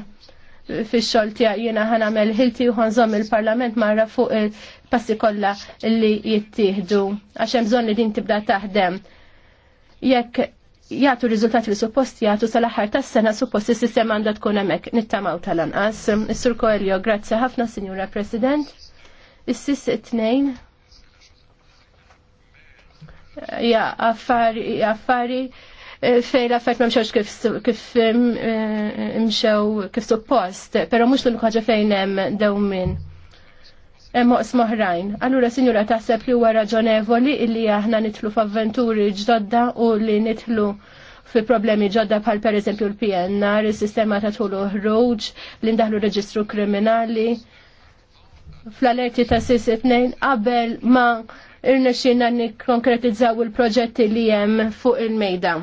D: fi xol tijaj jena ħanamel ħilti u ħanżom il-parlament marra fuq il-passi kolla illi jittieħdu għaxem bżon li din tibda taħdem jekk jgħatu riżultati li suppost jgħatu sal-aħħar tas-sena suppost il sistema għanda tkun hemmhekk nittamaw tal-anqas. Is-Sur Koelio, grazzi ħafna, Signora President. Is-sis it tnejn ja affari affari eh, fej l-affarijiet ma mxewx kif eh, eh, mxew kif suppost, però mhux l-unika ħaġa fejn hemm minn emmo moħrajn. Allura, sinjura, taħseb li huwa raġonevoli illi aħna nitlu f'avventuri ġodda u li nitlu fi problemi ġodda bħal per eżempju l-PNR, il-sistema ta' tħulu ħruġ, li ndaħlu reġistru kriminali. Fl-alerti ta' sis tnejn qabel ma irnexxina nikkonkretizzaw il-proġetti li hemm fuq il-mejda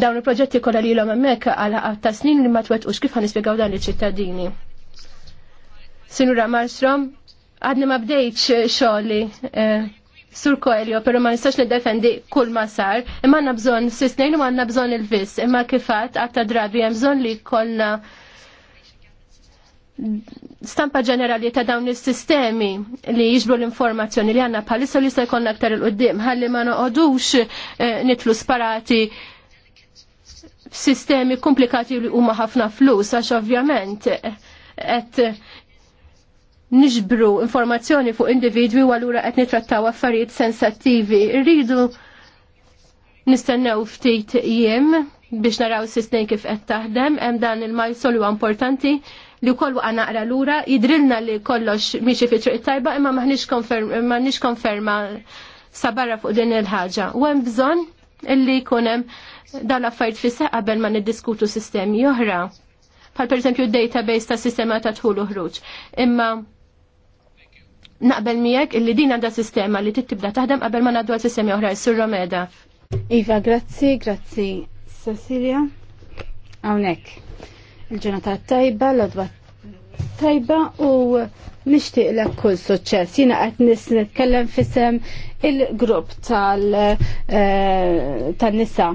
D: dawn il-proġetti kolla li l-om għal ta' snin li ma twettqux kif għan ispiegaw dan il-ċittadini. Sinura Marstrom, għadni ma bdejċ eh, xogħli eh, sur koelio, pero ma nistax nidefendi kull ma sar, imma għanna bżon sisnejn u għanna bżon il-vis, imma kifat għatta drabi għem bżon li kolna stampa ġenerali ta' dawn is-sistemi li jiġbru l-informazzjoni li għanna palissa li se jkollna aktar il-qoddim, ħalli ma noqodux eh, nitlu sparati sistemi komplikati li huma ħafna flus, għax ovvjament qed niġbru informazzjoni fuq individwi walura allura qed nitrattaw affarijiet sensattivi. Rridu nistennew ftit jiem biex naraw s-sistnej kif qed taħdem, hemm dan il-majsol huwa importanti li wkoll waqa' naqra lura jidrilna li kollox miexi fi triq tajba imma maħnix konferma konferma sabarra fuq din il-ħaġa. U hemm bżonn illi jkun hemm dawn l-affarijiet fis qabel ma niddiskutu sistemi oħra. per pereżempju d database ta' sistema ta' tħulu u ħruġ. Imma naqbel miegħek illi din għandha sistema li tibda taħdem qabel ma ngħaddu għas sistemi oħra sur Romeda. Iva, grazzi, grazzi Cecilia. Hawnhekk. il ġenata tajba,
B: l-odba tajba u nixtieq lek kull suċċess. Jiena qed nis nitkellem fisem il-grupp tal-nisa. tal eh, nisa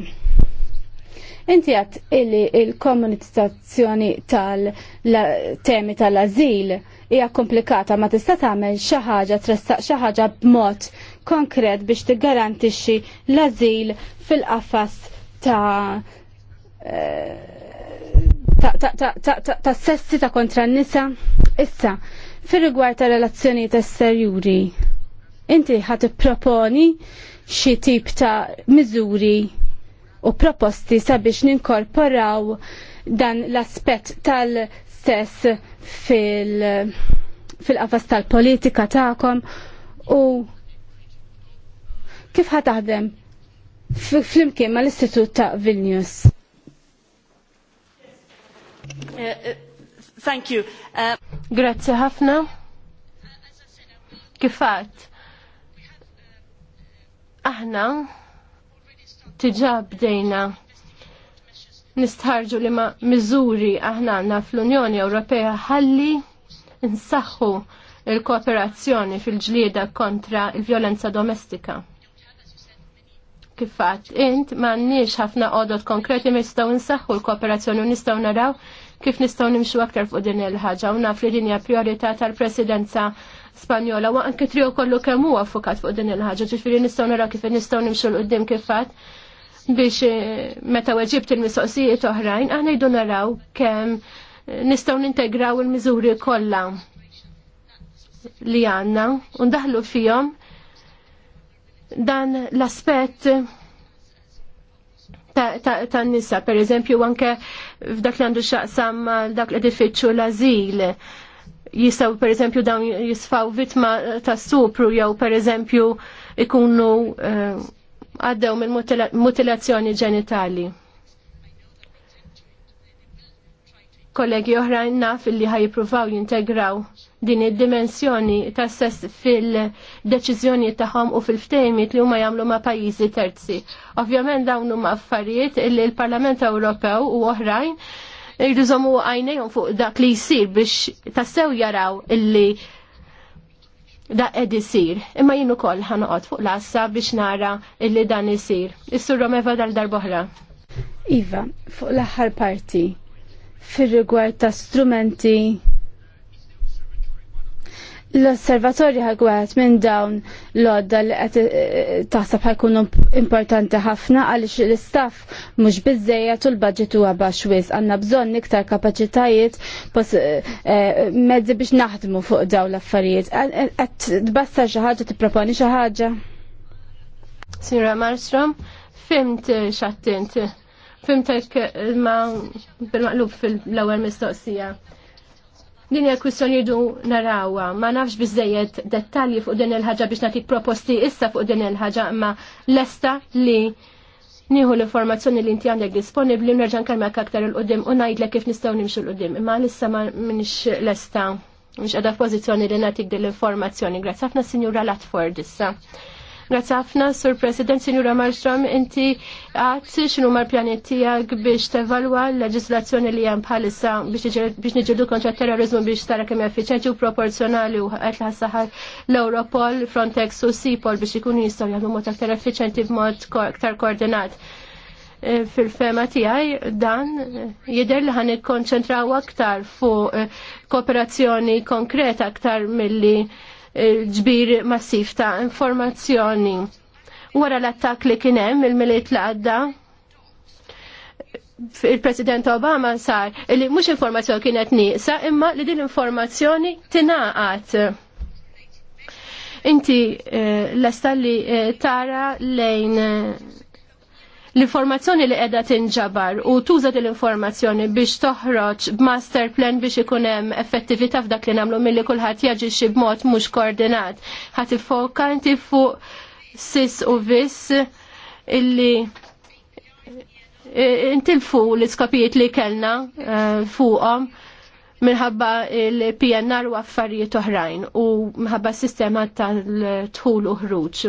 B: Inti għat illi il-komunizzazzjoni tal-temi tal-azil hija komplikata ma tista' tagħmel xi ħaġa tressaq xi ħaġa b'mod konkret biex tiggarantixxi l-azil fil-qafas ta' eh, ta' sessi ta' kontra n-nisa. Issa, fir rigward ta' relazzjonijiet esterjuri, inti ħat proponi xi tip ta' miżuri u proposti sabiex ninkorporaw dan l-aspett tal-sess fil-qafas fil qafas tal politika ta'kom u kif ħataħdem fl-imkien ma
D: l-Istitut ta' Vilnius. Thank you. Grazzi ħafna. Kifat. Aħna. Tiġa bdejna nistħarġu li ma miżuri aħna fl-Unjoni Ewropea ħalli nsaħħu il-kooperazzjoni fil-ġlieda kontra il-vjolenza domestika. Kifat, int m'għandniex ħafna qodod konkreti ma jistgħu nsaħħu l-kooperazzjoni u nistgħu naraw kif nistgħu nimxu aktar fuq din il-ħaġa u naf li din hija priorità tal-Presidenza Spanjola u anke trio kollu kemm huwa fuq din il-ħaġa, ġifieri nistgħu naraw kif nistgħu nimxu l-qudiem kifat biex eh, meta weġibt il-mistoqsijiet oħrajn, aħna jdu naraw kemm eh, nistgħu nintegraw il-miżuri kollha li għandna u ndaħlu fihom dan l-aspett ta', nisa, per eżempju, anke f'dak li għandu xaqsam dak li diffiċċu l-azil. jisaw per eżempju, dawn jisfaw vitma ta' supru jew per eżempju, ikunu uh, għaddew mill-mutilazzjoni ġenitali. Kollegi oħrajn naf li ħajipruvaw jintegraw din id-dimensjoni ta' sess fil-deċizjoni tagħhom u fil-ftejmiet li huma jagħmlu ma' pajjiżi terzi. Ovvjament dawn huma affarijiet li l-Parlament Ewropew u oħrajn jriżomu għajnejhom fuq dak li jsir biex tassew jaraw illi da qed isir. Imma jien ukoll ħanqot fuq lassa biex nara illi dan isir. Is-sur Romeva dal-darbohra.
B: Iva, fuq l-aħħar parti fir-rigward ta' strumenti L-osservatorju ħagwet minn dawn l-odda li għet eh, taħseb jkunu importanti ħafna għalix l-istaff mux bizzejet u l-budget huwa baxx wis. Għanna bżonn iktar kapacitajiet eh, mezzi biex naħdmu fuq dawn l-affarijiet. Qed eh, tbassar xi
D: ħaġa tipproponi xi ħaġa. Sira Marstrom, fimt xattint. Fimtek ma bil-maqlub fil-ewwel mistoqsija. Din hija kwistjoni jdu narawha, ma nafx biżejjed dettalji fuq din il-ħaġa biex nagħtik proposti issa fuq din il-ħaġa, imma lesta li nieħu l-informazzjoni li inti għandek disponibbli nerġa' nkellmek aktar il-qudiem u ngħidlek kif nistgħu nimxu l-qudiem. Imma issa ma minix lesta mhux qiegħda f'pożizzjoni li nagħtik din l-informazzjoni. Grazzi ħafna Sinjura Latford issa. Grazzi ħafna, Sur President, Sinjura Marstrom, inti għat xinu mar pjanetijak biex tevalwa l-leġislazzjoni li jem bħalissa biex nġildu kontra terrorizmu biex tara kemm effiċenti u proporzjonali u għet l l-Europol, Frontex u Sipol biex ikunu jistaw jgħadu mod aktar effiċenti b'mod aktar koordinat e, fil-fema tijaj dan jider li ħan ikkonċentraw aktar fuq e, kooperazzjoni konkreta aktar mill-li ġbir massif ta' informazzjoni. Wara l-attak li kien hemm il-miliet l għadda il-President Obama sar li mhux informazzjoni kienet nieqsa imma li din informazzjoni tingħaqad. Inti eh, l-estalli eh, tara lejn eh, l-informazzjoni li qiegħda tinġabar u tuża din l-informazzjoni biex toħroġ b'master plan biex ikun hemm effettività f'dak li nagħmlu milli kulħadd jaġixxi b'mod mhux koordinat. Ħadd ifoka inti fuq sis u vis illi intilfu l-iskopijiet li kellna eh, fuqhom minħabba il-PNR u affarijiet oħrajn u minħabba s sistema tal-tħul u ħruġ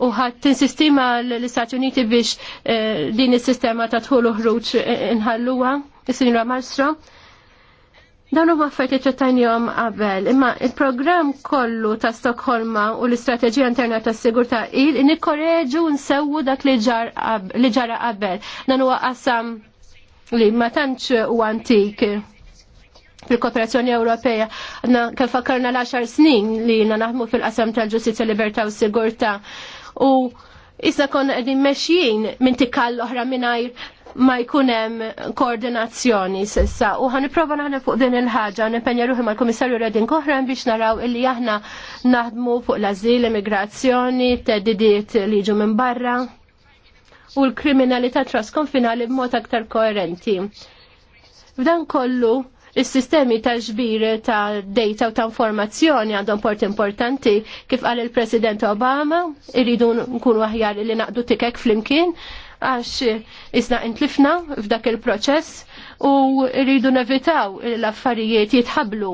D: u ħadd tinsistima l-Istati Uniti biex eh, din is-sistema ta' tħol uħruċ ħruġ eh, inħalluha, is-Sinjura Marstro. Dan huma affarijiet ċettajnihom qabel, imma il-programm kollu ta' Stokholma u l-Istrateġija Interna ta' Sigurtà il nikkoreġu nsewwu dak li ġara qabel. Dan huwa qasam li ma tantx u antik fil-kooperazzjoni Ewropea. Għadna kif fakkarna l-10 snin li naħmu fil-qasam tal ġustizzja libertà u sigurtà u issa konna qegħdin mexjin minn tikall oħra mingħajr ma jkunem koordinazzjoni sissa u ħan niprofa naħna fuq din il-ħagġa nipenja ruħi mal komissarju Redin Koħran biex naraw illi aħna naħdmu fuq l-azil, immigrazzjoni, teddidiet li ġu minn barra u l-kriminalità trasconfinali b'mod aktar koerenti. F'dan kollu Is-sistemi ta' ġbir ta' data u ta' informazzjoni għandhom port importanti kif qal il-President Obama, irridu nkunu aħjar li naqdu tikek flimkien għax isna intlifna f'dak il-proċess u irridu nevitaw l-affarijiet jitħablu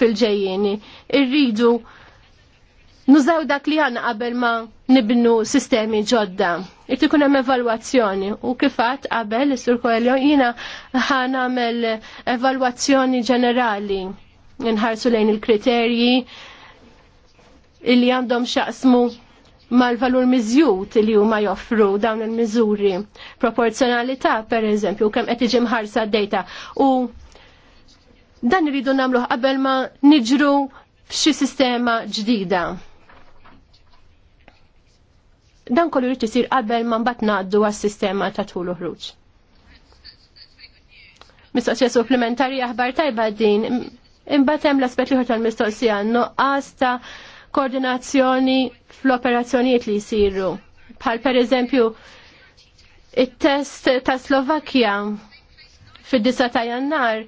D: fil-ġejjeni. Irridu nużaw dak li għanna qabel ma nibnu sistemi ġodda. Irti ikun hemm evalwazzjoni u kifat qabel is-sur Koelho jiena ħan evalwazzjoni ġenerali nħarsu lejn il-kriterji illi għandhom xaqsmu mal-valur miżjut li huma joffru dawn il-miżuri. Proporzjonalità, per eżempju, kemm qed iġi mħarsa d-dejta. U dan irridu nagħmluh qabel ma niġru f'xi sistema ġdida dan kollu jrid isir qabel ma mbagħad ngħaddu għas-sistema ta' tul uħruġ. Mistoqsija supplementari aħbar tajba din. Imbagħad hemm l-aspett liħor tal-mistoqsija nuqqas ta' koordinazzjoni fl-operazzjonijiet li jsiru. Bħal pereżempju it-test ta' Slovakkja fid disa ta' Jannar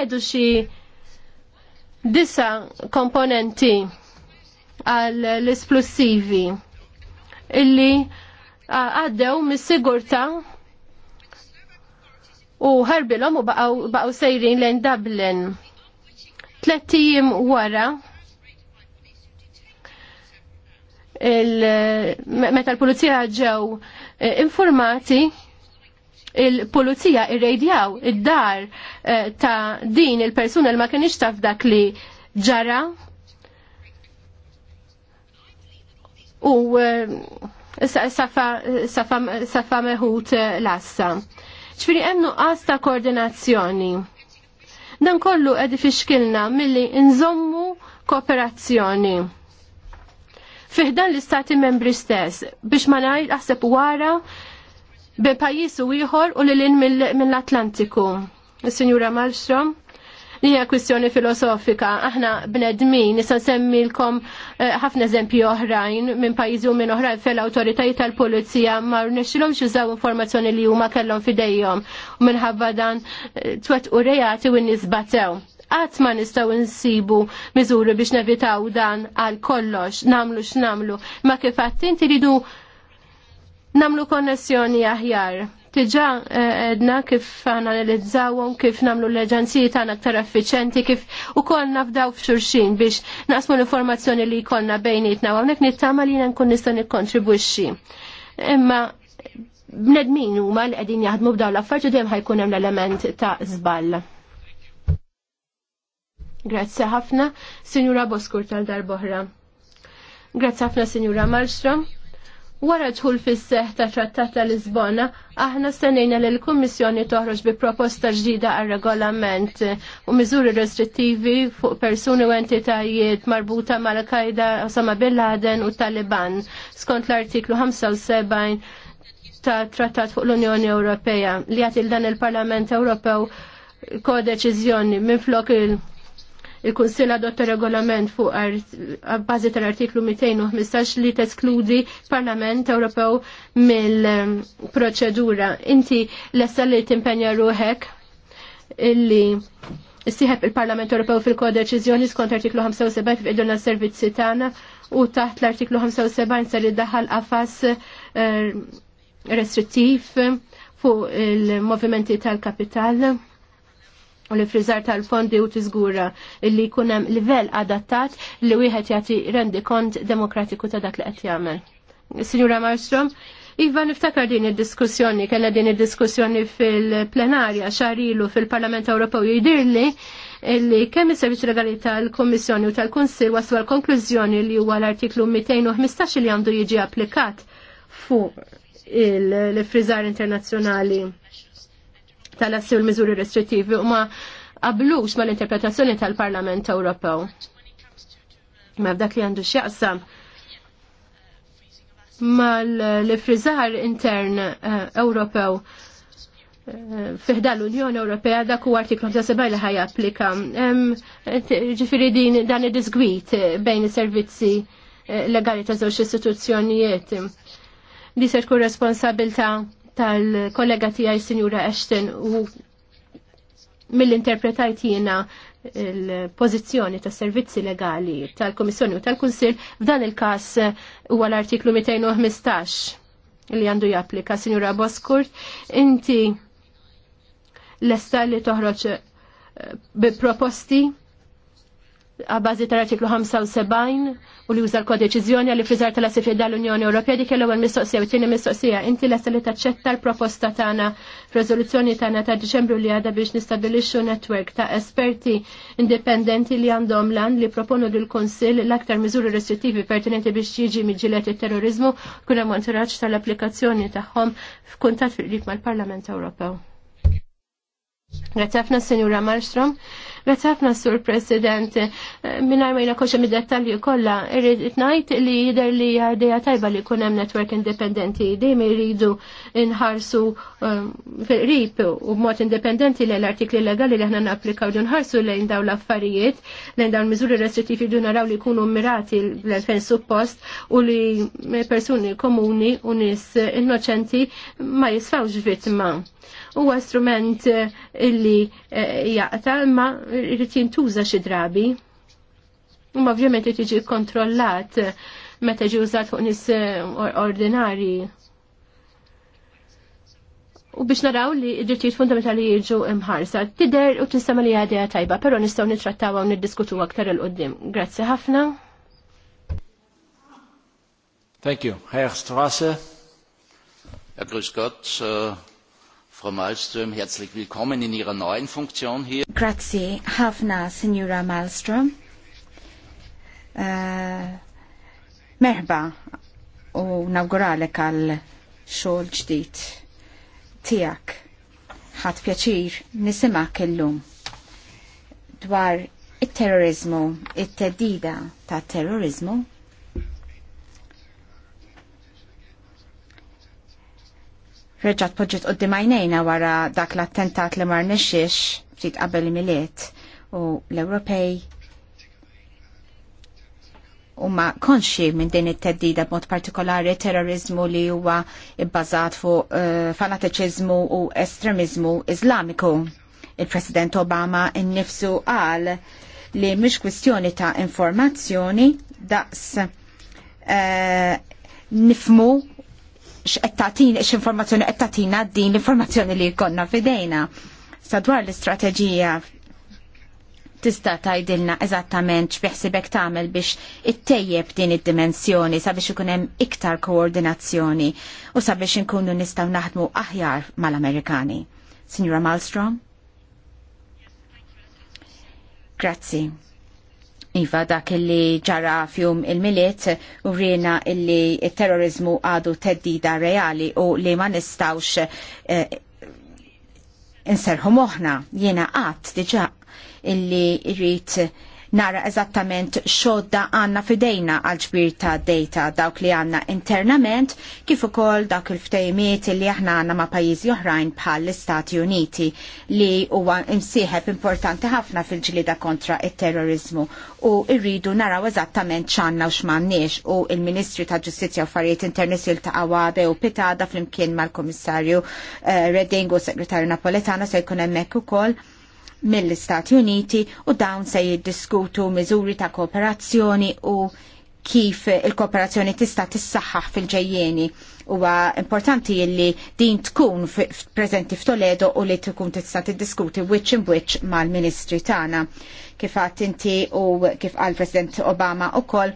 D: edu xi disa komponenti għall-esplussivi illi għaddew mis-sigurta u ħarbilhom u baqgħu sejrin lejn Dublin. Tlettijim wara meta l-pulizija ġew e, informati il-pulizija irrejdjaw id-dar e, ta' din il-persuna li ma kienx taf dak li ġara u eh, safa meħut eh, l-assa. ċfiri emnu għasta ta' koordinazzjoni. Dan kollu għedi fiskilna milli nżommu kooperazzjoni. Fiħdan l-istati membri stess biex ma najl aħseb wara bi pajis u ieħor u lil mill-Atlantiku. Signora Malmström, Li hija kwistjoni filosofika. Aħna bnedmin, nisa semmilkom eh, ħafna eżempji oħrajn minn pajjiżi u minn oħrajn fel awtoritajiet tal-pulizija ma rnexxilhomx jużaw informazzjoni li huma kellhom fidejhom u minħabba dan eh, twet u rejati u nisbatew qatt ma nistgħu nsibu miżuri biex nevitaw dan għal kollox, namlu x'namlu, ma kif għattin inti ridu namlu konnessjoni aħjar Diġà eh, edna kif analizzawhom kif nagħmlu l-leġenziji tagħna aktar effiċenti kif ukoll nafdaw f'xulxin biex naqsmu l-informazzjoni li jkollna bejnietna u hawnhekk nittama li nkun nista' nikkontribwixxi. Imma bnedmin huma li qegħdin jaħdmu b'daw l affarġu dem ħajkun hemm l-element ta' żball. Grazzi ħafna, Sinjura Boskur tal-darboħra. Grazzi ħafna, Sinjura Malstrom. Wara tħul fis-seħ ta' trattat ta' Lisbona, aħna stennejna li l-Kummissjoni toħroġ bi proposta ġdida għal regolament u miżuri restrittivi fuq persuni u entitajiet marbuta mal-Qaida Osama Bin Laden u Taliban skont l-artiklu 75 ta' trattat fuq l-Unjoni Ewropea li għatil dan il-Parlament Ewropew kodeċiżjoni minn flok il- Il-Kunsill adotta regolament fuq bażi tal-artiklu 215 li teskludi Parlament Ewropew mill-proċedura. Inti lesta li timpenja ruħek illi Siħeb il-Parlament Ewropew fil-kodeċiżjoni skont artiklu 75 f'iduna servizzi tagħna u taħt l-artiklu 75 ser iddaħħal qafas eh, restrittiv fuq il-movimenti tal-kapital u li frizzar tal-fondi u tiżgura li kunem livell adattat li wieħed jagħti rendi kont demokratiku ta' dak li qed jagħmel. Signora Marstrom, Iva niftakar din id-diskussjoni, kellha din id-diskussjoni fil-plenarja xarilu fil-Parlament Ewropew jidirli li kemm is-servizz legali tal kummissjoni u tal-Kunsill waslu għal konklużjoni li huwa l-artiklu 215 li għandu jiġi applikat fuq il-frizzar internazzjonali tal-assi u l-miżuri restrittivi u ma qablux ma l-interpretazzjoni tal-Parlament Ewropew. Ma f'dak li għandu x'jaqsam mal-frizar intern eh, Ewropew eh, fiħda l-Unjoni Ewropea dak u artiklu 57 li ħaj applika. Ġifiri din dan id-disgwit eh, bejn is-servizzi legali ta' żewġ istituzzjonijiet. Li se tkun responsabilta' tal-kollega tijaj Sinjura Ashton u mill-interpretajt jiena il-pozizjoni ta' servizzi legali tal-Komissjoni u tal-Kunsil f'dan il-kas huwa l-artiklu 215 li għandu japplika Sinjura Boskurt inti l-esta li toħroġ bi proposti għabazi tal-artiklu 75 u li użal l-kodeċizjoni għalli fizar tal-assifri dal-Unjoni Ewropea dik l-ewwel mistoqsija u tieni mistoqsija inti lesta li taċċetta l-proposta tagħna f'riżoluzzjoni tagħna ta' Diċembru li għadha biex nistabilixxu netwerk ta' esperti indipendenti li għandhom lan li proponu l kunsill l-aktar miżuri restrittivi pertinenti biex jiġi miġilet it-terrorizmu kun hemm tal-applikazzjoni tagħhom f'kuntat fil-qrib mal-Parlament Ewropew. Għatafna Senjura Marstrom, għatafna Sur President, eh, minar ma jina koxa mid-dettalju kolla, irrid najt li jider li għardeja tajba li kunem network independenti, dejjem irridu nħarsu eh, fil-rip u b'mod independenti li l-artikli legali li ħna napplikaw dun ħarsu lejn daw l-affarijiet, lejn daw l-mizuri restrittivi dun naraw li kunu mirati l-2000 suppost u li persuni komuni u nis innoċenti ma jisfawx vittma huwa strument eh, illi eh, jaqta ma irid jintuża xi drabi. Imma ovvjament irid jiġi kontrollat eh, meta ġi użat fuq nies ordinarji. U biex naraw li id-drittijiet fundamentali jiġu imħarsa, tider u tistama li għadija tajba, pero nistaw nitrattawa u niddiskutu aktar il-qoddim. Grazzi ħafna.
C: Thank you. Herr Strasse. Herr Grüß Gott. Uh... Frau Malmström, herzlich willkommen in Ihrer neuen Funktion hier.
A: Grazie, Hafna, Signora Malmström. Uh, merħba u nawguralek għal xol ġdid Tijak, Ħadd pjaċir nisimak illum dwar it-terrorizmu, it-teddida ta' terrorizmu reġat poġġet u dimajnejna wara dak l-attentat li mar nexiex ftit qabel miliet u l-Ewropej u ma konxi minn din it-teddida b'mod partikolari terrorizmu li huwa bbażat fuq uh, fanatiċiżmu u estremizmu iżlamiku. Il-President Obama innifsu qal li mhix kwistjoni ta' informazzjoni daqs uh, nifmu x'qettatin x'informazzjoni qed tagħtina din l-informazzjoni li jkollna f'idejna. Sadwar l-istrateġija tista' tgħidilna eżattament x'beħsibek tagħmel biex ittejjeb din id-dimensjoni sabiex ikun hemm iktar koordinazzjoni u sabiex inkunu nistgħu naħdmu aħjar mal-Amerikani. Signora Malmstrom? Grazzi. Iva dak li ġara fjum il-miliet u rina illi il-terrorizmu għadu teddida reali u li ma nistawx eh, inserħu moħna jena għat diġa illi irrit nara eżattament xodda għanna fidejna għal ġbir ta' data dawk li għanna internament kif ukoll dawk il-ftejmiet li aħna għanna ma' pajjiżi oħrajn bħal l-Istati Uniti li huwa imsieħeb importanti ħafna fil-ġlida kontra it-terrorizmu u rridu naraw eżattament ċanna u x'mandniex u il-Ministri ta' Ġustizzja u Affarijiet Interni ta' Awabe u Pitada flimkien mal-Komissarju uh, eh, Reding u Segretarju Napoletano se jkun hemmhekk ukoll mill-Istati Uniti u dawn se jiddiskutu miżuri ta' kooperazzjoni u kif il-kooperazzjoni tista' tissaħħaħ fil-ġejjeni. Huwa importanti li din tkun preżenti f'Toledo u li tkun tista' tiddiskuti which in which mal-Ministri tagħna. Kif għadd inti u kif għal President Obama ukoll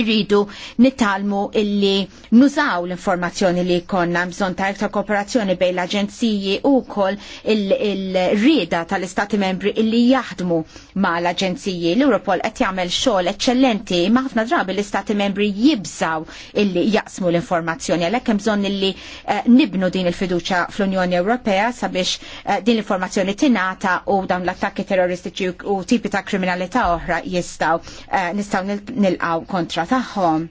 A: irridu nitalmu illi nużaw l-informazzjoni li konna bżon ta' iktar kooperazzjoni bej l-aġenziji u kol il-rida il tal-istati membri illi jaħdmu ma' l-aġenziji. L-Europol qed jagħmel xogħol eċċellenti ma' ħafna drabi l-istati membri jibżaw illi jaqsmu l-informazzjoni għalhekk hemm bżonn illi eh, nibnu din il-fiduċa fl-Unjoni Ewropea sabiex eh, din l-informazzjoni tingħata u dawn l-attakki terroristiċi u tipi ta' kriminalità oħra jistgħu uh, eh, nistgħu nilqgħu kontra tagħhom.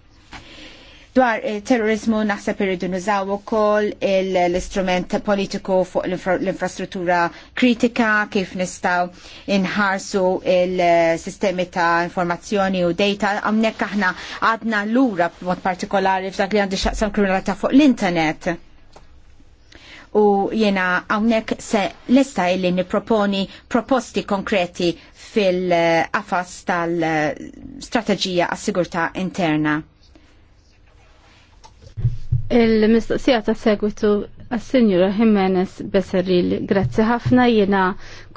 A: Dwar terrorizmu naħseb irridu nużaw ukoll l-istrument politiku fuq l-infrastruttura kritika kif nistgħu inħarsu il-sistemi ta' informazzjoni u data hawnhekk aħna għadna lura b'mod partikolari f'dak li għandi xaqsam kriminalità fuq l-internet. U jiena hawnhekk se lista illi nipproponi proposti konkreti fil-qafas tal-strategija għas-sigurta interna. Il-mistoqsija
B: ta' segwitu għas-Sinjura Jimenez Besserril, grazzi ħafna, jena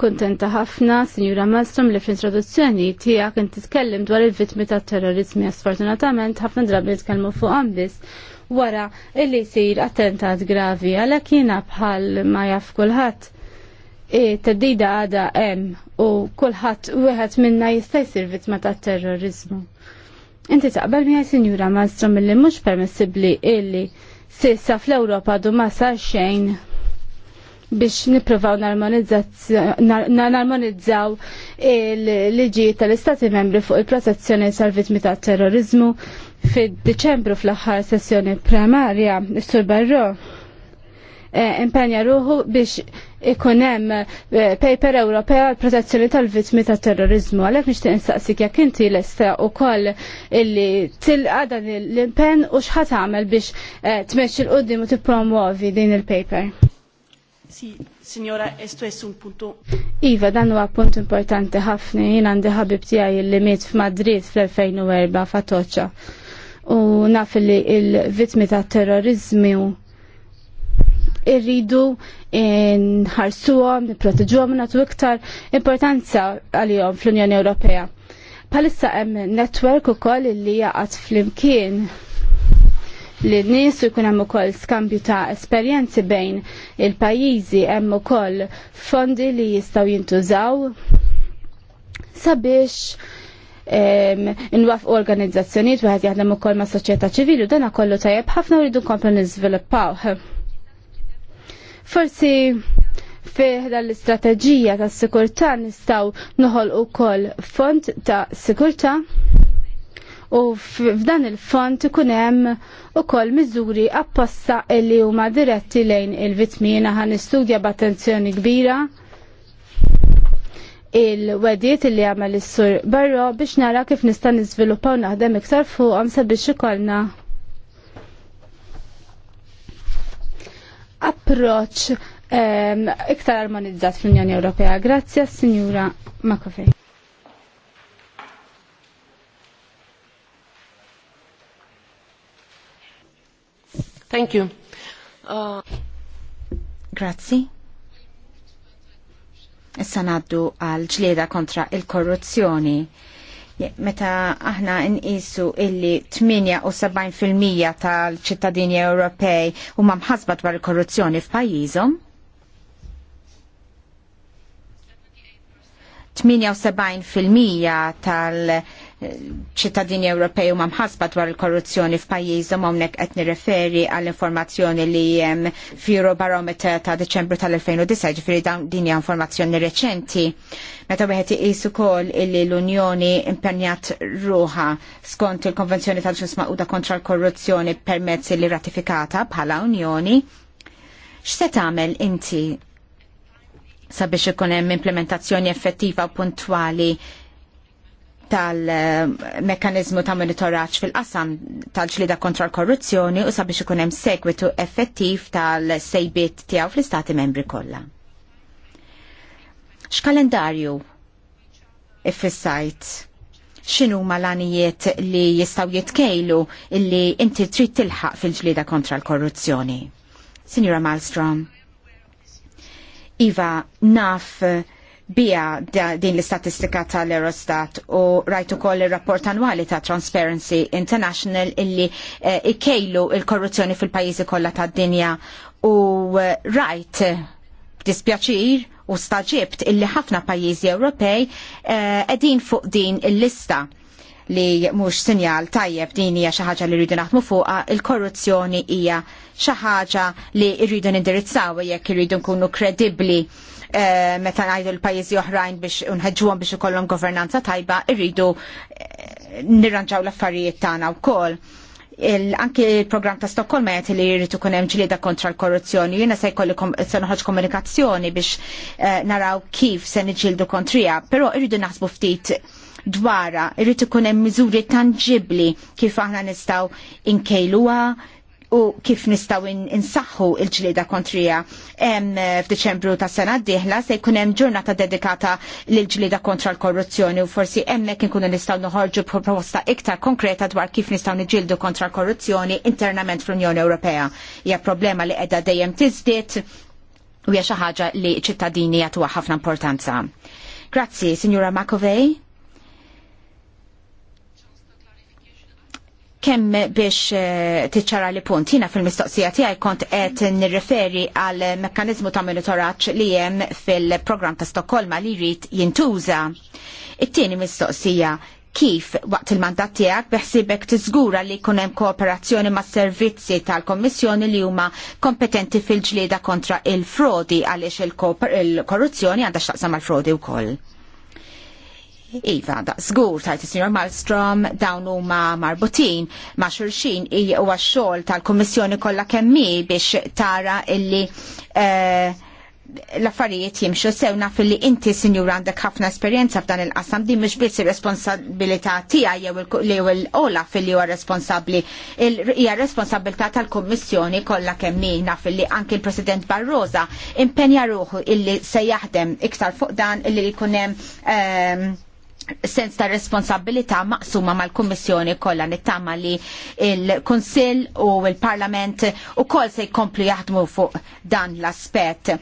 B: kontenta ħafna, Sinjura Malstrom li fl-introduzzjoni tijak inti tkellim dwar il-vitmi ta' terrorizmi, sfortunatament ħafna drabi nitkellmu fuq għambis wara illi jisir attentat gravi, għalek jena bħal ma jaf kulħadd. E, Teddida għada hemm u kulħadd wieħed minna jista' jsir vittma tat-terrorizmu. Inti taqbel miħaj sinjura Malmstrom illi mhux permessibbli illi sissa fl-Ewropa du ma sar xejn biex nippruvaw narmonizzaw il-liġijiet tal-Istati membri fuq il-protezzjoni tal-vittmi tat-terrorizmu fid-Deċembru fl-aħħar sessjoni primarja, Sur Barro, eh, impenja ruħu biex ikun hemm eh, paper Ewropea għall protezzjoni tal-vittmi ta' terrorizmu. Għalhekk nixtieq nistaqsik jekk inti lesta wkoll illi tilqa dan l-impenn u x'ħat tagħmel biex eh, tmexxi l qudiem u tippromwovi din il-paper. Si, signora, esto es un punto. Iva, dan huwa punt importanti ħafna. Jien għandi ħabib tiegħi li miet f'Madrid fl-2004 fatoċċa. U naf li l vittmi ta' terrorizmu irridu nħarsuhom, nipproteġuhom nagħtu iktar importanza għalihom fl-Unjoni Ewropea. Palissa hemm netwerk ukoll li jaqgħod flimkien li n-nies jkun hemm ukoll skambju ta' esperjenzi bejn il-pajjiżi hemm ukoll fondi li jistgħu jintużaw sabiex inwaf organizzazzjoniet wieħed jaħdem ukoll ma' soċjetà ċivili u dana kollu tajjeb ħafna rridu nkomplu niżviluppaw. Forsi fih l istrateġija ta' sikurta nistaw nuħol u koll font ta' sikurtà u f'dan il-font ikun hemm ukoll miżuri apposta li huma diretti lejn il-vitmina ħan nistudja b'attenzjoni kbira il-wediet li għamel is-sur barro biex nara kif nista' niżviluppaw naħdem iktar fuqhom sabiex ikollna approċ um, iktar armonizzat fl-Unjoni Ewropea. Grazie, Signora Makovej.
A: Thank you. Uh... Grazie. Issa naddu għal ġlieda kontra il-korruzzjoni meta aħna nqisu illi 78% tal-ċittadini Ewropej huma mħasba dwar il-korruzzjoni f'pajjiżhom. 78% tal- ċittadini Ewropej huma mħasba dwar il-korruzzjoni f'pajjiżhom hawnhekk qed nirreferi għall informazzjoni li hemm Barometer ta' Deċembru tal-2009, ġifieri din hija informazzjoni reċenti. Meta wieħed iqis ukoll illi l-Unjoni impenjat ruha skont il-Konvenzjoni tal-Ġus Maquda kontra l-korruzzjoni permezz li ratifikata bħala Unjoni, x'se tagħmel inti sabiex ikun hemm implementazzjoni effettiva u puntwali tal-mekanizmu ta' monitoraċ fil-qasam tal-ġlida kontra l-korruzzjoni u sabiex ikun hemm segwitu effettiv tal-sejbiet tiegħu fl-istati membri kollha. X'kalendarju ifissajt x'inhu malanijiet li jistgħu jitkejlu illi inti trid tilħaq fil-ġlida kontra l-korruzzjoni. Sinjura Malmstrom, Iva, naf bija din l-istatistika tal-Eurostat u rajtu koll il-rapport annwali ta' Transparency International illi eh, ikkejlu il-korruzzjoni fil-pajizi kollha tad-dinja u eh, rajt dispjaċir u staġibt illi ħafna pajjiżi Ewropej eh, qegħdin eh, fuq din il-lista li mhux sinjal tajjeb din hija xi ħaġa li rridu naħdmu fuqha il-korruzzjoni hija xi ħaġa li rridu nindirizzaw jekk irridu nkunu kredibbli Eh, meta ngħidu l-pajjiżi oħrajn biex nħeġġuhom biex ikollhom governanza tajba, irridu eh, nirranġaw l-affarijiet tagħna wkoll anki il-program ta' Stockholm għet li jirritu hemm ġlieda kontra l-korruzzjoni. Jiena se jkolli noħoġ komunikazzjoni biex eh, naraw kif se niġġieldu kontrija, però irridu naħsbu ftit dwara, ikun hemm miżuri tangibli kif aħna nistgħu inkejluha u kif nistaw insaħħu il-ġlieda kontrija. Hemm f'Diċembru ta' sena d-dieħla se jkun hemm ġurnata dedikata lil ġlieda kontra l-korruzzjoni u forsi hemmhekk inkunu nistgħu noħorġu proposta iktar konkreta dwar kif nistgħu niġildu kontra l-korruzzjoni internament fl-Unjoni Ewropea. Hija problema li qiegħda dejjem tiżdied u hija xi ħaġa li ċittadini jagħtuha ħafna importanza. Grazzi, Signora Makovej. kemm biex eh, tiċċara li punt. Jina fil-mistoqsija tiegħi kont qed nirreferi għal mekkaniżmu ta' monitoraġġ li hemm fil-programm ta' Stokkolma li jrid jintuża. It-tieni mistoqsija kif waqt il-mandat tiegħek beħsibek tiżgura li jkun hemm kooperazzjoni mas servizzi tal-Kommissjoni li huma kompetenti fil-ġlieda kontra il-frodi għaliex il-korruzzjoni għandha x'taqsam mal-frodi wkoll. Iva, da, zgur, tajt il-Sinjor Malmstrom, dawn huma marbutin ma' xurxin u għax-xogħol tal-Kommissjoni kollha kemmi biex tara illi eh, l-affarijiet jimxu sewna fil-li inti sinjur għandek ħafna esperjenza f'dan il-qasam di mux biss ir-responsabilità tiegħi jew il l-ola fil-li huwa responsabbli hija responsabilità tal-Kummissjoni kollha kemm fil-li anki il president Barroza impenja ruħu illi se jaħdem iktar fuq dan illi jkun hemm ehm, sens ta' responsabilità maqsuma mal-Kummissjoni kollha nittama li il-Kunsill u l-Parlament ukoll se jkomplu jaħdmu fuq dan l-aspett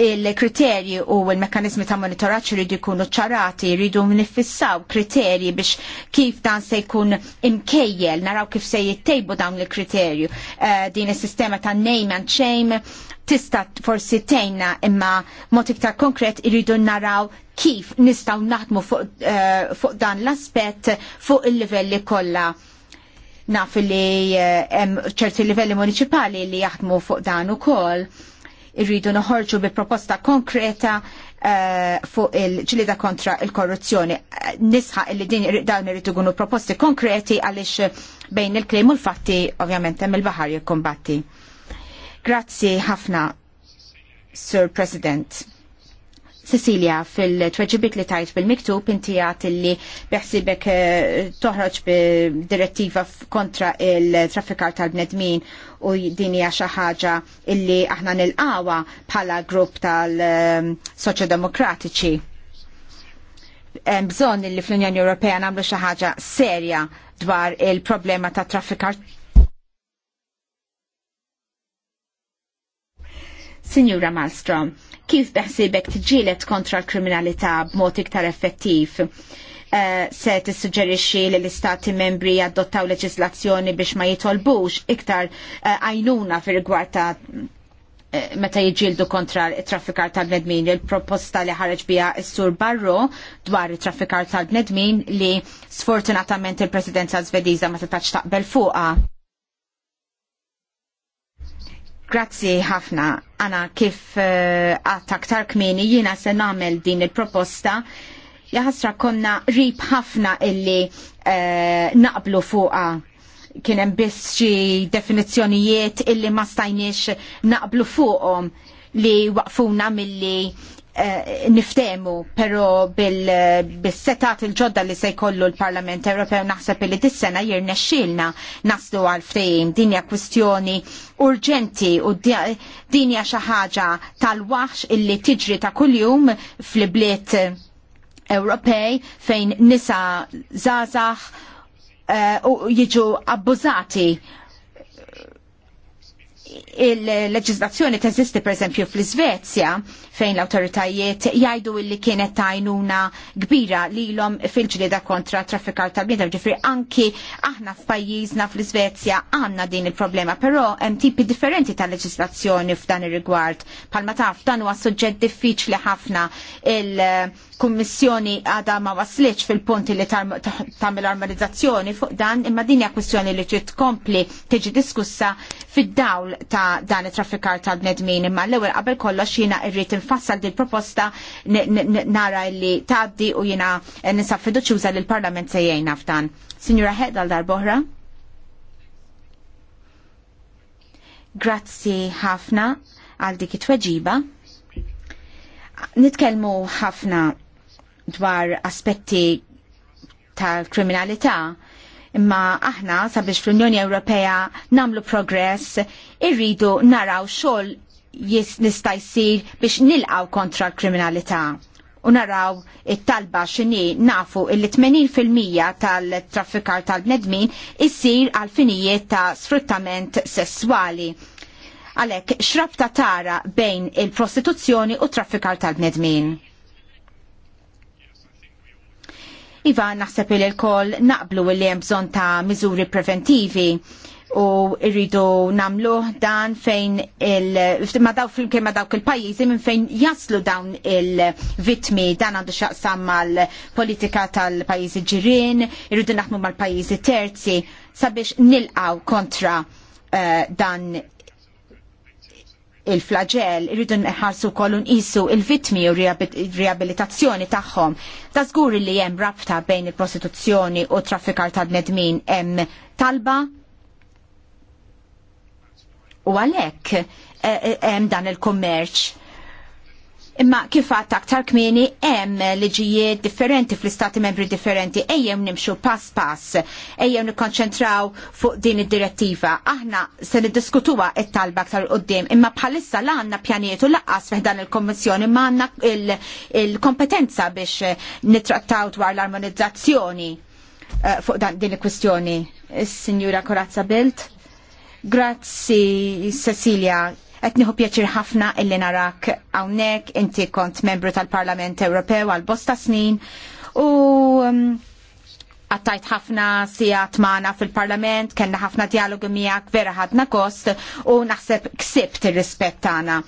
A: il-kriterji u il mekanizmi ta' monitoraċ rridu jkunu ċarati, rridu nifissaw kriterji biex kif dan se jkun imkejjel, naraw kif se jittejbu dawn il-kriterju. Uh, din is-sistema ta' name and shame tista' forsi tejna imma mod iktar konkret irridu naraw kif nistaw naħdmu fuq, uh, fuq dan l-aspett fuq il-livelli kollha naf li eh, ċerti livelli municipali li jaħdmu fuq dan ukoll irridu noħorġu bi proposta konkreta eh, fuq il-ċilida kontra il-korruzzjoni. Eh, nisħa li din dawn irridu kunu proposti konkreti għaliex bejn il klim u l-fatti ovvjament hemm il-baħar jikkombatti. Grazzi ħafna, Sir President. Cecilia, fil-tweġibit li tajt bil-miktub inti għat li beħsibek eh, toħroġ direttiva kontra il-traffikar tal-bnedmin u din hija xi ħaġa illi aħna nil-qawa bħala grupp tal-Soċjodemokratiċi. Eh, bżonn illi fl-Unjoni Ewropea nagħmlu xi ħaġa serja dwar il-problema ta' traffikar Signora Malmstrom, kif beħsibek tġilet kontra l-kriminalità b'mod iktar effettiv? Uh, se tissuġġerixxi li l-istati membri adottaw leġislazzjoni biex ma jitolbux iktar eh, għajnuna uh, fir rigward ta' eh, meta jiġildu kontra traffikar tal-bnedmin. Il-proposta li ħareġ bija s-sur Barro dwar traffikar tal-bnedmin li sfortunatament il-presidenza Żvediża ma setax taqbel fuqa. Grazzi ħafna. Ana kif eh, għatta uh, ktar kmini jina se namel din il-proposta. Jaħasra konna rib ħafna illi uh, naqblu fuqa kienem biss xi definizzjonijiet illi ma stajniex naqblu fuqhom li waqfuna milli Eh, niftemu, pero bil-setat il-ġodda li se jkollu l-Parlament Ewropew naħseb li dis-sena jirnexxilna naslu għal ftehim dinja kwistjoni urġenti u dinja xi ħaġa tal-waħx illi tiġri ta' kuljum fl-bliet Ewropej fejn nisa zazax eh, u jiġu abbużati il-leġizlazzjoni teżisti per esempio fl-Svezja fejn l-autoritajiet jajdu illi kienet tajnuna kbira li l-om fil-ġlida kontra traffikar tal-bnidem ġifri anki aħna f'pajjiżna fl-Svezja għanna din il-problema però hemm tipi differenti ta' leġizlazzjoni f'dan ir-rigward palma taf dan huwa suġġett diffiċli ħafna il-Kummissjoni għadha ma waslitx fil-punti li tagħmel armonizzazzjoni fuq dan imma din hija kwistjoni li trid tkompli tiġi diskussa fid-dawl ta' dan it-traffikar ta' bnedmin imma l-ewwel qabel kollox jiena rrid infassal din proposta nara li tgħaddi u jiena nisab fiduċjuża li l-Parlament se jgħinna f'dan. Sinjura Hedal għal darbohra. Grazzi ħafna għal dik it-tweġiba. Nitkellmu ħafna dwar aspetti tal-kriminalità Imma aħna sabiex fl-Unjoni Ewropea namlu progress irridu naraw xogħol nista' jsir biex nilqaw kontra l-kriminalità u naraw it-talba xini nafu il-80% tal-traffikar tal-bnedmin issir għal finijiet ta' sfruttament sessuali. Għalek, xrabta tara bejn il-prostituzzjoni u traffikar tal-bnedmin. Iva naħseb il l-koll naqblu li hemm bżonn ta' miżuri preventivi u rridu namlu dan fejn il ma daw fil ma dawk il-pajjiżi minn fejn jaslu dawn il-vitmi dan għandu xaqsam mal-politika tal-pajjiżi ġirin, irridu naħmu mal-pajjiżi terzi sabiex nilqaw kontra uh, dan il-flagell, irridu nħarsu kollu nqisu il-vitmi u riabilitazzjoni tagħhom. Ta' żgur li hemm rabta bejn il-prostituzzjoni u traffikar ta' bnedmin hemm talba. U għalhekk eh, eh, hemm dan il-kummerċ Imma kifat aktar kmieni hemm liġijiet differenti fl-istati membri differenti ejjem nimxu pass pass, ejjem nikkonċentraw fuq din id-direttiva. Aħna se niddiskutuwa t talba aktar qoddim imma bħalissa la għandna pjanietu laqqas fiħdan il-Kommissjoni ma għandna il-kompetenza biex nittrattaw dwar l-armonizzazzjoni eh, fuq dan din il-kwistjoni. Signora Corazza Belt. Grazzi Cecilia, qed nieħu pjaċir ħafna illi narak hawnhekk inti kont membru tal-Parlament Ewropew għal bosta snin u um, għattajt ħafna sijat maħna fil-parlament, kena ħafna dialogu miegħek vera ħadna kost u naħseb ksibt ir rispet tagħna.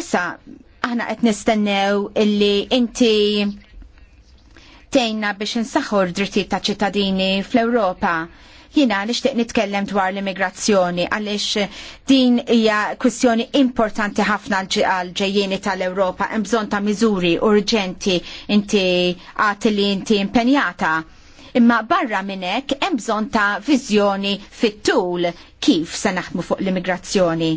A: Issa, aħna qed nistennew illi inti tejna biex nsaħħu d-drittijiet ta' ċittadini fl-Ewropa Jina nixtieq nitkellem dwar l-immigrazzjoni għaliex din hija kwistjoni importanti ħafna għal-ġejjeni tal-Ewropa hemm bżonn ta' miżuri urġenti inti għati li inti impenjata. Imma barra minn hekk hemm bżonn ta' viżjoni fit-tul kif se naħdmu fuq l-immigrazzjoni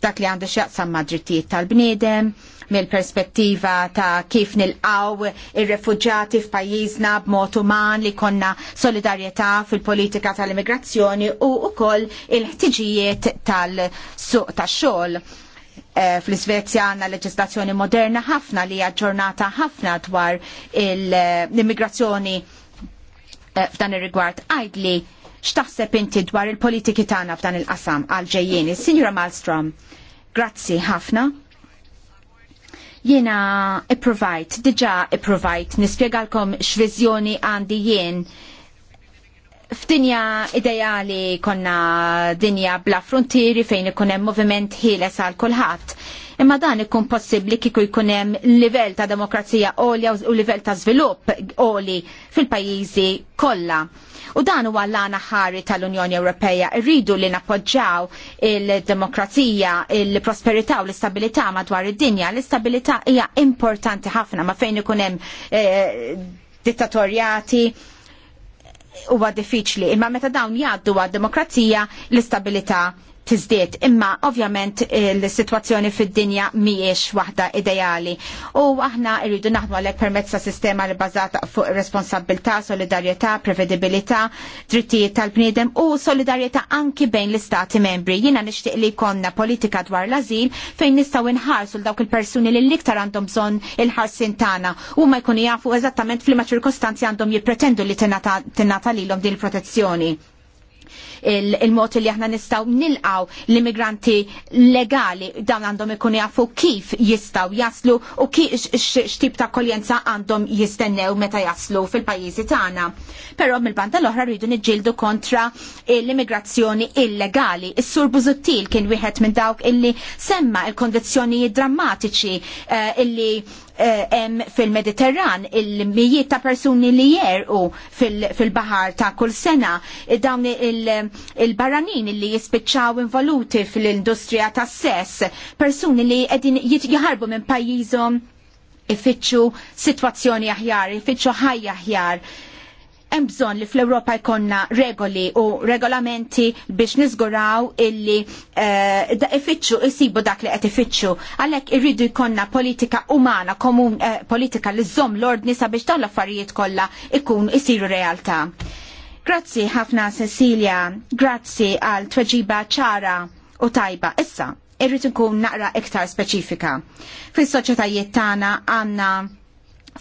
A: dak li għandu x'jaqsam ma' drittijiet tal-bniedem, mill-perspettiva ta' kif nilqaw ir-refuġati f'pajjiżna b'mod uman li konna solidarjetà fil-politika tal-immigrazzjoni u wkoll il-ħtiġijiet tal-suq tax-xogħol. E, Fl-Svezja għandna leġislazzjoni moderna ħafna li hija ħafna dwar l-immigrazzjoni eh, f'dan ir-rigward li X'taħseb inti dwar il-politiki tagħna f'dan il-qasam għal ġejjieni? Sinjura Malmstrom, grazzi ħafna. Jiena ipprovajt, diġà ipprovajt, nispjegalkom x'viżjoni għandi jien F'dinja ideali konna dinja bla frontieri fejn ikun hemm moviment ħieles għal kulħadd. Imma dan ikun possibbli kieku jkun hemm livell ta' demokrazija għolja u livell ta' żvilupp għoli fil-pajjiżi kollha. U dan huwa l-għana ħari tal-Unjoni Ewropea. Irridu li napoġġaw il-demokrazija, il-prosperità u l-istabilità madwar id-dinja. L-istabilità hija importanti ħafna ma fejn ikun hemm eh, dittatorjati huwa diffiċli, imma meta dawn jgħaddu għad demokrazija l-istabilità tizdiet. Imma ovvjament l-situazzjoni fid-dinja miex waħda ideali. U aħna rridu naħdmu għalhekk permezz ta' sistema li bażata fuq responsabilità, solidarjetà, prevedibilità, drittijiet tal-bniedem u solidarjetà anki bejn l-istati membri. Jiena nixtieq li jkollna politika dwar l-azil fejn nistgħu nħarsu l-dawk il-persuni li l-iktar għandhom bżonn il-ħarsin tagħna u ma jkunu jafu eżattament fl-ma ċirkostanzi għandhom jippretendu li tingħata lilhom din il-protezzjoni il mot il li aħna nistgħu nilqaw l-immigranti legali dawn għandhom ikun jafu kif jistgħu jaslu u x'tip ta' koljenza għandhom jistennew meta jaslu fil-pajjiżi tagħna. Però mill-banda l-oħra rridu niġġieldu kontra l-immigrazzjoni illegali. Is-Sur Buzuttil kien wieħed minn dawk illi semma il-kondizzjonijiet drammatiċi eh, illi eh, hemm fil-Mediterran il-mijiet ta' persuni li jerqu fil baħar ta' kull sena dawn il- il-barranin li jispiċċaw involuti fil-industrija tas sess, persuni li qegħdin jaħarbu minn pajjiżhom ifittxu sitwazzjoni aħjar, ifittxu ħajja aħjar. Hemm bżonn li fl-Ewropa jkollna regoli u regolamenti biex niżguraw illi uh, da ifittxu isibu dak li qed ifittxu. Għalhekk irridu jkollna politika umana, komun, uh, politika li żomm l-ordni sabiex dawn l-affarijiet kollha ikun isiru realtà. Grazzi ħafna Cecilia, grazzi għal tweġiba ċara u tajba. Issa, irrid nkun naqra iktar speċifika. Fis-soċjetajiet tagħna għandna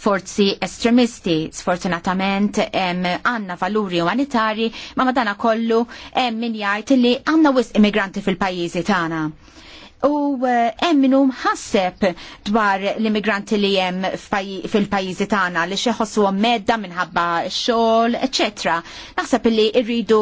A: forzi estremisti, sfortunatament għanna valuri umanitari, ma madana kollu min jgħid li għanna wisq immigranti fil-pajjiżi tagħna u eh, emminu ħasseb dwar l-immigranti li jem fil-pajizi tagħna li ħossuhom medda minħabba xogħol, eccetera. Naħseb li rridu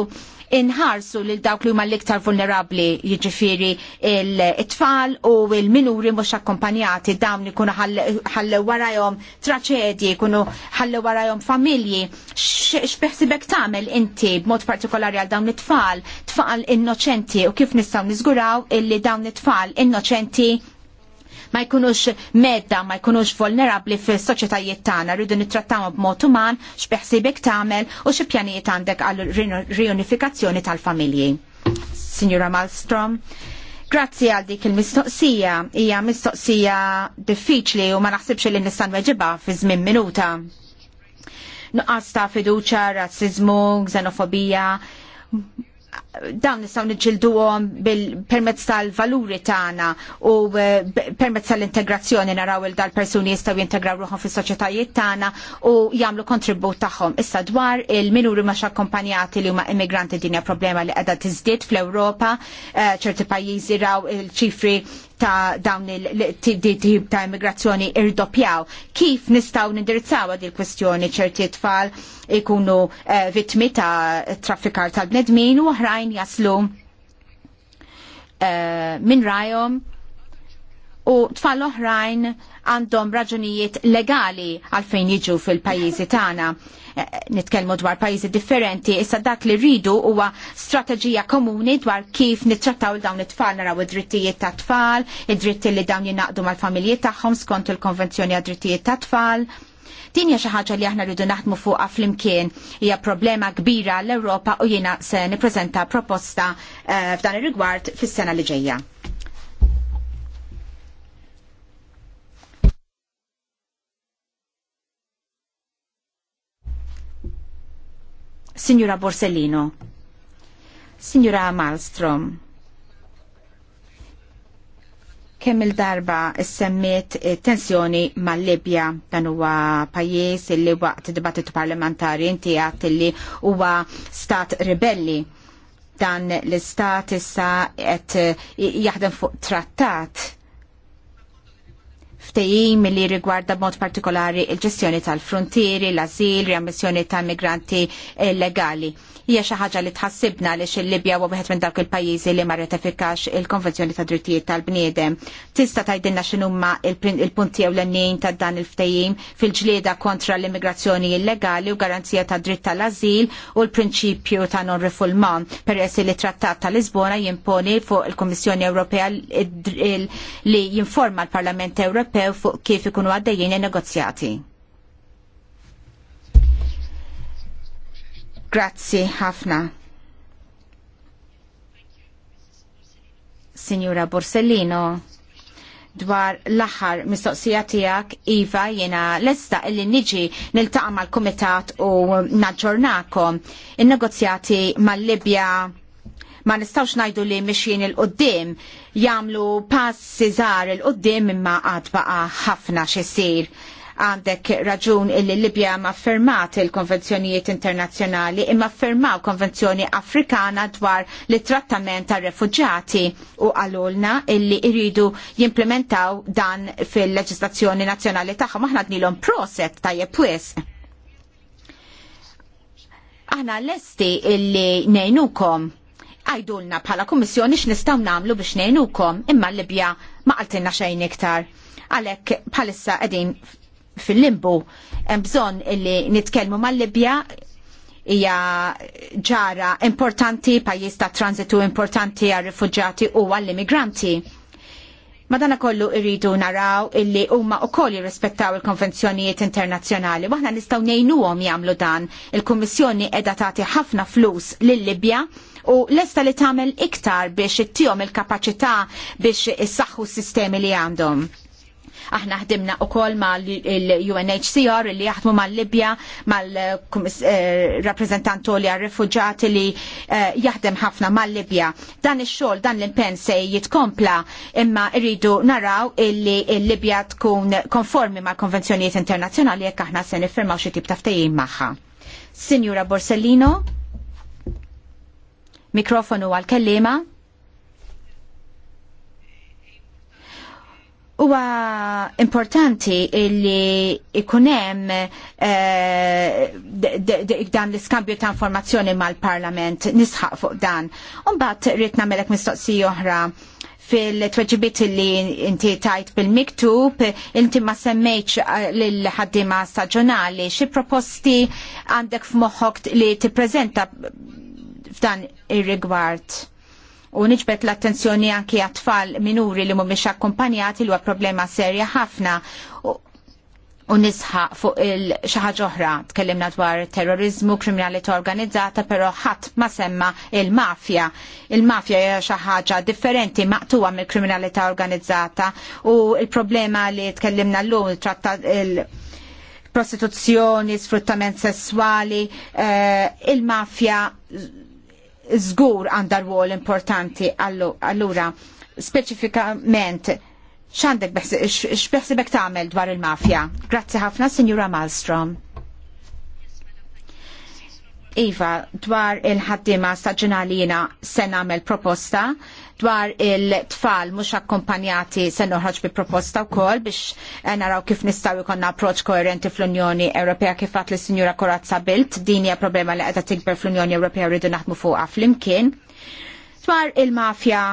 A: inħarsu lil dawk li huma l-iktar vulnerabbli jiġifieri il-tfal u il-minuri mhux akkompanjati dawn ikunu ħallew warajhom traċedji, ikunu ħallew warajhom familji. X'beħsibek tagħmel inti b'mod partikolari għal dawn it-tfal, tfal innoċenti u kif nistgħu niżguraw illi dawn it-tfal innoċenti ma jkunux medda, ma jkunux vulnerabli fis soċjetajiet tagħna, rridu nittrattawhom b'mod uman, x'beħsibek tagħmel u xi pjanijiet għandek għal riunifikazzjoni tal-familji. Signora Malmstrom, Grazzi għal dik il-mistoqsija, hija mistoqsija diffiċli u ma naħsibx li nistan weġiba fi żmien minuta. Nuqqas ta' fiduċa, razzizmu, xenofobija, dawn nistgħu niġġilduhom permezz tal-valuri tagħna u eh, permezz tal-integrazzjoni naraw il dal persuni jistgħu jintegraw ruhom fis-soċjetajiet tagħna u jagħmlu kontribut tagħhom. Issa dwar il-minuri ma akkompanjati li huma immigranti din hija problema li qiegħda tiżdied fl-Ewropa, eh, ċerti pajjiżi raw il-ċifri ta' dawn il-tib ta' immigrazzjoni irdoppjaw. Kif nistaw nindirizzaw għad il-kwestjoni ċerti tfal ikunu eh, vittmi ta' traffikar tal-bnedmin u oħrajn jaslu eh, minn rajom u tfal oħrajn għandhom raġunijiet legali għalfejn jiġu fil-pajjiżi tagħna nitkellmu dwar pajjiżi differenti, issa dak li rridu huwa strateġija komuni dwar kif nittrattaw dawn it-tfal naraw id-drittijiet ta' tfal, id-dritti li dawn jinaqdu mal-familji tagħhom skont il-konvenzjoni għad drittijiet ta' tfal. Din hija xi ħaġa li aħna rridu naħdmu fuqha flimkien hija problema kbira l-Ewropa u jiena se nippreżenta proposta eh, f'dan ir-rigward fis-sena li ġejja. Signora Borsellino. Signora Malmstrom. Kemm il-darba semmiet eh, tensjoni mal-Libja dan huwa pajjiż li waqt dibattitu parlamentari inti li huwa stat ribelli dan l-istat issa qed eh, jaħdem fuq trattat ftehim li rigwarda b'mod partikolari il-ġestjoni tal-frontieri, l-azil, riammissjoni ta' migranti illegali hija xi ħaġa li tħassibna li il-Libja huwa wieħed minn dawk il-pajjiżi li ma ratifikax il-Konvenzjoni ta' Drittijiet tal-Bniedem. Tista' tgħidilna x'inhuma il-punti ewlenin ta' dan il-ftehim fil-ġlieda kontra l-immigrazzjoni illegali u garanzija ta' dritt tal-ażil u l-prinċipju ta' non-refoulement peress li trattat ta' Lisbona jimponi fuq il-Kummissjoni Ewropea li jinforma l-Parlament Ewropew fuq kif ikunu għaddejjin negozjati. Grazzi ħafna. Signora Borsellino, dwar l-aħħar mistoqsija tiegħek Iva jiena lesta illi niġi niltaqa' mal-kumitat u naġġornakom. In-negozjati mal-Libja ma nistawx ngħidu li mixjin il-qoddim jagħmlu pass żgħar il-qoddim imma għad baqa' ħafna xisir. sir Għandek raġun illi Libja ma fermat il-konvenzjonijiet internazzjonali imma fermaw konvenzjoni Afrikana dwar li trattament tar refugġati u għalulna illi iridu jimplementaw dan fil-leġislazzjoni nazzjonali tagħhom aħna dnilhom proset tajjeb wisq aħna l-esti illi nejnukom. Għajdulna bħala kommissjoni x'nistgħu nagħmlu biex nejnukom, imma libja ma qaltilna xejn iktar. Għalhekk bħalissa qegħdin fil-limbu. Hemm bżonn nitkelmu nitkellmu mal-Libja hija ġara importanti, pajjiż ta' transitu importanti għar rifugġati u għall-immigranti. Madana kollu irridu naraw illi huma wkoll jirrispettaw il-konvenzjonijiet internazzjonali. Waħna nistgħu ngħinuhom jagħmlu dan. Il-Kummissjoni qiegħda tagħti ħafna flus lill-Libja u lesta li tagħmel iktar biex it-tijom il-kapaċità biex issaħħu s-sistemi li għandhom Aħna ħdimna ukoll mal-UNHCR li jaħdmu mal-Libja, mal-rappresentantu eh, li għal-refugġati li eh, jaħdem ħafna mal-Libja. Dan ix-xogħol, dan l-impenn se jitkompla imma rridu naraw illi l-Libja tkun konformi mal-konvenzjonijiet internazzjonali jekk aħna se nifirmaw xi tip ta' ftehim magħha. Signora Borsellino, mikrofonu għal-kellima. Huwa importanti illi ikunem eh, dan l-iskambju ta' informazzjoni mal-Parlament nisħaq fuq dan. Umbat rritna melek mistoqsi oħra fil-tweġibit li inti tajt bil-miktub, inti ma semmejċ eh, l-ħaddima staġjonali, xi proposti għandek f'moħħok li tippreżenta f'dan ir-rigward? u niġbet l-attenzjoni anki għat-tfal minuri li mhumiex akkumpanjati li huwa problema serja ħafna u nisħaq fuq il ħaġa oħra tkellimna dwar terrorizmu, kriminalità organizzata, però ħadd ma semma il-mafja. Il-mafja hija xi ħaġa differenti maqtuwa mill-kriminalità organizzata u il-problema li tkellimna llum tratta il prostituzzjoni, sfruttament sessuali, eh, il-mafja żgur għandha rwol importanti allura speċifikament x'għandek x'beħsibek tagħmel dwar il-mafja. Grazzi ħafna, Signora Malmstrom. Iva, dwar il-ħaddima staġinalina sen se nagħmel proposta, dwar il-tfal mhux akkompanjati se noħroġ bi proposta wkoll biex eh, naraw kif nistgħu jkollna approċċ koerenti fl-Unjoni Ewropea kif għat li sinjura Korazza Bilt, din hija problema li qiegħda tikber fl-Unjoni Ewropea rridu naħdmu fuqha flimkien. Dwar il-mafja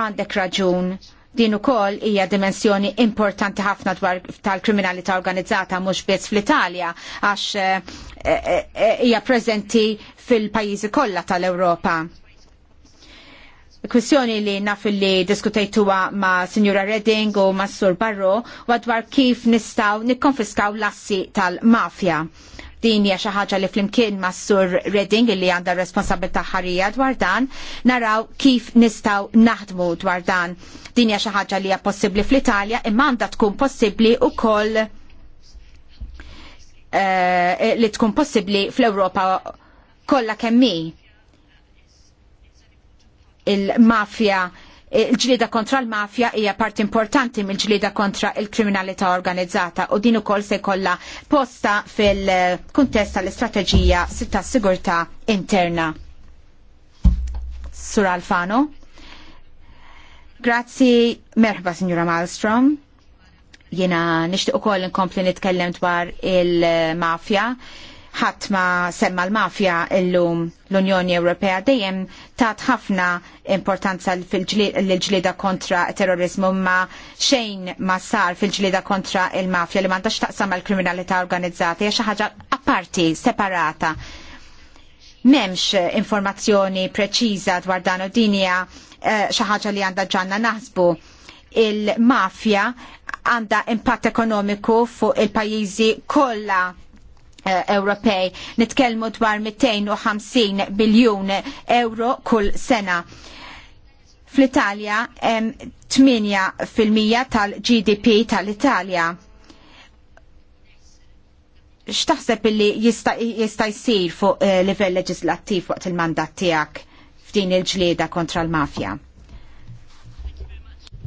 A: għandek raġun Din ukoll hija dimensjoni importanti ħafna dwar tal-kriminalità organizzata mhux biss fl-Italja għax eh, eh, eh, hija preżenti fil-pajjiżi kollha tal-Ewropa. Kwistjoni li naf li diskutejtuha ma' Sinjura Redding u ma' Sur Barro dwar kif nistgħu nikkonfiskaw l-assi tal-mafja din hija xi ħaġa li flimkien ma' Sur Redding li għandha responsabilità ħarija dwar dan, naraw kif nistgħu naħdmu dwar dan. Din hija xi ħaġa li hija possibbli fl-Italja imma għandha tkun possibbli wkoll eh, li tkun possibbli fl-Ewropa kollha kemm il-mafja il-ġlieda kontra l-mafja hija parti importanti mill-ġlieda kontra l kriminalità organizzata u din ukoll se jkollha posta fil-kuntest tal-istrateġija ta' sigurtà interna. Sur Alfano. Grazzi, merħba Signora Malmstrom. Jiena nixtieq ukoll inkompli nitkellem dwar il-mafja. il mafja ħadd ma semma l-mafja illum l-Unjoni Ewropea dejjem tat ħafna importanza l-ġlida kontra terrorizmu ma xejn ma sar fil-ġlida kontra il-mafja li m'għandax taqsam mal kriminalità organizzata hija xi ħaġa apparti, separata. M'hemmx informazzjoni preċiża dwar dan u dinja eh, xi ħaġa li għandha ġanna naħsbu il-mafja għandha impatt ekonomiku fuq il-pajjiżi kollha Eh, Ewropej. Nitkellmu dwar 250 biljun euro kull sena. Fl-Italja hemm 8% tal-GDP tal-Italja. X'taħseb illi jista' jsir fuq eh, livell leġislattiv waqt il-mandat tiegħek f'din il-ġlieda kontra l-mafja?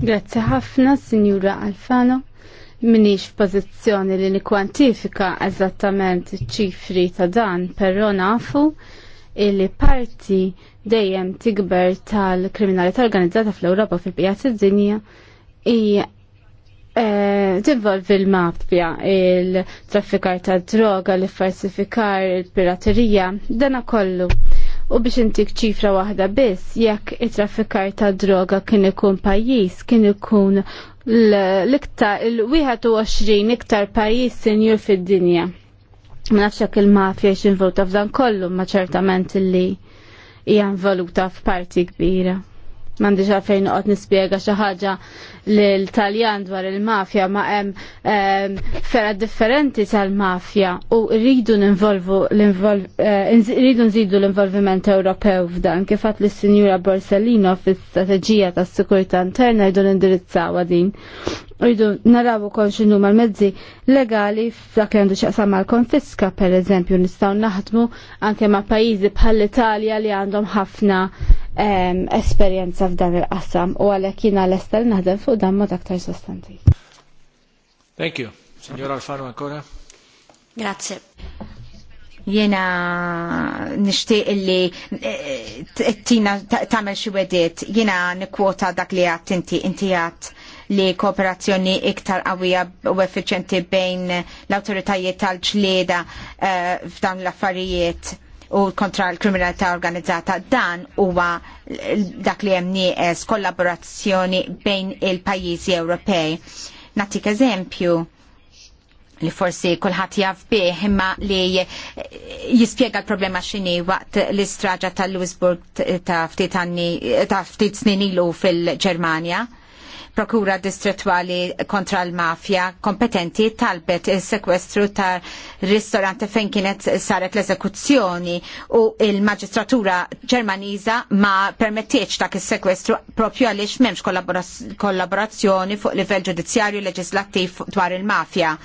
B: Grazzi ħafna, Sinjura Alfano minix f'pożizzjoni li nikwantifika eżattament ċifri ta' dan, però nafu li parti dejjem tikber tal-kriminalità organizzata fl-Ewropa fil pjazz id dinja hija eh, tinvolvi l-mafja, il-traffikar ta' droga, l-falsifikar, il-piraterija, dana kollu. U biex intik ċifra waħda biss, jekk it-traffikar ta' droga kien ikun pajjiż, kien ikun l-iktar il-21 iktar pajjiż sinjur fid-dinja. Ma nafx il-mafja x'involuta f'dan kollu ma ċertament li hija involuta f'parti kbira mandi xarfejn uqot nispiega xaħġa l-Taljan dwar il-mafja ma' hemm ehm, fera differenti tal-mafja u rridu eh, rridu nżidu l-involviment Ewropew f'dan kif li s sinjura Borsellino fil-strategija tas sikurta interna rridu indirizzawa din. Rridu naraw ukoll x'inhu mal-mezzi legali f'dak li għandu x'aqsam mal-konfiska pereżempju nistgħu naħdmu anke ma' pajjiżi bħall-Italja li għandhom ħafna esperjenza f'dan il-qasam u għalhekk jiena l-estel naħdem fuq dan mod aktar sostanti.
C: Thank you. Signor Alfano ancora. Grazie.
A: Jena nishtiq li eh, tina tamel xi jena nikkwota dak li għat inti inti għat li kooperazzjoni iktar qawwija u effiċenti bejn l-awtoritajiet tal-ġlieda eh, f'dawn l-affarijiet u kontra l-kriminalità organizzata dan huwa dak li hemm nieqes kollaborazzjoni bejn il-pajjiżi Ewropej. Natik eżempju li forsi kulħadd jaf bih imma li jispjega l-problema x'inhi waqt l-istraġa tal lewisburg ta' ftit ta' ftit snin ilu fil-Ġermanja Prokura Distrettuali kontra l-Mafja kompetenti talbet il-sekwestru ta' ristoranti fejn kienet saret l-eżekuzzjoni u il-Maġistratura Ġermaniża ma permettieċ dak is-sekwestru propju għaliex m'hemmx kollaborazzjoni fuq livell ġudizzjarju leġislattiv dwar il-mafja.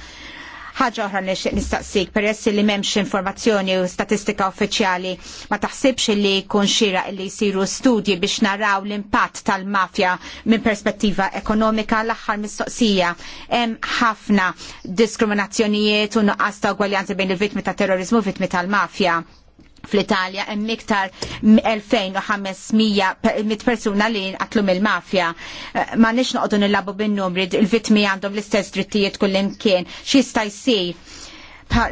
A: Ħaġa oħra nistaqsik peress li m'hemmx informazzjoni u statistika uffiċjali ma taħsibx li jkun xira li jsiru studji biex naraw l-impatt tal-mafja minn perspettiva ekonomika l-aħħar mistoqsija. Hemm ħafna diskriminazzjonijiet u nuqqas ta' ugwaljanza bejn il-vittmi ta' terrorizmu u vittmi tal-mafja fl-Italja hemm iktar 2500 persuna li nqatlu mill-mafja. Eh, ma nix noqogħdu nilabu bin-numri, il-vittmi għandhom l-istess drittijiet kullimkien. X'ista jsir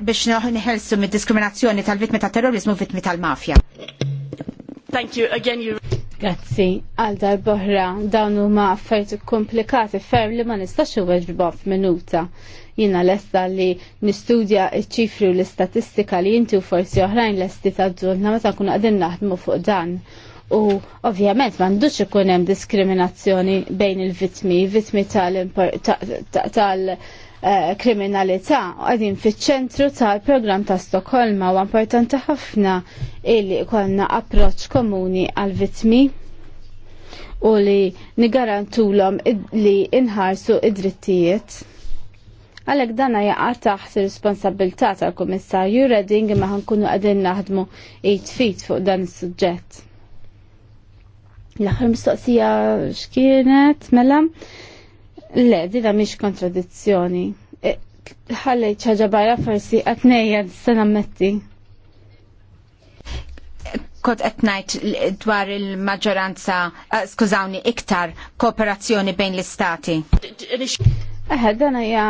A: biex nħelsu mid-diskriminazzjoni tal-vittmi tal-terrorizmu u vittmi tal-mafja.
B: Thank you again you
A: Grazzi, għal bohra
B: dawn huma affarijiet komplikati ferm li ma nistax iweġbibhom f'minuta. Jina l-esta li nistudja ċifri u l-istatistika li jinti u forsi oħrajn lesti ta' dżurna meta kun għadin naħdmu fuq dan. U ovvjament mandux ikun hemm diskriminazzjoni bejn il-vitmi, vitmi tal-kriminalità eh, għadin fiċ-ċentru tal-programm ta' Stokholma u importanti ħafna illi konna approċ komuni għal-vitmi u li nigarantulom li inħarsu id-drittijiet għalhekk dana jaqa' taħt ir-responsabilità tal-Kummissarju Reding ma ħankunu qegħdin naħdmu eight fuq dan is-suġġett. L-aħħar mistoqsija x'kienet mela? Le, dina mhix kontradizzjoni. E, ħallej ċaġa barra forsi qed ngħid se nammetti
A: kod etnajt dwar il-maġġoranza, eh, skużawni, iktar kooperazzjoni bejn l-istati? Eħe, dan
B: hija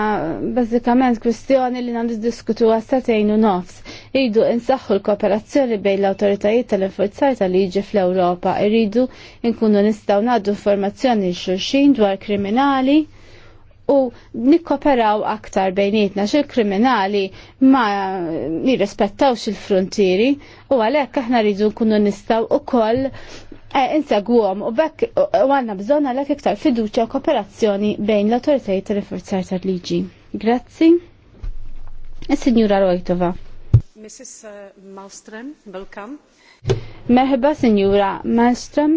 B: bażikament kwistjoni li nagħmlu diskutu għastatejn u nofs. Iridu insaħħu l-kooperazzjoni bejn l-awtoritajiet tal-infurzar tal-liġi fl-Ewropa. Iridu nkunu nistgħu ngħaddu informazzjoni xulxin dwar kriminali u nikkoperaw aktar bejnietna xil kriminali ma jirrispettawx il-frontieri u għalhekk aħna rridu nkunu nistgħu ukoll Eh, insegwom u bekk u għandna bżonn għalhekk iktar fiduċja u kooperazzjoni bejn l autoritajt tal-infurzar tal-liġi. Grazzi. Signora Rojtova. Mrs. Eh,
D: Malmström, welcome.
B: Merħba, signora Malmström.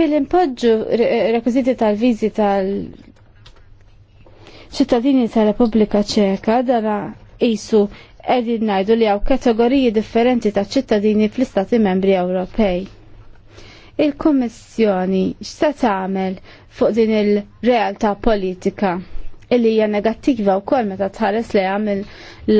B: Bil-impoġġu rekwiziti tal-viżi tal-ċittadini tal-Repubblika Ċeka dara qisu qegħdin ngħidu li hawn kategoriji differenti ta' ċittadini fl-Istati Membri Ewropej. Il-Kummissjoni x'se tagħmel fuq din il-realtà politika illi hija negattiva wkoll meta tħares li għamil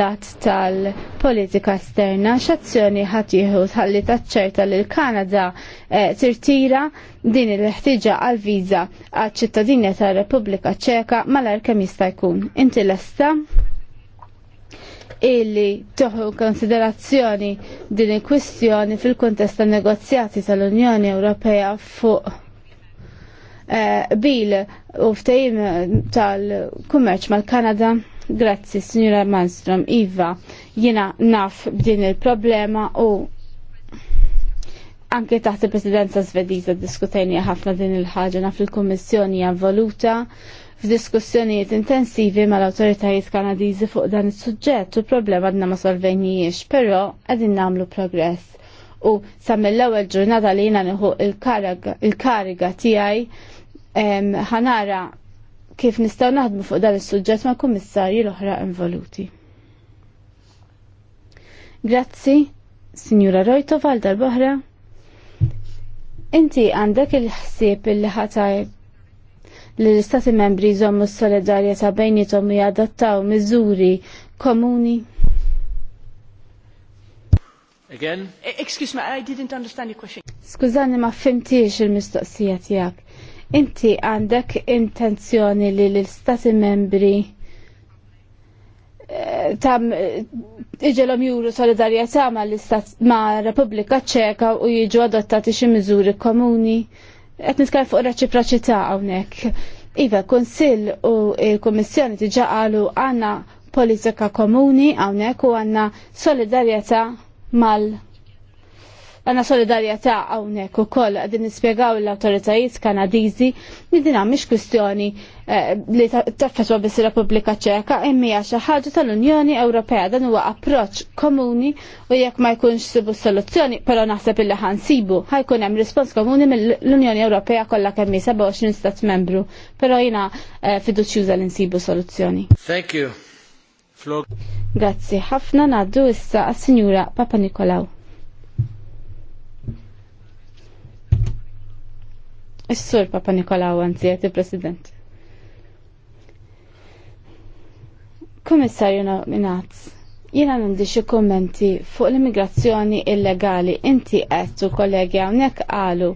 B: lat tal-politika esterna x'azzjoni ħadd jieħu tħalli taċċerta li l-Kanada eh, tirtira din il-ħtiġa għal viża għal ċittadini tar-Repubblika Ċeka malar kemm jista' jkun. Inti lesta? illi toħu konsiderazzjoni din il-kwistjoni fil-kontest ta' negozjati tal-Unjoni Ewropea fuq eh, bil u ftejim tal-kummerċ mal-Kanada. Grazzi, signora Malmström, Iva, jina naf b'din il-problema u anke taħt il-presidenza svediza diskutajni ħafna din il-ħagġa naf il-kommissjoni javoluta voluta f'diskussjonijiet intensivi mal-awtoritajiet Kanadiżi fuq dan is-suġġett u problema għadna ma solvenijiex, però qegħdin nagħmlu progress. U sa mill-ewwel ġurnata li jina nieħu il-kariga tiegħi ħanara kif nistgħu naħdmu fuq dan is-suġġett ma' kummissarji l-oħra involuti. Grazzi, Signora Rojto, għal darbohra. Inti għandek il-ħsieb il-ħatajb li l-Istati membri jżommu s-solidarjetà bejnietom u jadattaw miżuri komuni. Again? E, excuse me, I didn't understand your question. Skużani ma fimtiex il-mistoqsija tiegħek. Inti għandek intenzjoni li l-Istati membri eh, tam eh, iġelom juru solidarjetà ma l-Repubblika Ċeka u jiġu adottati xi miżuri komuni qed nitkellem fuq reċiproċità hawnhekk. Iva, Kunsill u l-Kummissjoni diġà qalu għandna politika komuni hawnhekk u għandna solidarjetà mal- għanna solidarjetà hawnhekk ukoll qegħdin nispjegaw l-awtoritajiet Kanadiżi li din mhix kustjoni eh, li taffetwa bis ir-Repubblika Ċeka immi hija xi ħaġa tal-Unjoni Ewropea dan huwa approċċ komuni u jekk ma jkunx sibu soluzzjoni però naħseb illi ħansibu ħajkun hemm rispons komuni mill-Unjoni Ewropea kollha kemm 27 stat membru però jiena eh, fiduċjuża li nsibu soluzzjoni. Thank you. Grazzi ħafna naddu issa għas-Sinjura Papa Nikolaw. Is-sur Papa Nikolaw għanziet il-President. Komissarju Minaz, jina nandi xie kommenti fuq l-immigrazzjoni illegali inti għettu kollegi għawnek għalu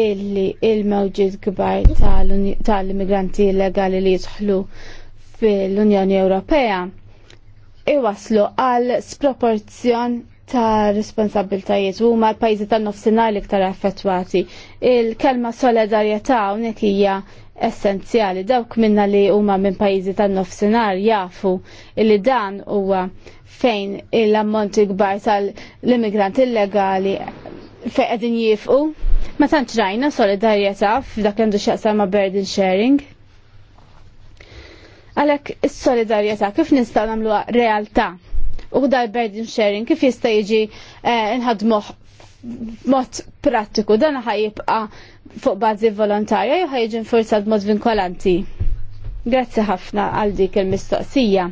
B: illi il-mewġid gbar tal-immigranti illegali li jidħlu fil-Unjoni Ewropea iwaslu għal sproporzjon ta' responsabiltajiet u ma' l-pajzi ta' nofsinar li ktar affettwati. Il-kelma solidarieta unek hija essenzjali. Dawk minna li huma minn pajzi ta' nofsinar jafu li dan huwa fejn il-ammonti kbar tal-immigranti illegali fejn qegħdin jifqu. Ma tantx rajna solidarjetà f'dak għandu x'jaqsam ma' burden sharing. Għalhekk is-solidarjetà kif nistgħu nagħmluha realtà? u dal burden sharing kif jista' jiġi eh, nħadmuh mod prattiku dan jibqa fuq bażi volontarja jew ħajġi forsa mod vinkolanti. Grazzi ħafna għal dik il-mistoqsija.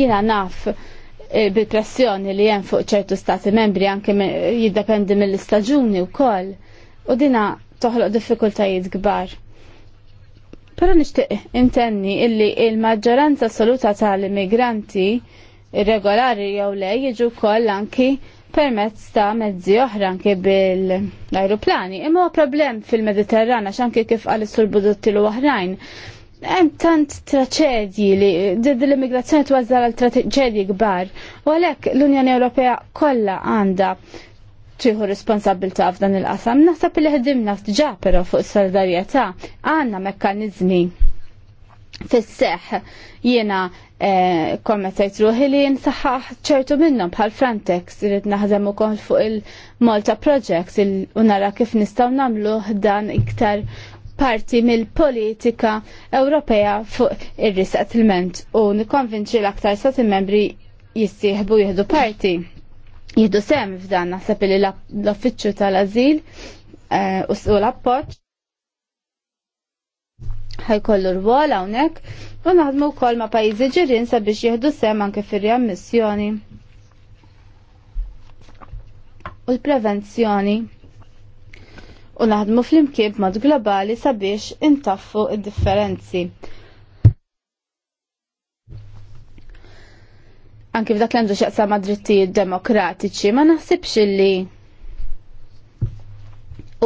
B: Jiena naf eh, bil-pressjoni li hemm fuq ċertu stati membri anke jiddependi mill-istaġuni wkoll u dina toħloq diffikultajiet kbar Pero nishtiq intenni illi il-maġġoranza assoluta tal-immigranti irregolari jew le jiġu koll anki permezz ta' mezzi oħra anke bil-ajruplani. Imma huwa problem fil-Mediterran għax anke kif qal is-sur budottilu oħrajn. Hemm tant traċedji li did l-immigrazzjoni twazzal għal traċedji kbar. U għalhekk l-Unjoni Ewropea kollha għandha tieħu responsabilità f'dan il-qasam. Naħseb li ħdimna diġà però fuq is-solidarjetà għandna mekkaniżmi fis-seħ jiena eh, kommetajt ruħi li nsaħħaħ ċertu minnhom bħal Frontex irid naħdem ukoll fuq il-Malta Projects u nara kif nistgħu nagħmlu dan iktar parti mill-politika Ewropea fuq ir-resettlement u nikkonvinċi l-aktar stati membri jissieħbu jieħdu parti jihdu sem f'dan naħseb li l-offiċċju tal-azil eh, u l-appoċ ħajkollu rwol hawnhekk u naħdmu wkoll ma' pajjiżi ġirien sabiex jieħdu sem anke fir-riammissjoni u l-prevenzjoni u naħdmu fl-imkien mod globali sabiex intaffu id-differenzi. anki f'dak l-għandu xaqsa ma' drittijiet demokratiċi, ma' naħsibx li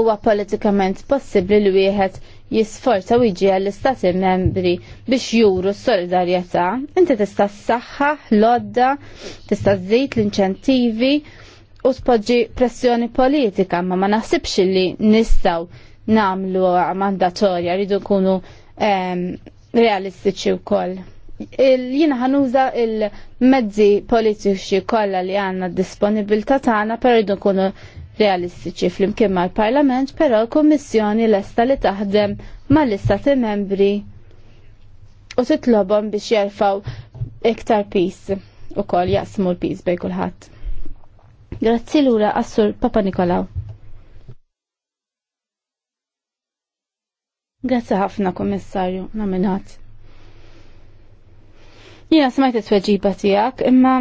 B: huwa politikament possibli li wieħed jisforza u jiġi għall-istati membri biex juru s-solidarjetà, inti tista' s-saħħa, l-odda, tista' żejt l-inċentivi u spoġġi pressjoni politika, ma ma naħsibx li nistaw namlu mandatorja, rridu nkunu ehm, realistiċi wkoll. koll jina ħanuża il-mezzi politiċi kollha li għandna d-disponibilta' tagħna per idu nkunu realistiċi flimkien mal-Parlament, però l-Kummissjoni lesta li taħdem mal-istati membri u titlobhom biex jerfaw iktar pis u koll jaqsmu l-pis bej kulħadd. Grazzi lura għassur Papa Nikolaw. Grazzi ħafna, Kommissarju, nominat. Jena smajt it-tweġiba tijak, imma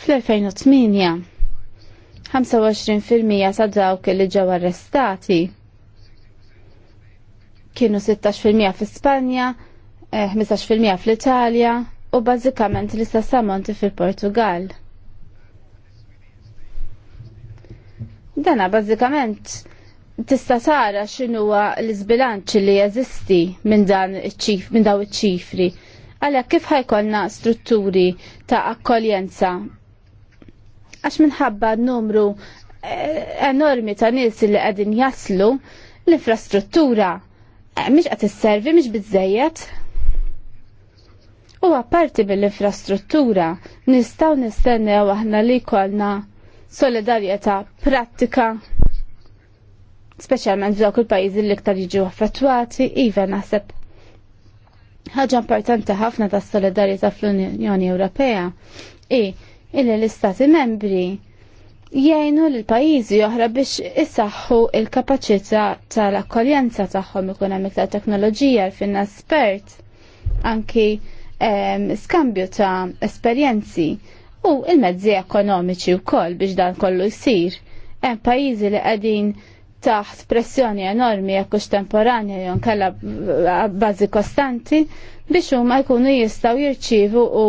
B: fl-2008 25% sa' dawk li ġew arrestati kienu 16% fi Spanja, 15% fl-Italja u bażikament l-istess ammonti fil-Portugal. Dana bażikament tista tara x'inhuwa l izbilanċ li jeżisti minn dan iċ-ċif minn daw iċ-ċifri. Għalhekk kif ħajkollna strutturi ta' akkoljenza? Għax minħabba numru eh, enormi ta' nies li qegħdin jaslu l-infrastruttura għat eh, qed servi mhix bizzejet. U apparti mill-infrastruttura nistgħu nistennew aħna li jkollna solidarjetà prattika speċjalment f'dawk il-pajjiżi li iktar jiġu affettwati, iva naħseb ħaġa importanti ħafna tas solidarjetà fl-Unjoni Ewropea i illi l-Istati membri jgħinu l-pajjiżi oħra biex isaħħu il-kapaċità tal-akkoljenza tagħhom ikun hemm iktar teknoloġija finna spert, anki ehm, skambju ta' esperjenzi u il-mezzi ekonomiċi wkoll biex dan kollu jsir. Hemm pajjiżi li qegħdin taħt pressjoni enormi jekk hux temporanja jew kalla bażi kostanti biex huma jkunu jistgħu jirċievu u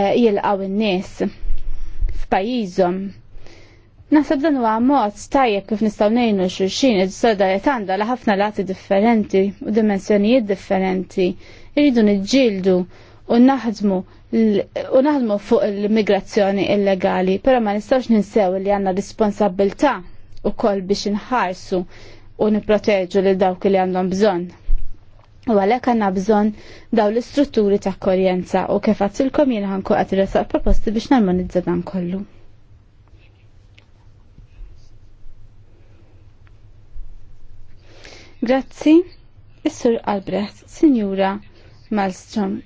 B: e, jilqgħu in-nies f'pajjiżhom. Naħseb dan huwa mod tajjeb kif nistgħu ngħinu xulxin id-solidarjetà għandha ħafna lati differenti u dimensjonijiet differenti. Irridu niġġieldu u naħdmu u naħdmu fuq l-migrazzjoni illegali, però ma nistgħux ninsew li għandna responsabilità u koll biex nħarsu u niproteġu li dawk li għandhom bżonn. U għalek għanna bżon daw l-istrutturi ta' korjenza u kif jena għanku ħanku proposti biex narmonizza dan kollu. Grazzi, Is-Sur Albrecht, Signora Malstrom,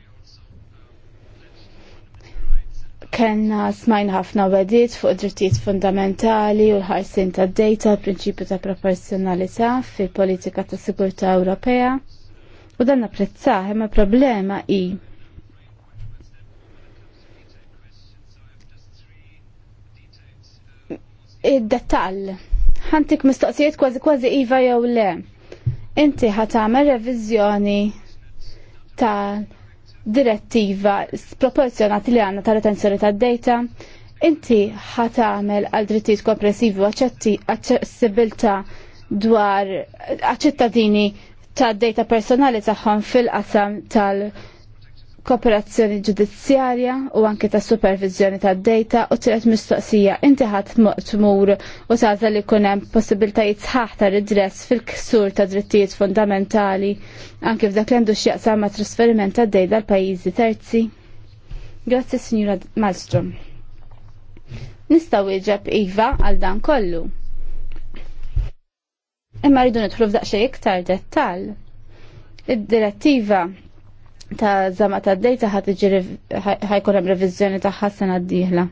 B: kena smajn ħafna wedit fuq drittijiet fundamentali u l-ħarsin ta' data l-prinċipju ta' proporzjonalità fil politika ta' sigurtà Ewropea. U dan apprezzah, imma problema i id-detall. Ħantik mistoqsijiet kważi kważi iva jew le. Inti ħatamel reviżjoni tal direttiva sproporzjonat li għanna ta' retenzjoni tad-data, inti ħatamel għal drittijiet kompressivu u għacċessibilta dwar ċittadini ta' data personali tagħhom fil-qasam tal- kooperazzjoni ġudizzjarja u anke ta' supervizjoni ta' data u tiret mistoqsija inti ħadd tmur u tażel li jkun hemm possibiltajiet sħaħ ta' ridress fil-ksur ta' drittijiet fundamentali anke f'dak l għandu x'jaqsam ma' trasferiment ta' data l pajjiżi terzi. Grazzi Signora Malmstrom. Nistgħu iġeb iva għal dan kollu. Imma rridu nidħlu f'daqsxejn iktar dettall. Id-direttiva ta' zama ta' dejta ħat ħajkun hemm reviżjoni ta' sena d-dieħla.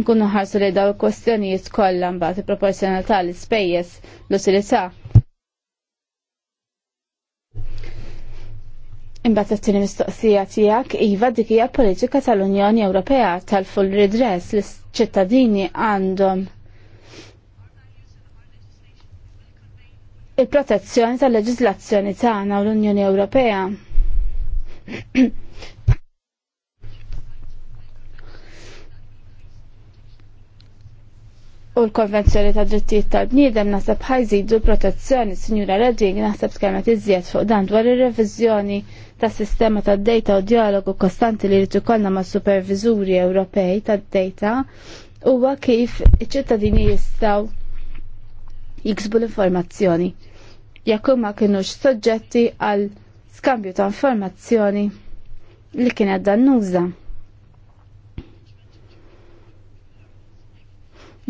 B: Nkunu ħarsu li daw il-kwestjonijiet kollha mbagħad il-proporzjonalità l-ispejjeż l-usilità. Imbagħad it-tieni mistoqsija tiegħek iva dik hija politika tal-Unjoni Ewropea tal-full redress li ċittadini għandhom il-protezzjoni tal-leġiżlazzjoni tagħna u l-Unjoni Ewropea. U l-Konvenzjoni ta' Drittijiet tal-Bniedem naħseb ħajżidu l-protezzjoni, Sinjura Redding naħseb tkellmet iżjed fuq dan dwar ir-reviżjoni tas sistema tad data u dialogu kostanti li jrid ikollna mas superviżuri Ewropej tad data huwa kif iċ-ċittadini jistgħu jiksbu l-informazzjoni jekk huma kinux soġġetti għal skambju ta' informazzjoni li kienet dannuża.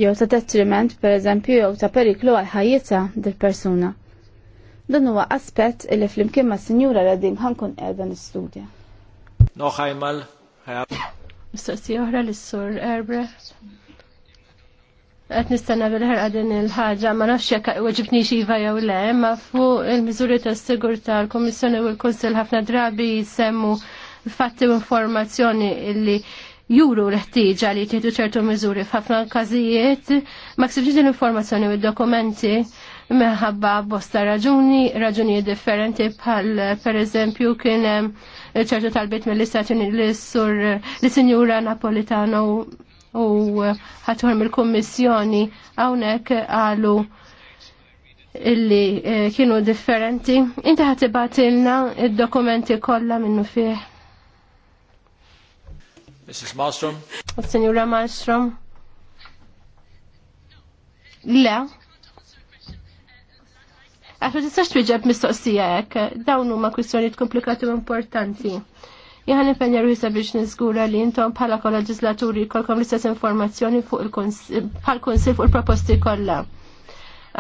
B: Jew ta' detriment pereżempju jew ta' periklu għal ħajjita dil-persuna. Dan huwa aspett li flimkien ma' sinjura Radim ħankun qiegħda nistudja.
C: ħajab.
D: Mistoqsija oħra lis-sur Erbrecht. Għet nistenna bil-ħarqa din il-ħagġa, ma nafx jekk weġibni xiva jew le, ma fuq il-miżuri ta' sigurta l komissjoni u l konsil ħafna drabi jisemmu fatti u informazzjoni illi juru l-ħtieġa li tieħdu ċertu miżuri f'ħafna każijiet ma ksibx l-informazzjoni u d-dokumenti meħabba bosta raġuni, raġuni differenti bħal per eżempju kien ċertu talbiet mill-istati l-sur l-Sinjura Napolitano u ħatur mill-Kummissjoni hawnhekk għalu illi eh, kienu differenti. Inti ħatibatilna il dokumenti kollha minnu fieħ.
C: Mrs. Malmstrom.
D: Signora Malmstrom. Le. Għaxa tistax twiġeb mistoqsija hekk, dawn huma kwistjonijiet komplikati u importanti. Jħan nifenja rujsa biex nizgura li intom bħala kolla ġizlaturi kolkom l-istess informazzjoni il konsil fuq il-proposti kollha.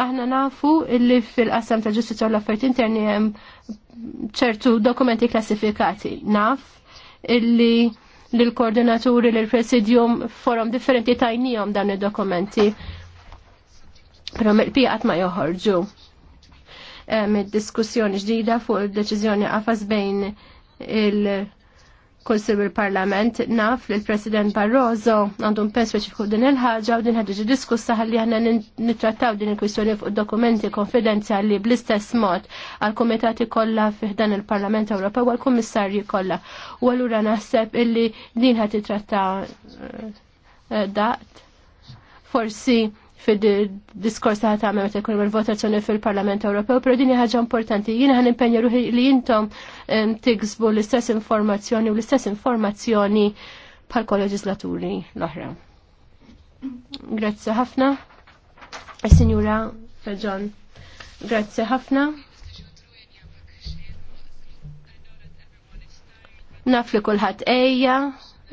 D: Aħna nafu li fil-qasam ta' ġustizja u l interni hemm ċertu dokumenti klassifikati. Naf illi l-koordinaturi l-presidium forum differenti tajnijom dan id-dokumenti. Pero mill pijat ma joħorġu. Mid-diskussjoni ġdida fuq il-deċizjoni għafas bejn il- Kunsil l parlament naf li l-President Barroso għandu pen speċifiku din il-ħaġa u din ħadġi diskussa ħalli ħana nittrattaw din il-kwistjoni fuq dokumenti konfidenzjali bl-istess mod għal-komitati kollha fiħdan il-Parlament Ewropew u għal-Kummissarji kollha. U allura naħseb illi din ħad titratta eh, eh, daqt. Forsi fil-diskors ta' ta' għamet il votazzjoni fil-Parlament Ewropew, pero din ħaġa importanti. Jiena ħan impenja ruħi li jintom tiksbu l-istess informazzjoni u l-istess informazzjoni pal kolleġislaturi l-oħra. Grazzi ħafna. Signora Fajon, grazzi ħafna. Naf li kulħadd ejja,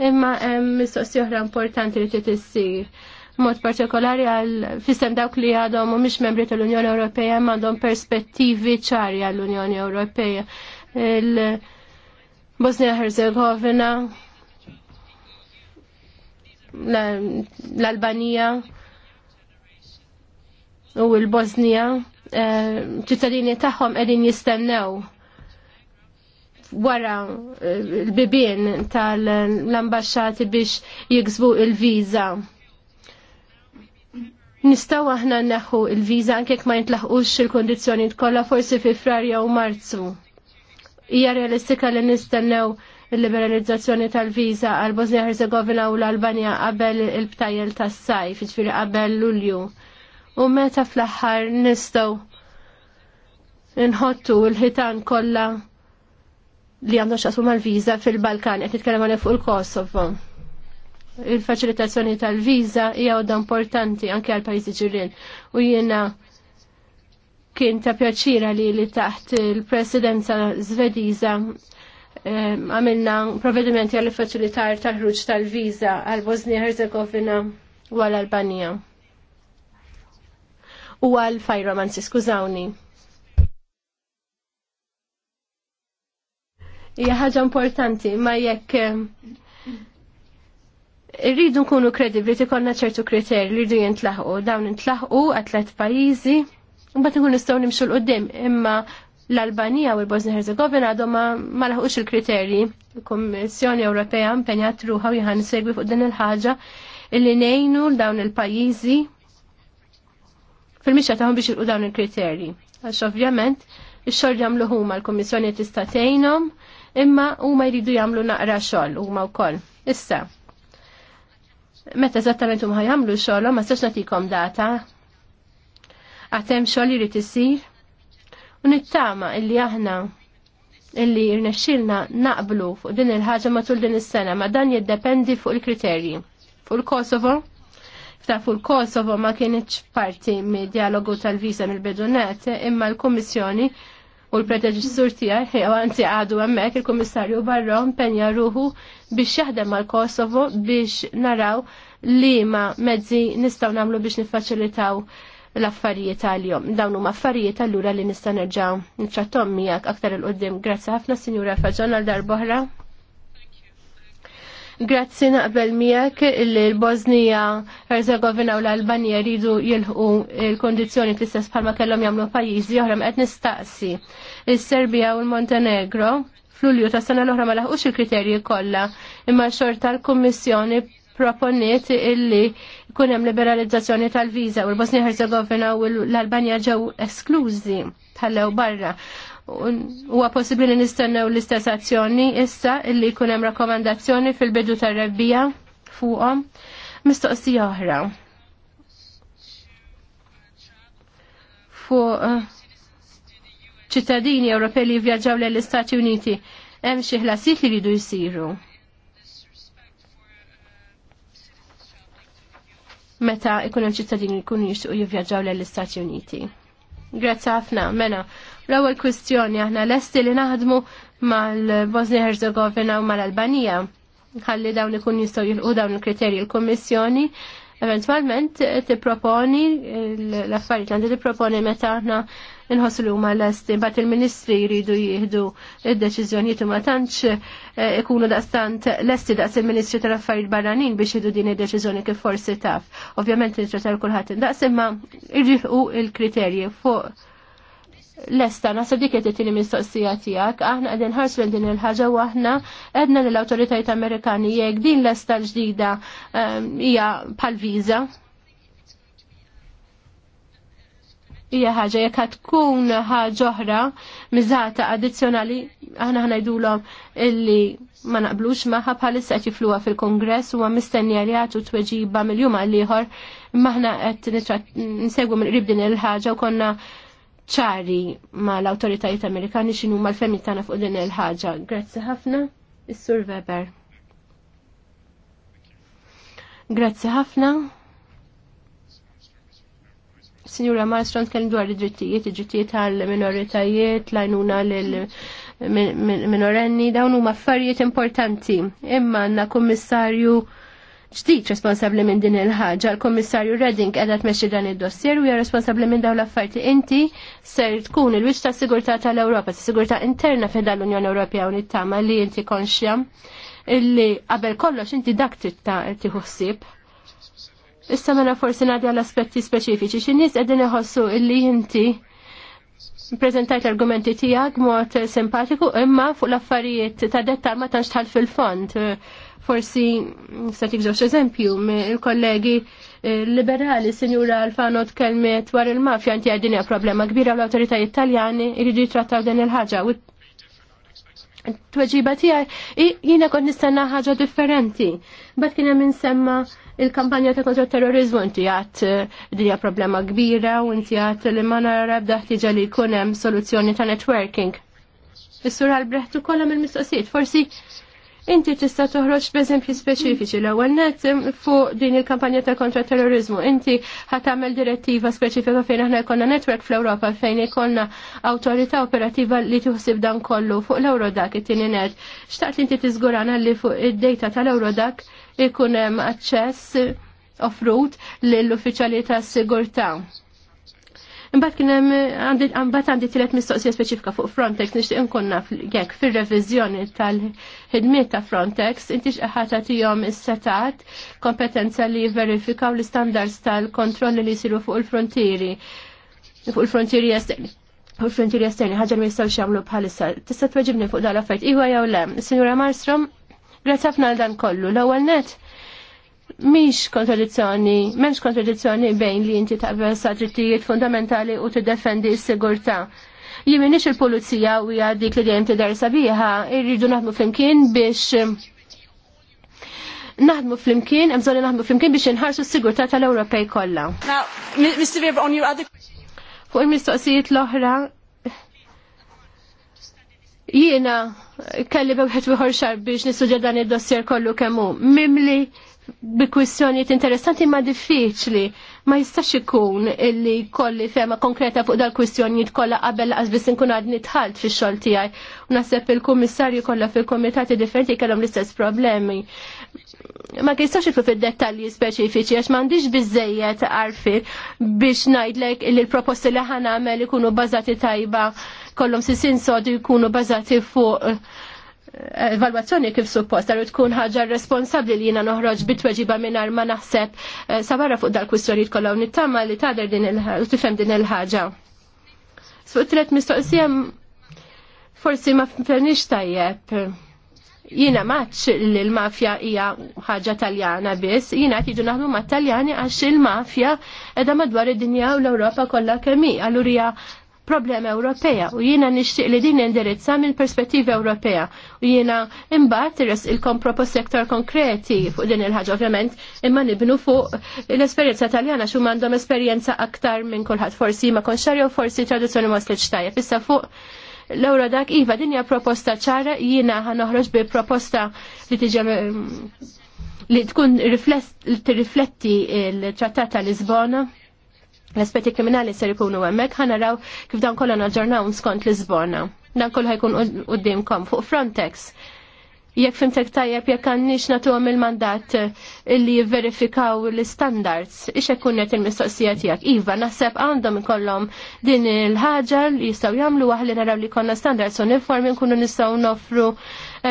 D: imma hemm mistoqsija oħra importanti li trid issir mod partikolari għal fissem dawk li għadhom u mhix membri tal-Unjoni Ewropea għandhom perspettivi ċari għall-Unjoni Ewropea. Il-Bosnia Herzegovina, l-Albanija u l bosnia eh, ċittadini tagħhom qegħdin jistennew wara eh, l-bibien tal-ambasċati biex jiksbu il-viza Nistaw aħna neħu il-viza anke ma jintlaħqux il-kondizjoni tkollha forsi fi frar jew marzu. Hija realistika li nistennew il-liberalizzazzjoni tal-viza għal Bosnia Herzegovina u l-Albania qabel il-btajjel tas-sajf, jiġifieri qabel Lulju. U meta fl-aħħar nistgħu nħottu l-ħitan kollha li għandhom x'qasu mal viża fil-Balkan qed nitkellem fuq il-Kosovo il-faċilitazzjoni tal-viża hija għodda importanti anke għal pajjiżi ġirien. U jiena kien ta' pjaċira li li taħt il-presidenza zvediża eh, għamilna provvedimenti għal facilitar tal-ħruġ tal-viża għal Bosnia Herzegovina u għal Albanija. U għal Fajroman, skużawni. Hija ħaġa importanti, ma jekk eh, Irridu nkunu kredibli tikonna ċertu kriterji li rridu jintlaħqu, dawn intlaħqu għat tliet pajjiżi, u bat nkun nistgħu nimxu l-qudiem, imma l-Albanija u l-Bosnia Herzegovina għadhom ma laħqux il-kriterji. Il-Kommissjoni Ewropea impenjat ruħa u jħan segwi fuq din il-ħaġa illi nejnu l-dawn il-pajjiżi fil-mixja taħom biex il dawn il-kriterji. Għax ovvjament, ix-xogħol jagħmlu huma l-Kummissjoni tista' tgħinhom, imma huma jridu jagħmlu naqra xogħol huma wkoll. Issa, Meta eżattament huma ħajamlu xogħolhom ma s-sax nagħtikom data. Għatem xogħol irid isir u nittama illi aħna illi rnexxilna naqblu fuq din il-ħaġa matul din is-sena ma dan jiddependi fuq il-kriterji. Fuq il-Kosovo, ta' fuq il-Kosovo ma kienieċ parti mid-dialogu tal-visa mill-bidunet imma l-Kummissjoni u l-predeċessur tiegħi anzi għadu hemmhekk il-Kummissarju barron impenja ruħu biex jaħdem mal kosovo biex naraw li ma mezzi nistgħu nagħmlu biex niffaċilitaw l-affarijiet għal-jom. Dawn huma affarijiet allura li nista' nerġa' nitrattom miegħek aktar il-qudiem. Grazzi ħafna, Sinjura Faġon għal darbohra. Grazzi naqbel miegħek li l-Bosnija, Herzegovina u l-Albanija jridu jilħu l-kondizzjoni l-istess bħalma kellhom jagħmlu pajjiżi oħra qed nistaqsi. Is-Serbija u l-Montenegro fl-Ulju ta' sena l-oħra ma laħqux il-kriterji kollha, imma xorta l-Kummissjoni proponiet illi jkun hemm liberalizzazzjoni tal-viża u l-Bosnia Herzegovina u l-Albanija ġew esklużi tal-lew barra huwa possibbli li nistennew l-istess azzjoni issa illi jkun hemm rakkomandazzjoni fil-bidu tar-rebbija fuqhom mistoqsija oħra. Fuq eh, ċittadini Ewropej li vjaġġaw l-Istati Uniti hemm xi ħlasijiet li jridu jsiru. Meta ikun hemm ċittadini jkunu jixtiequ jivvjaġġaw lejn l-Istati Uniti. Grazzi ħafna, mena. L-ewwel kwistjoni aħna lesti li naħdmu mal-Bosnia Herzegovina u mal-Albanija. Ħalli dawn ikun jistgħu jilqu dawn il-kriterji l-Kummissjoni eventualment tipproponi l-affarijiet għandi tipproponi meta aħna Inħoslu li huma lesti, bat il-ministri jridu jieħdu id-deċiżjonijiet u ma tantx eh, ikunu daqstant lesti daqs il-ministri tal-affarijiet barranin biex jieħdu din id-deċiżjoni kif forsi taf. Ovvjament tal kulħadd daqs imma irriħu il-kriterji fuq Lesta, nasa dik qed tieni mistoqsija tiegħek, aħna għedin ħarsu din il-ħaġa u aħna għedna l awtoritajiet Amerikani jekk din lesta l-ġdida eh, hija pal viża hija ħaġa jekk tkun ħaġa oħra miżata addizzjonali aħna ħnajdulhom illi ma naqblux magħha bħalissa qed jifluha fil-Kongress huwa mistennija li jagħtu tweġiba mill-jum għal ieħor maħna qed nsegwu minn qrib din il-ħaġa u konna ċari ma l-autoritajiet Amerikani xinu ma l-femmi tana fuq din il-ħaġa. Grazzi ħafna, Is-Sur Weber. Grazzi ħafna. Signora Marstrand tkellem dwar id-drittijiet, id-drittijiet għal-minoritajiet, lajnuna l-minorenni, dawn huma affarijiet importanti. Imma għandna kummissarju ġdid responsabbli minn din il-ħaġa. L-Kummissarju Redding qiegħda tmexxi dan id-dossier u hija responsabbli minn dawn l-affarijiet. Inti ser tkun il-wiċċ tas-sigurtà tal-Ewropa, tas-sigurtà interna fejn l-Unjoni Ewropea u nittama li inti konxja illi qabel kollox inti dak trid ħsieb Issa mela forsi nadi għal aspetti speċifiċi. X'in-nies qegħdin iħossu illi inti prezentajt l-argumenti tiegħek mod simpatiku imma fuq l-affarijiet ta' dettal ma tantx tħall fil-fond. Forsi se tikżewx eżempju il-kollegi eh, liberali sinjura Alfano tkellmet war il-mafja inti hija problema kbira l-awtoritajiet Taljani jridu jitrattaw din il-ħaġa tweġiba tiegħi jiena kont nistenna ħaġa differenti. Bad kien hemm insemma il-kampanja ta' kontra terrorizmu inti għat eh, dija hija problema kbira u inti għat li ma nara b'daħtiġa li jkun hemm soluzzjoni ta' networking. Is-sur Albrecht ukoll mill mistoqsijiet forsi inti tista' toħroġ b'eżempji speċifiċi l-ewwel net eh, fuq din il-kampanja ta' kontra terrorizmu. Inti ħat tagħmel direttiva speċifika fejn aħna jkollna netwerk fl-Ewropa fejn ikollna awtorità operattiva li tuħsib dan kollu fuq l-Eurodak it-tieni net. Xtaqt inti tiżgurana li fuq id-data tal-Eurodak ikun hemm aċċess offrut lill-uffiċjali tas-sigurtà. Imbagħad kien hemm imbagħad għandi tielet mistoqsija speċifika fuq Frontex nixtieq inkun naf jekk fir-reviżjoni tal-ħidmiet ta' Frontex inti x'aħat tihom is-setat kompetenza li jverifikaw l-istandards tal-kontrolli li jsiru fuq il-frontieri fuq il-frontieri esterni. U l-frontieri esterni ħaġa ma jistgħux jagħmlu bħalissa. Tista' tweġibni fuq dan l-affarijiet iwa jew le. Sinjura Marstrom, Grazzi ħafna għal dan kollu. L-ewwel net miex kontradizzjoni, m'hemmx kontradizzjoni bejn li inti taqbel drittijiet fundamentali u tiddefendi s-sigurtà. Jien m'iniex il-pulizija u hija dik li dejjem tidher sabiħa, irridu naħdmu flimkien biex naħdmu flimkien, emżoni naħdmu flimkien biex nħarsu s-sigurta tal-Ewropej kollha. Mr. Weber, on your other Fuq il-mistoqsijiet l-oħra, Jiena kelli bewħet wieħor xar biex nistudja dan id-dossier kollu kemmu. Mimli bi kwistjonijiet interessanti ma diffiċli. Ma jistax ikun illi kolli fema konkreta fuq dal-kwistjonijiet kollha qabel laqas biss inkun għad nitħalt fix-xogħol tiegħi. Naħseb il-kummissarju kollha fil-komitati differenti kellhom l-istess problemi. Ma jistax ikun fid-dettalji speċifiċi għax m'għandix bizzejiet għarfi biex ngħidlek illi l-proposti li ħana għamel ikunu bazati tajba kollhom sin sodu jkunu bażati fuq eh, evalwazzjoni kif suppost, għarru tkun ħaġa responsabli li jina noħroġ bitweġiba minar ma naħseb eh, sabarra fuq dal-kwistjoniet kollha nittama li tader din il ħagġa tifhem din il-ħaġa. Fuq tret mistoqsija forsi ma fernix tajjeb. Jina maċ li l-mafja hija ħaġa taljana biss, jina tiġu naħdu ma taljani għax il-mafja edha madwar id-dinja u l-Ewropa kollha kemm hi. Allura problema Ewropea u jiena nixtieq li din indirizza minn perspettiva Ewropea u jiena imbagħad irres ilkom propos sektor konkreti fuq din il-ħaġa ovvjament imma nibnu fuq l-esperjenza taljana xum għandhom esperjenza aktar minn kulħadd forsi ma konxarja u forsi traduzzjoni ma slitx tajjeb issa fuq l-ewra dak iva din hija proposta ċara jiena noħroġ bi proposta li tiġi mm, li tkun rifletti l-trattat tal-Lisbona l-aspetti kriminali ser ikunu hemmhekk raw kif dan kollha naġġornaw skont Lisbona. Dan kollu ħajkun uddimkom fuq Frontex. Jekk fimtek tajjeb jekk għandniex nagħtuhom il-mandat eh, illi jivverifikaw l-standards, ix ikun qed il-mistoqsija tiegħek. Iva, naħseb għandhom ikollhom din il-ħaġa li jistgħu jagħmlu waħli naraw li jkollna standards uniformi nkunu nistgħu nofru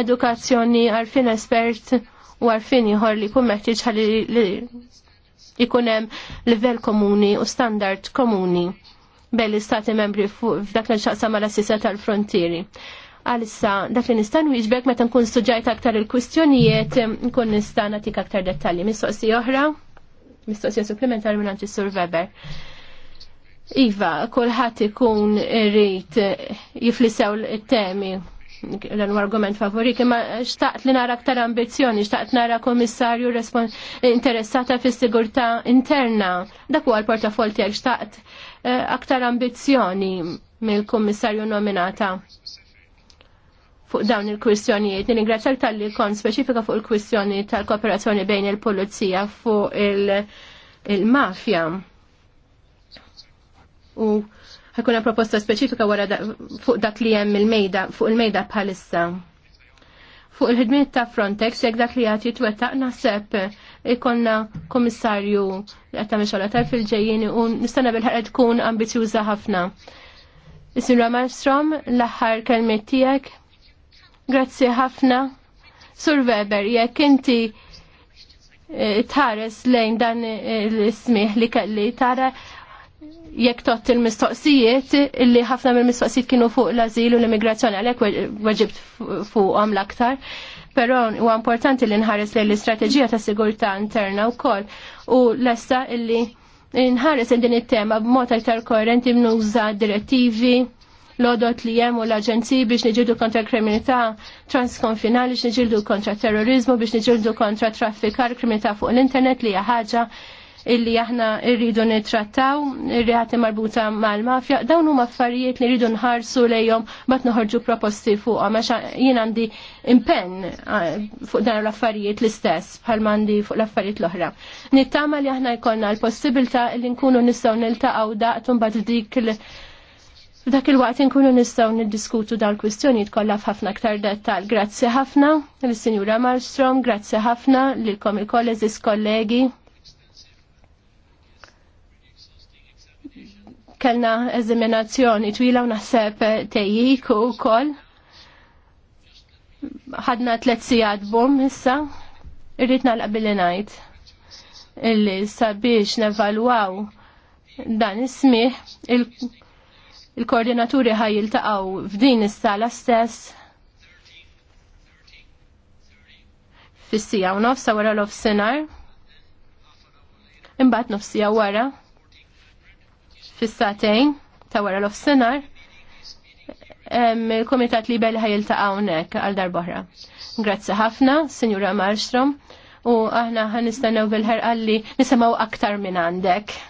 D: edukazzjoni għarfien espert u għarfien ieħor li jkun meħtieġ ħalli ikunem livell komuni u standard komuni belli stati membri f'dak li nxaqsa ma l-assisa tal-frontieri. Għalissa, dak li nistan iġbek meta nkun suġġajt aktar il-kwistjonijiet, nkun nistan għatik aktar dettalji. Mistoqsi oħra, mistoqsija supplementari minn għanti Sur Weber. Iva, kolħat ikun rrit jiflisew il-temi l argument favorit, imma xtaqt li nara aktar ambizjoni, xtaqt nara komissarju interessata fis sigurta interna. Dak huwa l-portafol tiegħek xtaqt eh, aktar ambizjoni mill-komissarju nominata fuq dawn il-kwistjonijiet. Ningrazzjak tal-li kon speċifika fuq il-kwistjoni tal-kooperazzjoni bejn il-pulizija fuq il-mafja. Il u ħakuna proposta speċifika wara fuq dak li hemm il-mejda, fuq il-mejda bħalissa. Fuq il-ħidmiet ta' Frontex, jekk dak li għati twettaq naħseb ikonna komissarju qed meċħala tal fil ġejjini u nistana bil-ħarqa tkun ambizjuża ħafna. Isin Malmstrom, l-aħħar kelmiet tiegħek. Grazzi ħafna. Sur Weber, jekk inti eh, tħares lejn dan eh, l-ismiħ li kelli tara jekk tot il-mistoqsijiet illi ħafna mill-mistoqsijiet kienu fuq l-azil u l-immigrazzjoni għalhekk weġibt fuqhom l-aktar. Però huwa importanti li nħares lejn l-istrateġija ta' sigurtà interna wkoll u lesta illi nħares din it-tema b'mod aktar koerenti mnuża direttivi l-odot li jem u l-aġenziji biex niġildu kontra kriminalità transkonfinali, biex niġildu kontra terrorizmu, biex niġildu kontra traffikar kriminalità fuq l-internet li ħaġa illi aħna rridu nittrattaw, irriħati marbuta mal-mafja, dawn huma affarijiet li rridu nħarsu lejhom bat noħorġu proposti fuqhom għax jien għandi impenn fuq dan l-affarijiet l-istess bħal mandi fuq l-affarijiet l-oħra. Nittama li aħna jkollna l-possibilità li nkunu nistgħu niltaqgħu daqtum bat dik Dak il-waqt nkunu nistgħu niddiskutu dawn kwistjonijiet kollha f'ħafna aktar dettal. Grazzi ħafna lis-Sinjura Malmstrom, grazzi ħafna lilkom il-kolleżis kollegi. kellna eżaminazzjoni twila u naħseb tejjik u wkoll. Ħadna tliet sigħat bum issa, irrid nagħlaq billi ngħid illi sabiex nevalwaw dan ismiħ il-koordinaturi ħaj jiltaqaw f'din is-sala stess f'issija u nofsa wara l ofsinar imbagħad nofsija wara fissatejn ta' wara l-offsenar il-Komitat Libel ta' hawnhekk għal darbohra. Grazzi ħafna, Signora Marstrom, u aħna ħanistennew bil-ħerqalli nisimgħu aktar minn għandek.